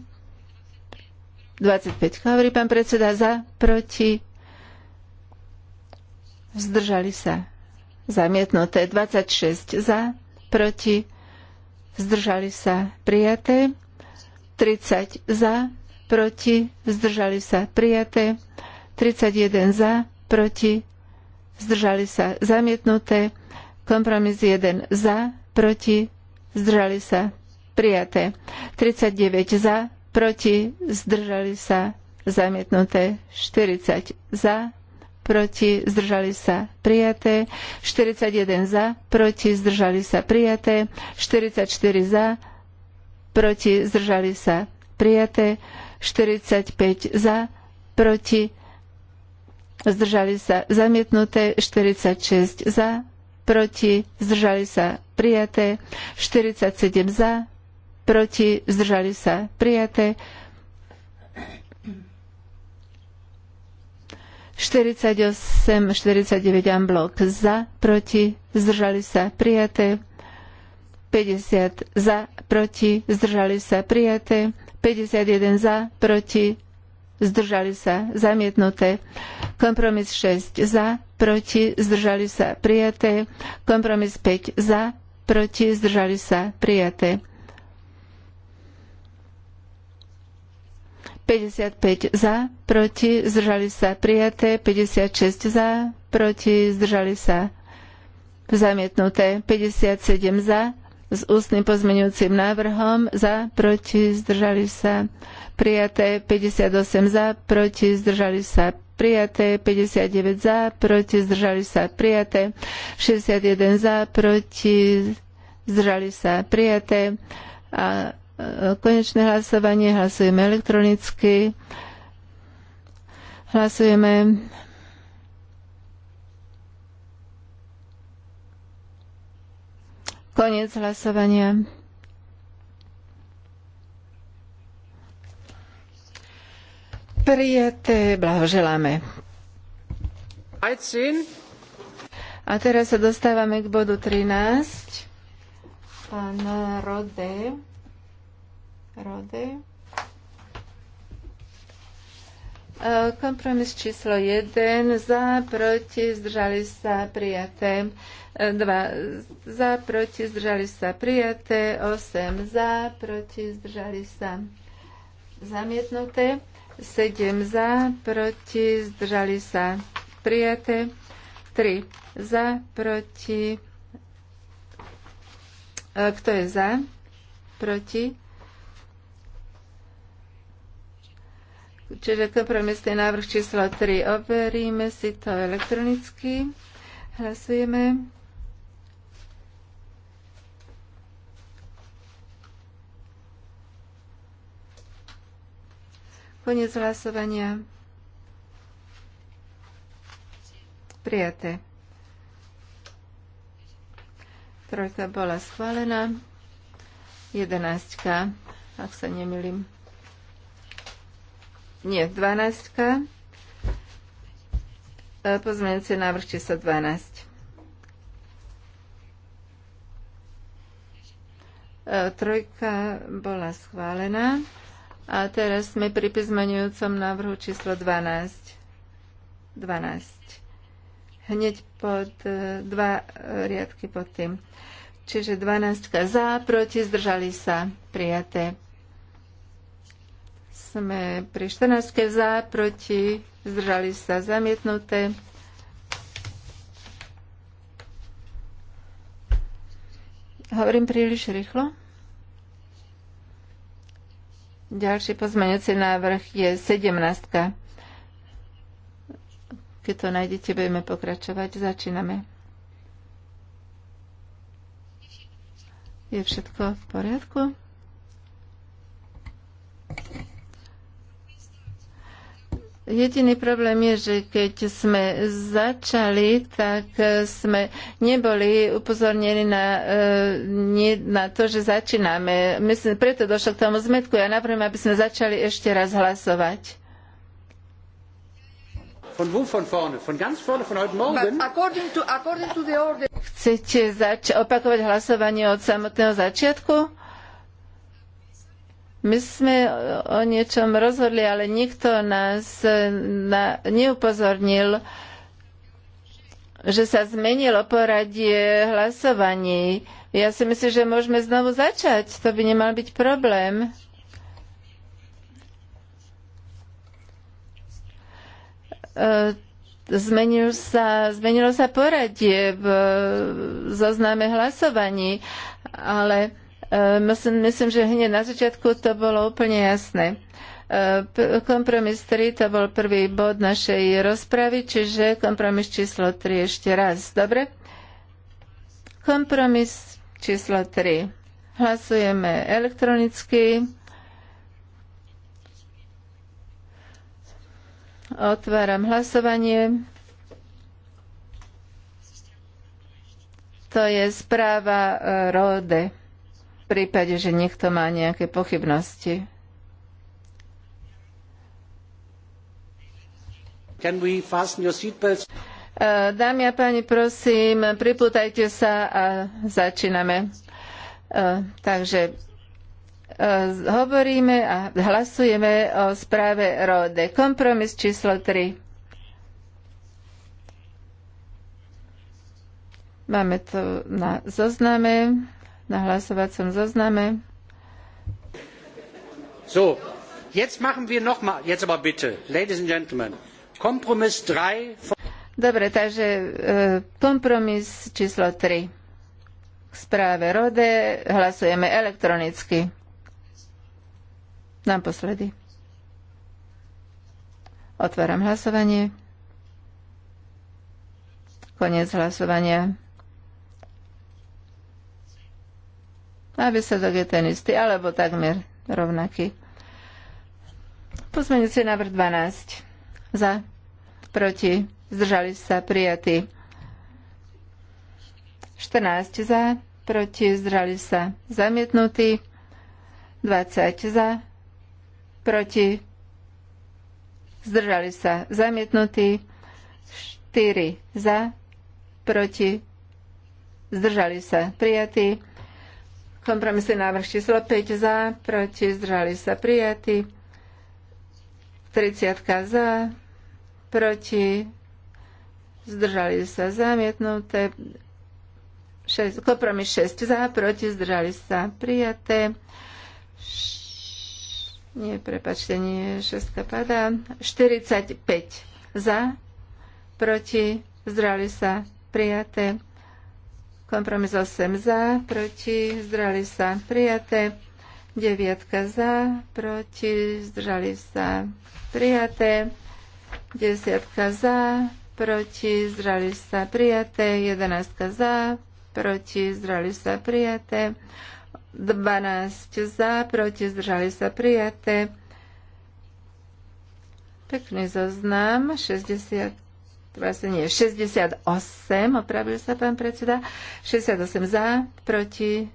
25, hovorí pán predseda, za, proti, zdržali sa, zamietnuté, 26 za, proti, zdržali sa, prijaté, 30 za, proti, zdržali sa, prijaté, 31 za, proti, zdržali sa zamietnuté, kompromis 1 za, proti, zdržali sa prijaté, 39 za, proti, zdržali sa zamietnuté, 40 za, proti, zdržali sa prijaté, 41 za, proti, zdržali sa prijaté, 44 za, proti, zdržali sa prijaté, 45 za, proti, zdržali sa zamietnuté, 46 za, proti, zdržali sa prijaté, 47 za, proti, zdržali sa prijaté, 48, 49 amblok za, proti, zdržali sa prijaté, 50 za, proti, zdržali sa prijaté, 51 za, proti, zdržali sa zamietnuté. Kompromis 6 za, proti, zdržali sa prijaté. Kompromis 5 za, proti, zdržali sa prijaté. 55 za, proti, zdržali sa prijaté. 56 za, proti, zdržali sa zamietnuté. 57 za, s ústnym pozmeňujúcim návrhom za, proti, zdržali sa prijaté 58 za, proti, zdržali sa prijaté 59 za, proti, zdržali sa prijaté 61 za, proti, zdržali sa prijaté a e, konečné hlasovanie hlasujeme elektronicky. Hlasujeme Koniec hlasovania. Prijaté, blahoželáme. A teraz sa dostávame k bodu 13. Pán Rode. Rode. E, kompromis číslo 1 za, proti, zdržali sa prijaté. 2 e, za, proti, zdržali sa prijaté. 8 za, proti, zdržali sa zamietnuté. 7 za, proti, zdržali sa prijaté. 3 za, proti. E, kto je za? Proti? Čiže kompromisný návrh číslo 3. Overíme si to elektronicky. Hlasujeme. Koniec hlasovania. Prijaté. Trojka bola schválená. Jedenáctka, ak sa nemýlim nie, 12. E, Pozmeňujúce návrh číslo 12. E, trojka bola schválená. A teraz sme pri pozmeňujúcom návrhu číslo 12. 12. Hneď pod e, dva riadky pod tým. Čiže 12 za, proti, zdržali sa, prijaté sme pri 14 za, proti, zdržali sa zamietnuté. Hovorím príliš rýchlo. Ďalší pozmeňujúci návrh je 17. Keď to nájdete, budeme pokračovať. Začíname. Je všetko v poriadku? Jediný problém je, že keď sme začali, tak e, sme neboli upozornení na, e, na to, že začíname. Myslím, preto došlo k tomu zmetku. Ja navrhujem, aby sme začali ešte raz hlasovať. Chcete zač- opakovať hlasovanie od samotného začiatku? My sme o niečom rozhodli, ale nikto nás e, na, neupozornil, že sa zmenilo poradie hlasovaní. Ja si myslím, že môžeme znovu začať. To by nemal byť problém. E, zmenil sa, zmenilo sa poradie v zozname hlasovaní, ale Ehm, myslím, myslím, že hneď na začiatku to bolo úplne jasné. Ehm, kompromis 3 to bol prvý bod našej rozpravy, čiže kompromis číslo 3 ešte raz. Dobre? Kompromis číslo 3. Hlasujeme elektronicky. Otváram hlasovanie. To je správa eh, Rode prípade, že niekto má nejaké pochybnosti. Can we fasten your seatbelts? E, dámy a páni, prosím, priputajte sa a začíname. E, takže e, hovoríme a hlasujeme o správe Rode. Kompromis číslo 3. Máme to na zozname na hlasovacom zozname. So, jetzt machen wir noch mal, jetzt aber bitte, ladies and gentlemen, kompromis 3 von... Dobre, takže e, kompromis číslo 3. K správe Rode hlasujeme elektronicky. Naposledy. Otváram hlasovanie. Koniec hlasovania. a výsledok je ten istý, alebo takmer rovnaký. si návrh 12. Za, proti, zdržali sa, prijatí. 14 za, proti, zdržali sa, zamietnutí. 20 za, proti, zdržali sa, zamietnutí. 4 za, proti, zdržali sa, prijatí. Kompromisný návrh číslo 5 za, proti, zdržali sa prijatí. 30 za, proti, zdržali sa zamietnuté. 6, kompromis 6 za, proti, zdržali sa prijaté. Nie, prepačte, nie, 6 padá. 45 za, proti, zdržali sa, prijaté. Kompromis 8 za, proti, zdrali sa prijaté. 9 za, proti, zdrali sa prijaté. 10 za, proti, zdrali sa prijaté. 11 za, proti, zdrali sa prijaté. 12 za, proti, zdrali sa prijaté. Pekný zoznam, 60 vlastne nie, 68, opravil sa pán predseda, 68 za, proti,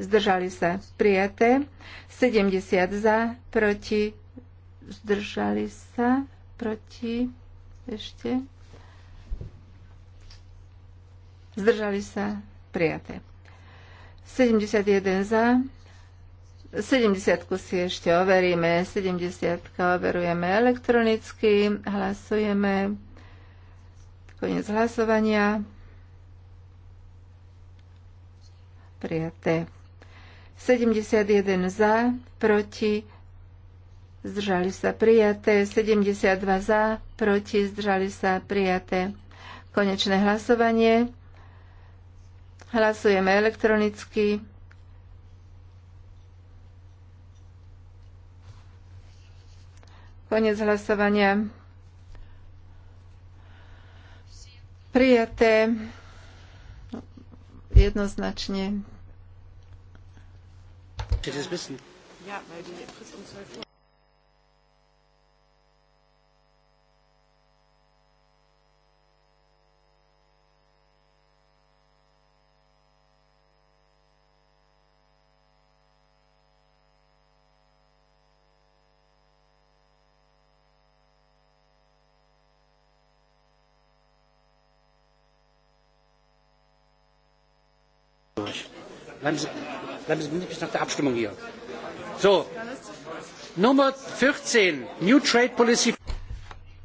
zdržali sa prijaté, 70 za, proti, zdržali sa, proti, ešte, zdržali sa prijaté. 71 za, 70 si ešte overíme, 70 overujeme elektronicky, hlasujeme, Koniec hlasovania. Prijaté. 71 za, proti, zdržali sa prijaté, 72 za, proti, zdržali sa prijaté. Konečné hlasovanie. Hlasujeme elektronicky. Konec hlasovania. Prijaté jednoznačne. Bleiben Sie, bleiben Sie bis nach der Abstimmung hier. So, Nummer 14, New Trade Policy.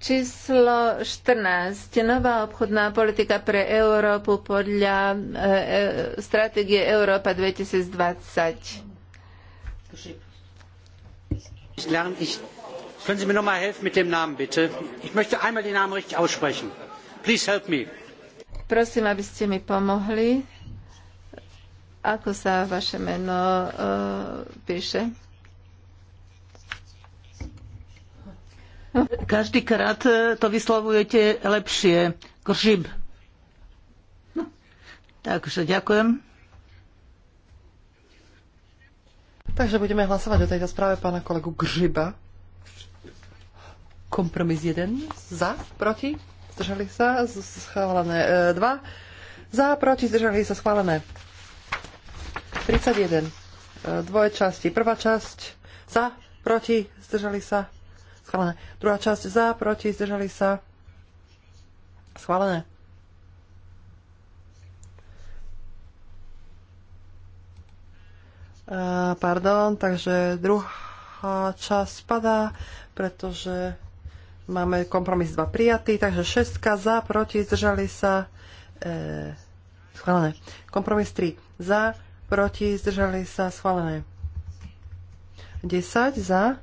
Číslo 14. Nová obchodná politika pre Európu podľa e, e, stratégie Európa 2020. Ich können Sie mir noch helfen mit dem Namen bitte? Ich möchte einmal den Namen richtig aussprechen. Please help me. Prosím, aby ste mi pomohli. Ako sa vaše meno uh, píše? Každýkrát eh, to vyslovujete lepšie. Gržib. Takže ďakujem. Takže budeme hlasovať o tejto správe pána kolegu Gržiba. Kompromis 1. Za, proti, zdržali sa, schválené 2. Eh, e, za, proti, zdržali sa, schválené 31. E, dvoje časti. Prvá časť za, proti, zdržali sa. Schválené. Druhá časť za, proti, zdržali sa. Schválené. Uh, pardon, takže druhá časť padá, pretože máme kompromis 2 prijatý, takže 6 za, proti, zdržali sa. E, schválené. Kompromis 3 za, proti, zdržali sa, schválené. 10 za,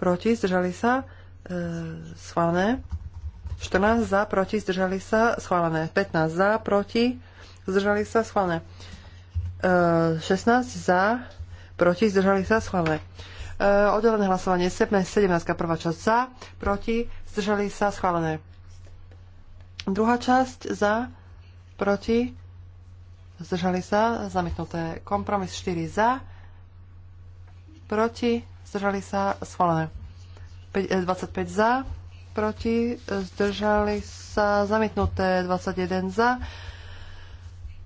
proti, zdržali sa, e, schválené. 14 za, proti, zdržali sa, schválené. 15 za, proti, zdržali sa, schválené. E, 16 za, proti, zdržali sa, schválené. E, oddelené hlasovanie 17, 17, prvá časť za, proti, zdržali sa, schválené. Druhá časť za, proti, zdržali sa, zamietnuté. Kompromis 4 za, proti, zdržali sa, schválené. 25 e, za, proti, zdržali sa, zamietnuté. 21 za,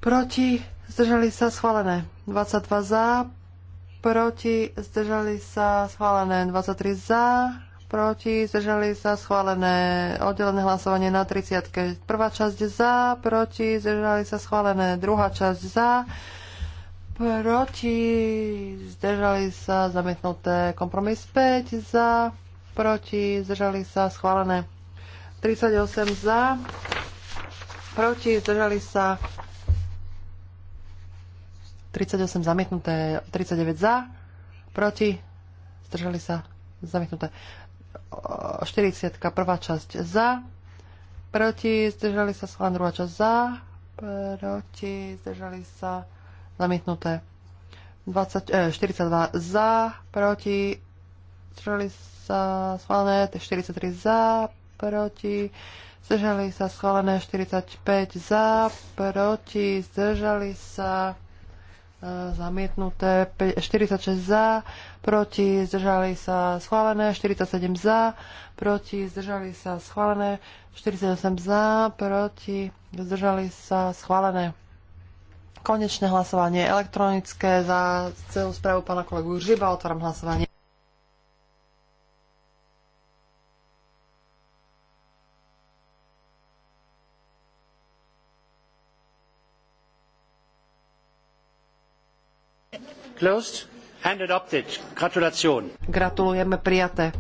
proti, zdržali sa, schválené. 22 za, proti, zdržali sa, schválené. 23 za, proti, zdržali sa schválené oddelené hlasovanie na 30. Prvá časť za, proti, zdržali sa schválené druhá časť za, proti, zdržali sa zamietnuté kompromis 5 za, proti, zdržali sa schválené 38 za, proti, zdržali sa 38 zamietnuté, 39 za, proti, zdržali sa zamietnuté. 40. prvá časť za, proti, zdržali sa len druhá časť za, proti, zdržali sa zamietnuté. 20, eh, 42 za, proti, zdržali sa schválené, 43 za, proti, zdržali sa schválené, 45 za, proti, zdržali sa Eh, zamietnuté, 46 za, proti, zdržali sa schválené, 47 za, proti, zdržali sa schválené, 48 za, proti, zdržali sa schválené. Konečné hlasovanie elektronické za celú správu pána kolegu Žiba, otváram hlasovanie. Closed and adopted. Gratulation. Gratulujeme prijaté.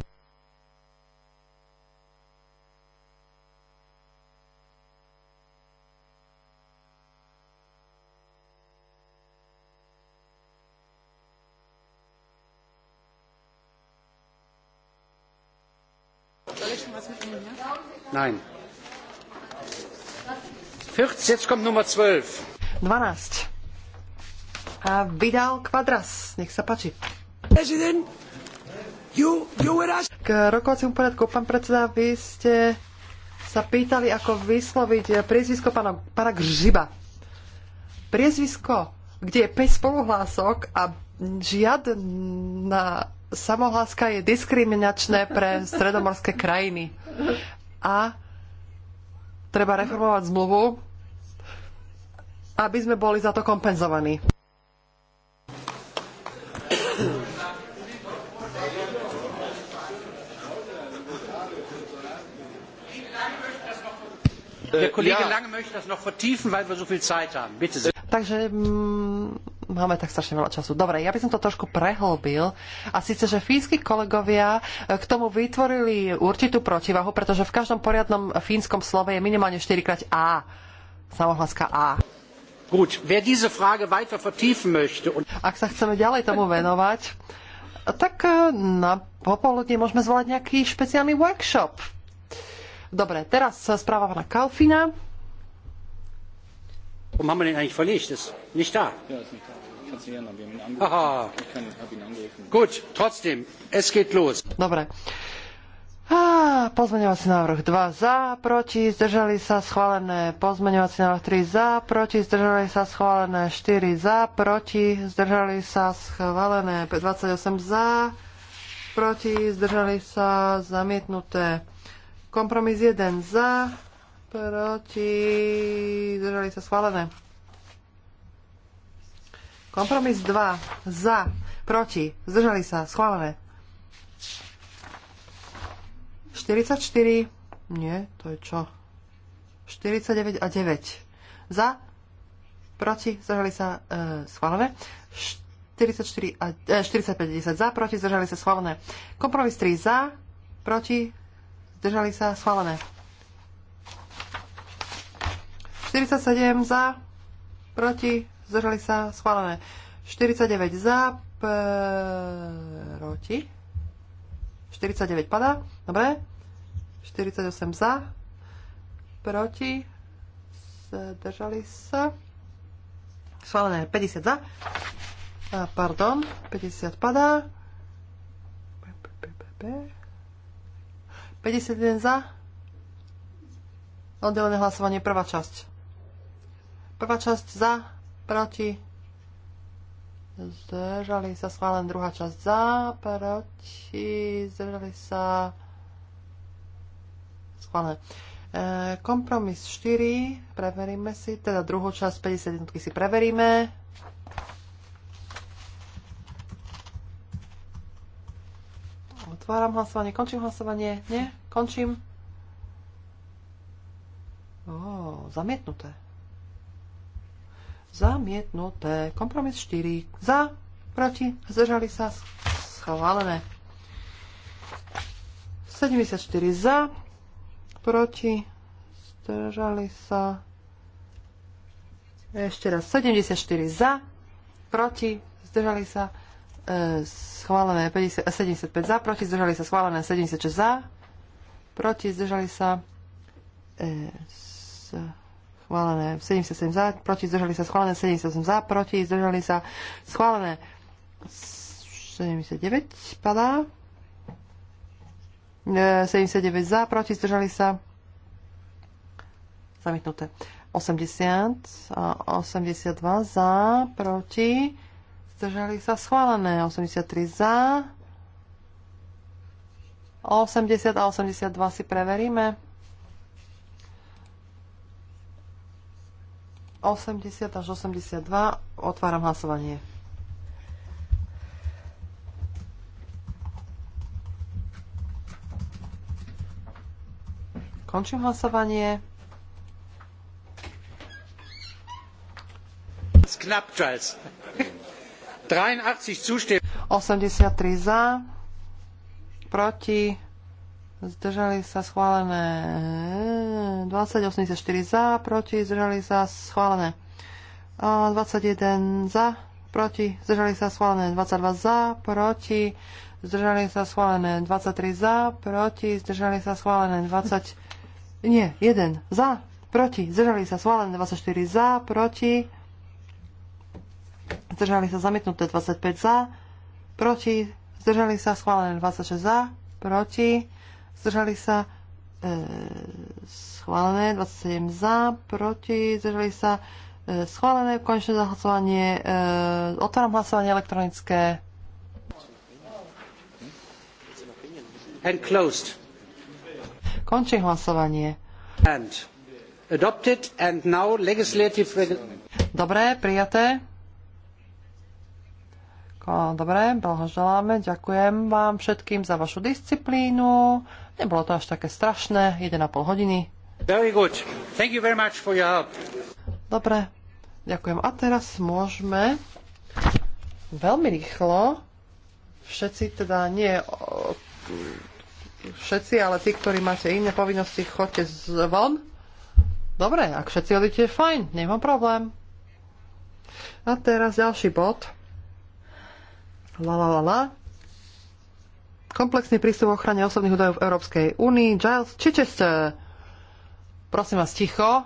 Nein. 14, jetzt kommt Nummer 12. 12 a Vidal Quadras. Nech sa páči. you, you K rokovaciemu poriadku, pán predseda, vy ste sa pýtali, ako vysloviť priezvisko pána, pána Priezvisko, kde je 5 spoluhlások a žiadna samohláska je diskriminačné pre stredomorské krajiny. A treba reformovať zmluvu, aby sme boli za to kompenzovaní. Der äh, Kollege ja. Lange möchte das noch vertiefen, weil wir so viel Zeit haben. Bitte sehr. Takže mm, máme tak strašne veľa času. Dobre, ja by som to trošku prehlbil. A síce, že fínsky kolegovia e, k tomu vytvorili určitú protivahu, pretože v každom poriadnom fínskom slove je minimálne 4 krát A. Samohlaska A. Gut, wer diese Frage weiter vertiefen möchte und... Ak sa chceme ďalej tomu venovať, tak e, na popoludne môžeme zvolať nejaký špeciálny workshop Dobre, teraz správa pána Kalfina. Warum haben wir eigentlich verlegt? Ist nicht da. Ja, ist nicht da. Aha. Gut, trotzdem, es geht los. Dobre. Ah, pozmeňovací návrh 2 za, proti, zdržali sa schválené. Pozmeňovací návrh 3 za, proti, zdržali sa schválené. 4 za, proti, zdržali sa schválené. 28 za, proti, zdržali sa zamietnuté. Kompromis 1 za, proti, zdržali sa schválené. Kompromis 2 za, proti, zdržali sa schválené. 44, nie, to je čo? 49 a 9. Za, proti, zdržali sa e, schválené. 44 a, e, 45 10 za, proti, zdržali sa schválené. Kompromis 3 za, proti, Zdržali sa? Schválené. 47 za, proti, zdržali sa? Schválené. 49 za, proti. 49 padá, dobre. 48 za, proti, zdržali sa. Schválené 50 za. A, pardon, 50 padá. P, 51 za. Oddelené hlasovanie, prvá časť. Prvá časť za, proti. Zdržali sa schválen druhá časť za, proti. Zdržali sa schválené. E, kompromis 4, preveríme si, teda druhú časť 51 si preveríme. Otváram hlasovanie, končím hlasovanie. Nie, končím. Ó, zamietnuté. Zamietnuté. Kompromis 4. Za, proti, zdržali sa, schválené. 74 za, proti, zdržali sa. Ešte raz, 74 za, proti, zdržali sa schválené 50, 75 za, proti zdržali sa schválené 76 za, proti zdržali sa e, schválené 77 za, proti zdržali sa schválené 78 za, proti zdržali sa schválené 79 padá, e, 79 za, proti zdržali sa zamietnuté 80 a 82 za, proti zdržali sa schválené. 83 za. 80 a 82 si preveríme. 80 až 82. Otváram hlasovanie. Končím hlasovanie. knapp, Charles. 83 za, proti, zdržali sa schválené 20, 84 za, proti, zdržali sa schválené 21 za, proti, zdržali sa schválené 22 za, proti, zdržali sa schválené 23 za, proti, zdržali sa schválené 20, nie, 1 za, proti, zdržali sa schválené 24 za, proti, zdržali sa zamietnuté 25 za, proti, zdržali sa schválené 26 za, proti, zdržali sa e, schválené 27 za, proti, zdržali sa e, schválené konečné zahlasovanie, e, otváram hlasovanie elektronické. And closed. Končím hlasovanie. And adopted and now legislative... Dobre, prijaté. Dobre, blahoželáme, ďakujem vám všetkým za vašu disciplínu. Nebolo to až také strašné, 1,5 hodiny. Very good. Thank you very much for your help. Dobre, ďakujem. A teraz môžeme veľmi rýchlo, všetci teda nie všetci, ale tí, ktorí máte iné povinnosti, chodte von. Dobre, ak všetci odíte, fajn, nemám problém. A teraz ďalší bod. La la la la. Komplexný prístup ochrane osobných údajov v Európskej únii. Giles Chichester. Prosím vás, ticho.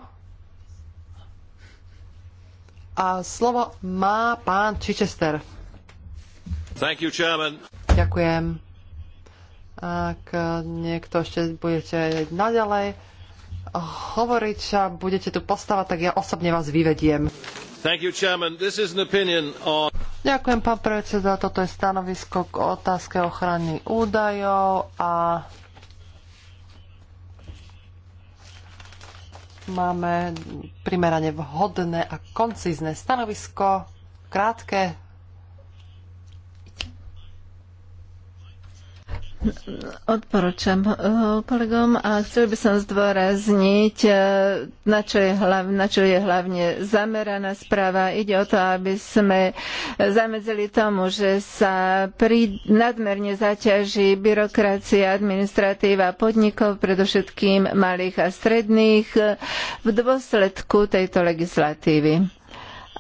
A slovo má pán Chichester. Thank you, chairman. Ďakujem. Ak niekto ešte budete naďalej hovoriť a budete tu postavať, tak ja osobne vás vyvediem. Ďakujem, pán predseda. Toto je stanovisko k otázke ochrany údajov a máme primerane vhodné a koncízne stanovisko, krátke, Odporúčam eh, kolegom a chcel by som zdôrazniť, eh, na čo, je hlavne, na čo je hlavne zameraná správa. Ide o to, aby sme zamedzili tomu, že sa pri nadmerne zaťaží byrokracia, administratíva podnikov, predovšetkým malých a stredných, eh, v dôsledku tejto legislatívy.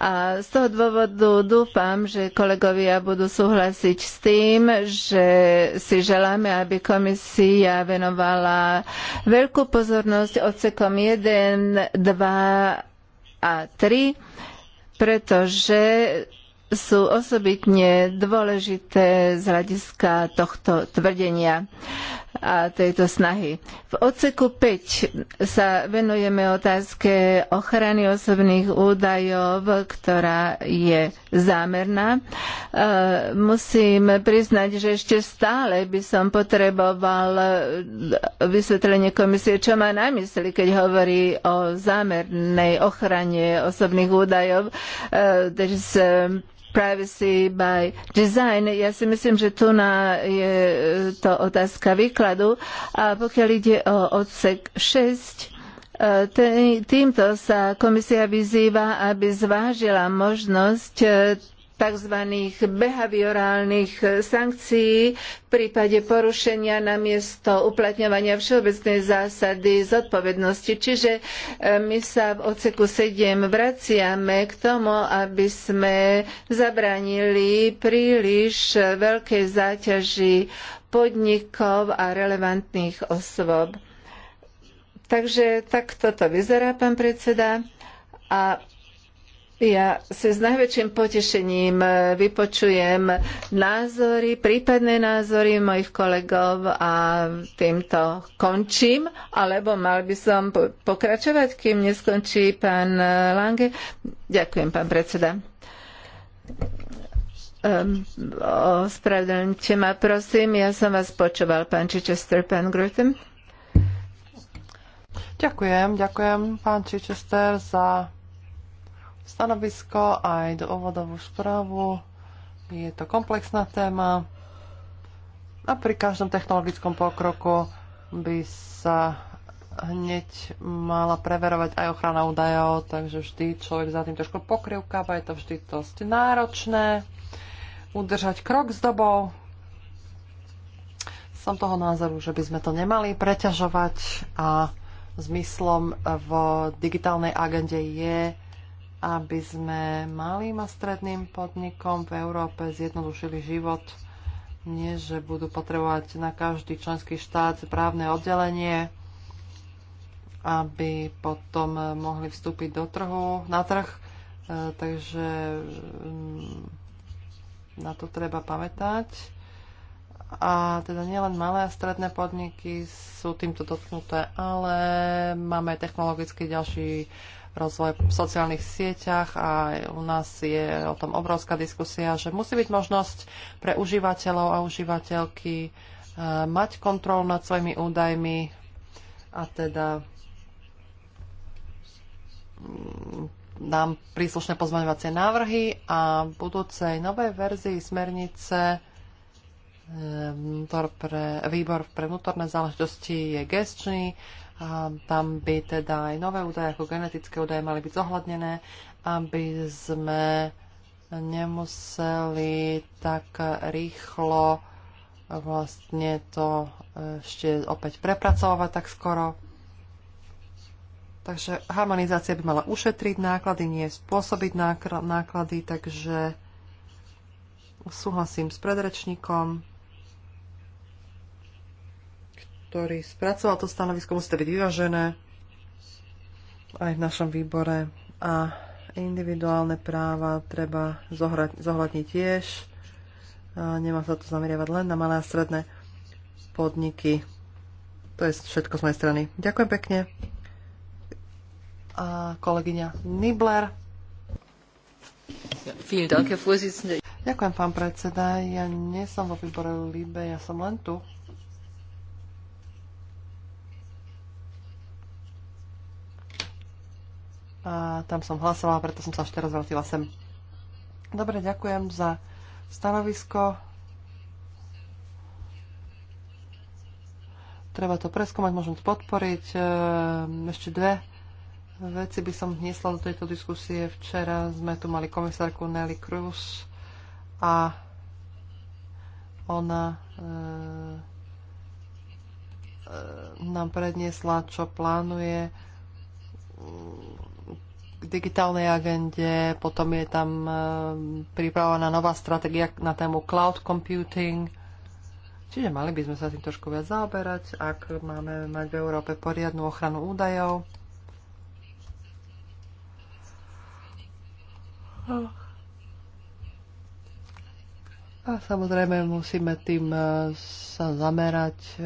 A z toho dôvodu dúfam, že kolegovia budú súhlasiť s tým, že si želáme, aby komisia venovala veľkú pozornosť odsekom 1, 2 a 3, pretože sú osobitne dôležité z hľadiska tohto tvrdenia a tejto snahy. V odseku 5 sa venujeme otázke ochrany osobných údajov, ktorá je zámerná. E, musím priznať, že ešte stále by som potreboval vysvetlenie komisie, čo má na mysli, keď hovorí o zámernej ochrane osobných údajov. E, takže privacy by design. Ja si myslím, že tu na je e, to otázka výkladu. A pokiaľ ide o odsek 6, e, Týmto sa komisia vyzýva, aby zvážila možnosť e, tzv. behaviorálnych sankcií v prípade porušenia namiesto uplatňovania všeobecnej zásady zodpovednosti. Čiže e, my sa v odseku 7 vraciame k tomu, aby sme zabránili príliš veľkej záťaži podnikov a relevantných osôb. Takže takto to vyzerá, pán predseda. A ja si s najväčším potešením e, vypočujem názory, prípadné názory mojich kolegov a týmto končím, alebo mal by som pokračovať, kým neskončí pán e, Lange. Ďakujem, pán predseda. Um, Ospravedlňte ma, prosím, ja som vás počúval, pán Chichester, pán Grutem. Ďakujem, ďakujem, pán Chichester, za stanovisko, aj dôvodovú správu. Je to komplexná téma a pri každom technologickom pokroku by sa hneď mala preverovať aj ochrana údajov, takže vždy človek za tým trošku pokrivkáva, je to vždy dosť náročné udržať krok s dobou. Som toho názoru, že by sme to nemali preťažovať a zmyslom v digitálnej agende je aby sme malým a stredným podnikom v Európe zjednodušili život. Nie, že budú potrebovať na každý členský štát právne oddelenie, aby potom mohli vstúpiť do trhu, na trh. E, takže mm, na to treba pamätať. A teda nielen malé a stredné podniky sú týmto dotknuté, ale máme technologicky ďalší rozvoj v sociálnych sieťach a u nás je o tom obrovská diskusia, že musí byť možnosť pre užívateľov a užívateľky e, mať kontrolu nad svojimi údajmi a teda mm, dám príslušné pozmaňovacie návrhy a v budúcej novej verzii smernice e, pre, výbor pre vnútorné záležitosti je gestčný a tam by teda aj nové údaje ako genetické údaje mali byť zohľadnené, aby sme nemuseli tak rýchlo vlastne to ešte opäť prepracovať tak skoro. Takže harmonizácia by mala ušetriť náklady, nie spôsobiť náklady, takže súhlasím s predrečníkom ktorý spracoval to stanovisko, musí to byť vyvážené aj v našom výbore a individuálne práva treba zohľadniť tiež. A nemá sa to zameriavať len na malé a stredné podniky. To je všetko z mojej strany. Ďakujem pekne. A kolegyňa Nibler. Ďakujem, pán predseda. Ja nie som vo výbore Libe, ja som len tu a tam som hlasovala, preto som sa ešte raz vrátila sem. Dobre, ďakujem za stanovisko. Treba to preskúmať, môžem to podporiť. E, ešte dve veci by som vniesla do tejto diskusie. Včera sme tu mali komisárku Nelly Cruz a ona e, e nám predniesla, čo plánuje digitálnej agende, potom je tam eh, pripravená nová stratégia na tému cloud computing. Čiže mali by sme sa tým trošku viac zaoberať, ak máme mať v Európe poriadnu ochranu údajov. A samozrejme musíme tým eh, sa zamerať eh,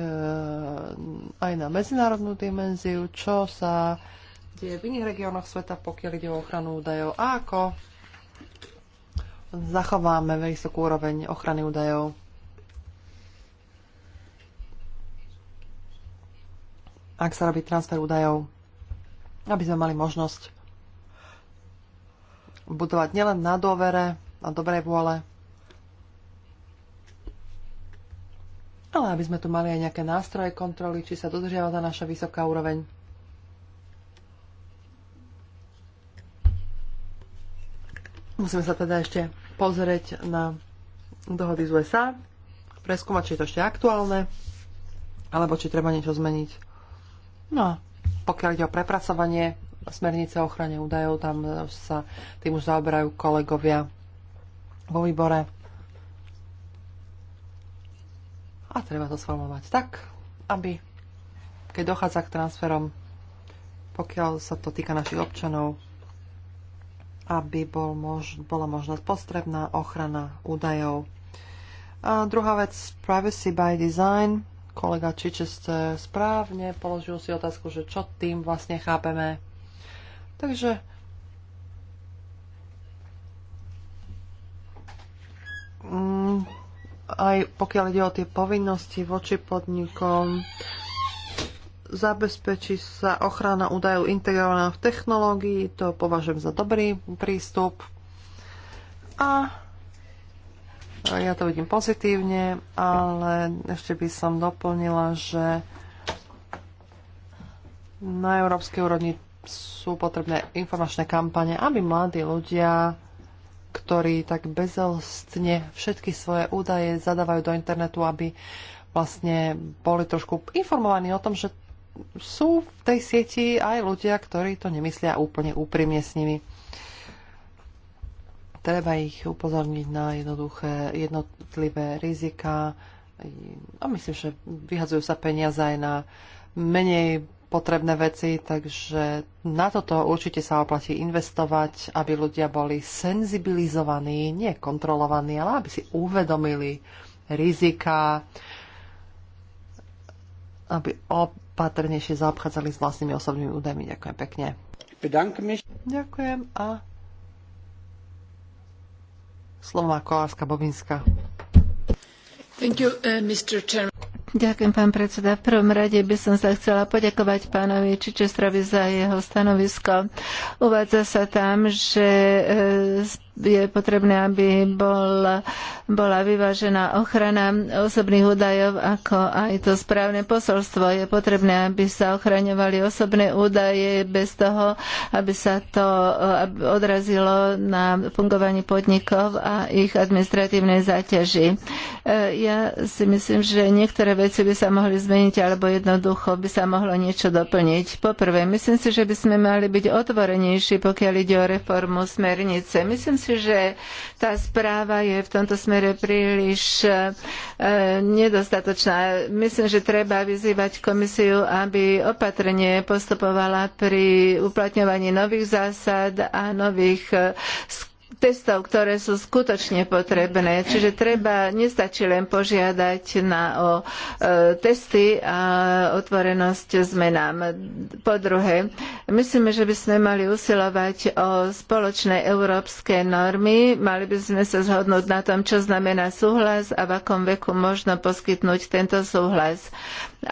aj na medzinárodnú dimenziu, čo sa deje v iných regiónoch sveta, pokiaľ ide o ochranu údajov a ako zachováme vysokú úroveň ochrany údajov. Ak sa robí transfer údajov, aby sme mali možnosť budovať nielen na dôvere na dobrej vôle, ale aby sme tu mali aj nejaké nástroje kontroly, či sa dodržiava tá naša vysoká úroveň Musíme sa teda ešte pozrieť na dohody z USA, preskúmať, či je to ešte aktuálne, alebo či treba niečo zmeniť. No a pokiaľ ide o prepracovanie smernice o ochrane údajov, tam sa tým už zaoberajú kolegovia vo výbore. A treba to sformovať tak, aby keď dochádza k transferom, pokiaľ sa to týka našich občanov, aby bol mož, bola možná postrebná ochrana údajov. A druhá vec, privacy by design. Kolega Čičester správne položil si otázku, že čo tým vlastne chápeme. Takže mm, aj pokiaľ ide o tie povinnosti voči podnikom, zabezpečí sa ochrana údajov integrovaná v technológii, to považujem za dobrý prístup. A ja to vidím pozitívne, ale ešte by som doplnila, že na európskej úrovni sú potrebné informačné kampane, aby mladí ľudia, ktorí tak bezelstne všetky svoje údaje zadávajú do internetu, aby vlastne boli trošku informovaní o tom, že sú v tej sieti aj ľudia, ktorí to nemyslia úplne úprimne s nimi. Treba ich upozorniť na jednoduché, jednotlivé rizika. A myslím, že vyhadzujú sa peniaze aj na menej potrebné veci, takže na toto určite sa oplatí investovať, aby ľudia boli senzibilizovaní, nie kontrolovaní, ale aby si uvedomili rizika, aby opatrnejšie zaobchádzali s vlastnými osobnými údajmi. Ďakujem pekne. Ďakujem a slovo má Kolárska Bobinská. Thank you, uh, Mr. Chairman. Ďakujem, pán predseda. V prvom rade by som sa chcela poďakovať pánovi Čičestrovi za jeho stanovisko. Uvádza sa tam, že eh, je potrebné, aby bol, bola vyvážená ochrana osobných údajov, ako aj to správne posolstvo. Je potrebné, aby sa ochraňovali osobné údaje bez toho, aby sa to odrazilo na fungovaní podnikov a ich administratívnej záťaži. E, ja si myslím, že niektoré veci by sa mohli zmeniť alebo jednoducho by sa mohlo niečo doplniť. Poprvé, myslím si, že by sme mali byť otvorenejší, pokiaľ ide o reformu smernice. Myslím si, si, že tá správa je v tomto smere príliš e, nedostatočná. Myslím, že treba vyzývať komisiu, aby opatrne postupovala pri uplatňovaní nových zásad a nových skúsených testov, ktoré sú skutočne potrebné. Čiže treba, nestačí len požiadať na, o e, testy a otvorenosť zmenám. Po druhé, myslíme, že by sme mali usilovať o spoločné európske normy. Mali by sme sa zhodnúť na tom, čo znamená súhlas a v akom veku možno poskytnúť tento súhlas.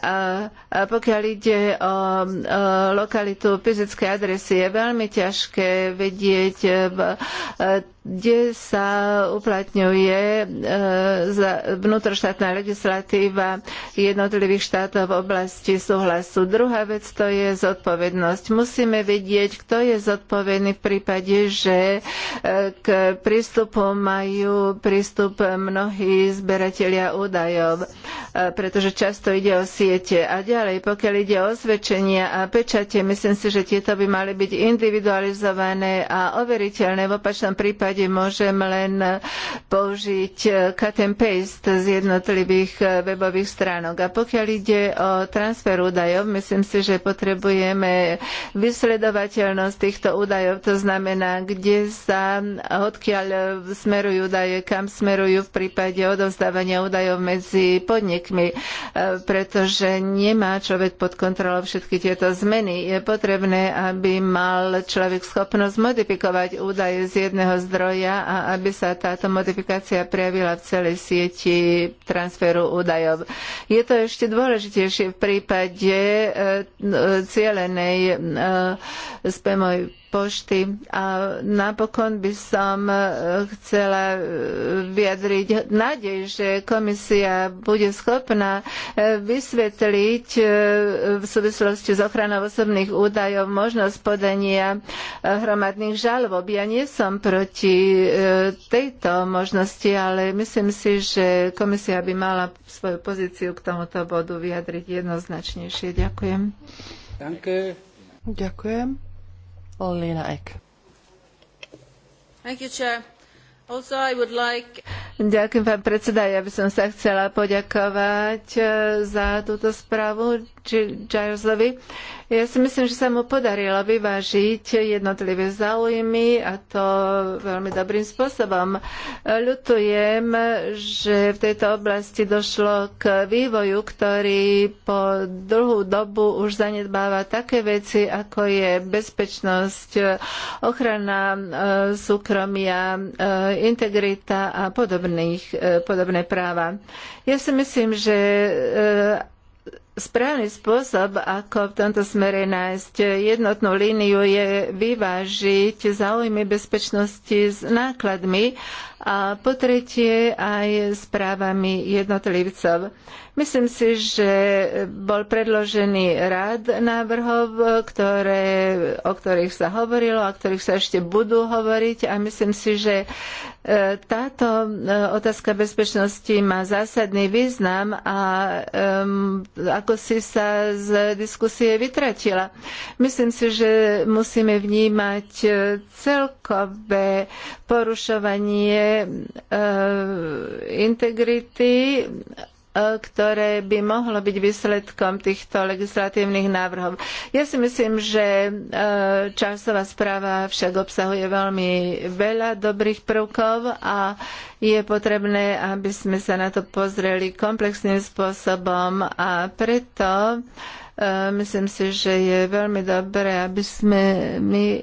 A, a pokiaľ ide o, o lokalitu fyzickej adresy, je veľmi ťažké vedieť v e, kde sa uplatňuje e, vnútroštátna legislatíva jednotlivých štátov v oblasti súhlasu. Druhá vec to je zodpovednosť. Musíme vedieť, kto je zodpovedný v prípade, že e, k prístupu majú prístup mnohí zberatelia údajov, e, pretože často ide o siete. A ďalej, pokiaľ ide o osvedčenia a pečate, myslím si, že tieto by mali byť individualizované a overiteľné. V opačnom prípade prípade môžem len použiť cut and paste z jednotlivých webových stránok. A pokiaľ ide o transfer údajov, myslím si, že potrebujeme vysledovateľnosť týchto údajov, to znamená, kde sa, odkiaľ smerujú údaje, kam smerujú v prípade odovzdávania údajov medzi podnikmi, pretože nemá človek pod kontrolou všetky tieto zmeny. Je potrebné, aby mal človek schopnosť modifikovať údaje z jedného zdroja zdroja a aby sa táto modifikácia prejavila v celej sieti transferu údajov. Je to ešte dôležitejšie v prípade e, e, cielenej e, e, spamovej pošty. A napokon by som e, chcela e, vyjadriť nádej, že komisia bude schopná e, vysvetliť v súvislosti s ochranou osobných údajov možnosť podania hromadných žalob. Ja nie som proti tejto možnosti, ale myslím si, že komisia by mala svoju pozíciu k tomuto bodu vyjadriť jednoznačnejšie. Ďakujem. Danke. Ďakujem. Pauliina Ek. Thank you, Chair. Also, I would like... Ďakujem, pán predseda. Ja by som sa chcela poďakovať eh, za túto správu. Gilesovi. Ja si myslím, že sa mu podarilo vyvážiť jednotlivé záujmy a to veľmi dobrým spôsobom. Ľutujem, že v tejto oblasti došlo k vývoju, ktorý po dlhú dobu už zanedbáva také veci, ako je bezpečnosť, ochrana e, súkromia, e, integrita a podobných, e, podobné práva. Ja si myslím, že Správny spôsob, ako v tomto smere nájsť jednotnú líniu, je vyvážiť záujmy bezpečnosti s nákladmi a po tretie aj s právami jednotlivcov. Myslím si, že bol predložený rád návrhov, ktoré, o ktorých sa hovorilo, o ktorých sa ešte budú hovoriť a myslím si, že e, táto e, otázka bezpečnosti má zásadný význam a um, ako si sa z diskusie vytratila. Myslím si, že musíme vnímať celkové porušovanie uh, integrity ktoré by mohlo byť výsledkom týchto legislatívnych návrhov. Ja si myslím, že e, časová správa však obsahuje veľmi veľa dobrých prvkov a je potrebné, aby sme sa na to pozreli komplexným spôsobom a preto e, myslím si, že je veľmi dobré, aby sme my e,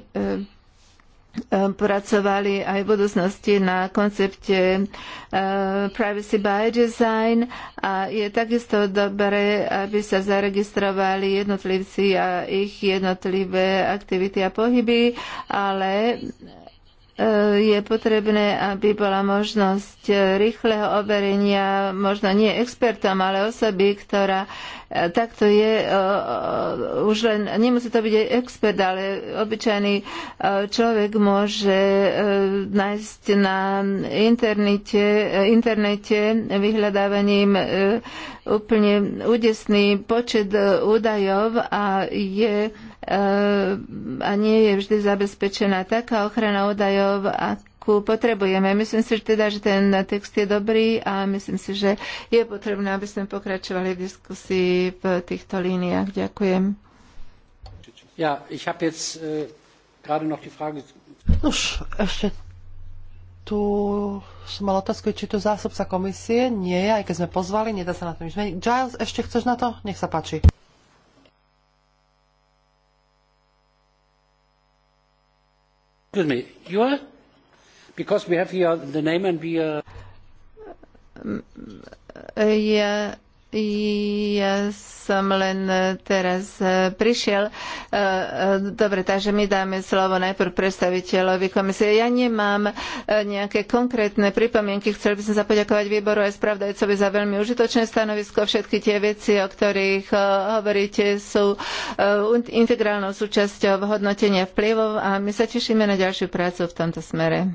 Ehm, pracovali aj v budúcnosti na koncepte ehm, Privacy by Design a je takisto dobré, aby sa zaregistrovali jednotlivci a ich jednotlivé aktivity a pohyby, ale Eh, je potrebné, aby bola možnosť eh, rýchleho overenia, možno nie expertom, ale osoby, ktorá eh, takto je, už len, nemusí to byť expert, ale obyčajný človek môže nájsť na internete, internete vyhľadávaním úplne údesný počet údajov a je a nie je vždy zabezpečená taká ochrana údajov, akú potrebujeme. Myslím si že teda, že ten text je dobrý a myslím si, že je potrebné, aby sme pokračovali v diskusii v týchto líniách. Ďakujem. Ja, ich hab jetzt äh, gerade noch die Frage... Už, ešte tu som mal otázku, či tu zásobca komisie nie je, aj keď sme pozvali, nedá sa na to nič zmeniť. Giles, ešte chceš na to? Nech sa páči. Excuse me, you are? Because we have here the name and we are... Ja ja som len teraz e, prišiel. E, e, dobre, takže my dáme slovo najprv predstaviteľovi komisie. Ja nemám nejaké konkrétne pripomienky. Chcel by som sa poďakovať výboru aj spravdajcovi za veľmi užitočné stanovisko. Všetky tie veci, o ktorých hovoríte, sú integrálnou súčasťou hodnotenia vplyvov a my sa tešíme na ďalšiu prácu v tomto smere.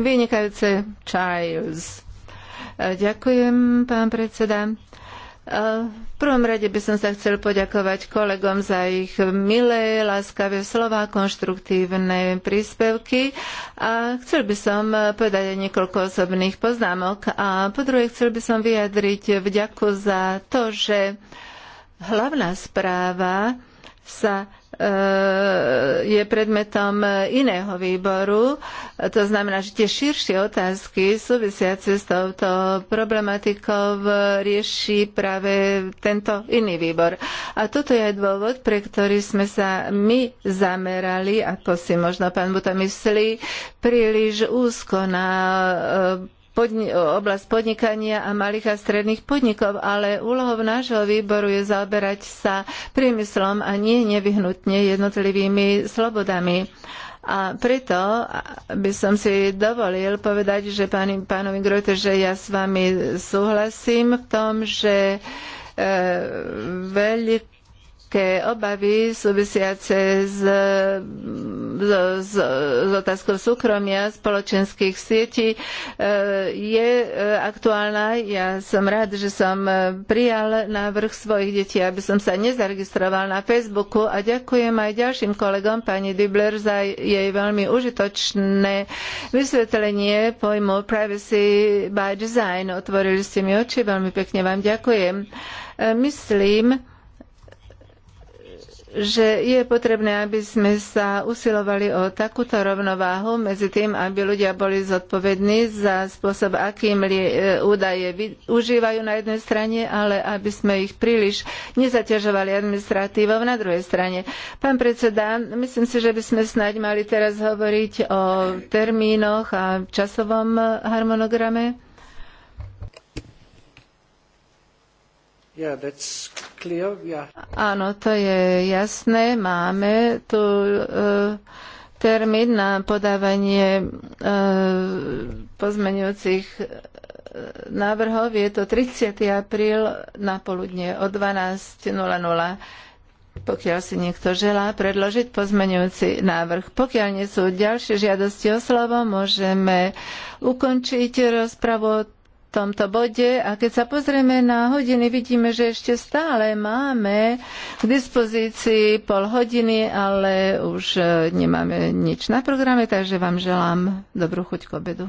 Vynikajúce Charles. Ďakujem, pán predseda. E, v prvom rade by som sa chcel poďakovať kolegom za ich milé, láskavé slova, konštruktívne príspevky a chcel by som povedať aj niekoľko osobných poznámok a po druhé chcel by som vyjadriť vďaku za to, že hlavná správa sa E, je predmetom iného výboru. To znamená, že tie širšie otázky súvisiace s touto problematikou rieši práve tento iný výbor. A toto je aj dôvod, pre ktorý sme sa my zamerali, ako si možno pán Buta myslí, príliš úzko na podni- oblasť podnikania a malých a stredných podnikov, ale úlohou nášho výboru je zaoberať sa priemyslom a nie nevyhnutne jednotlivými slobodami. A preto by som si dovolil povedať, že pán, pánovi Grote, že ja s vami súhlasím v tom, že e, veľké obavy súvisiace s, s, s, s otázkou súkromia spoločenských sietí e, je e, aktuálna. Ja som rád, že som e, prijal návrh svojich detí, aby som sa nezaregistroval na Facebooku a ďakujem aj ďalším kolegom pani Dibler za jej veľmi užitočné vysvetlenie pojmu Privacy by Design. Otvorili ste mi oči, veľmi pekne vám ďakujem. Myslím, že je potrebné, aby sme sa usilovali o takúto rovnováhu medzi tým, aby ľudia boli zodpovední za spôsob, akým e, údaje využívajú na jednej strane, ale aby sme ich príliš nezaťažovali administratívou na druhej strane. Pán predseda, myslím si, že by sme snáď mali teraz hovoriť o termínoch a časovom harmonograme. Yeah, clear, yeah. Áno, to je jasné. Máme tu uh, termín na podávanie uh, pozmeňujúcich e, návrhov. Je to 30. apríl na poludne o 12.00 pokiaľ si niekto želá predložiť pozmeňujúci návrh. Pokiaľ nie sú ďalšie žiadosti o slovo, môžeme ukončiť rozpravu o tomto bode a keď sa pozrieme na hodiny, vidíme, že ešte stále máme k dispozícii pol hodiny, ale už e, nemáme nič na programe, takže vám želám dobrú chuť k obedu.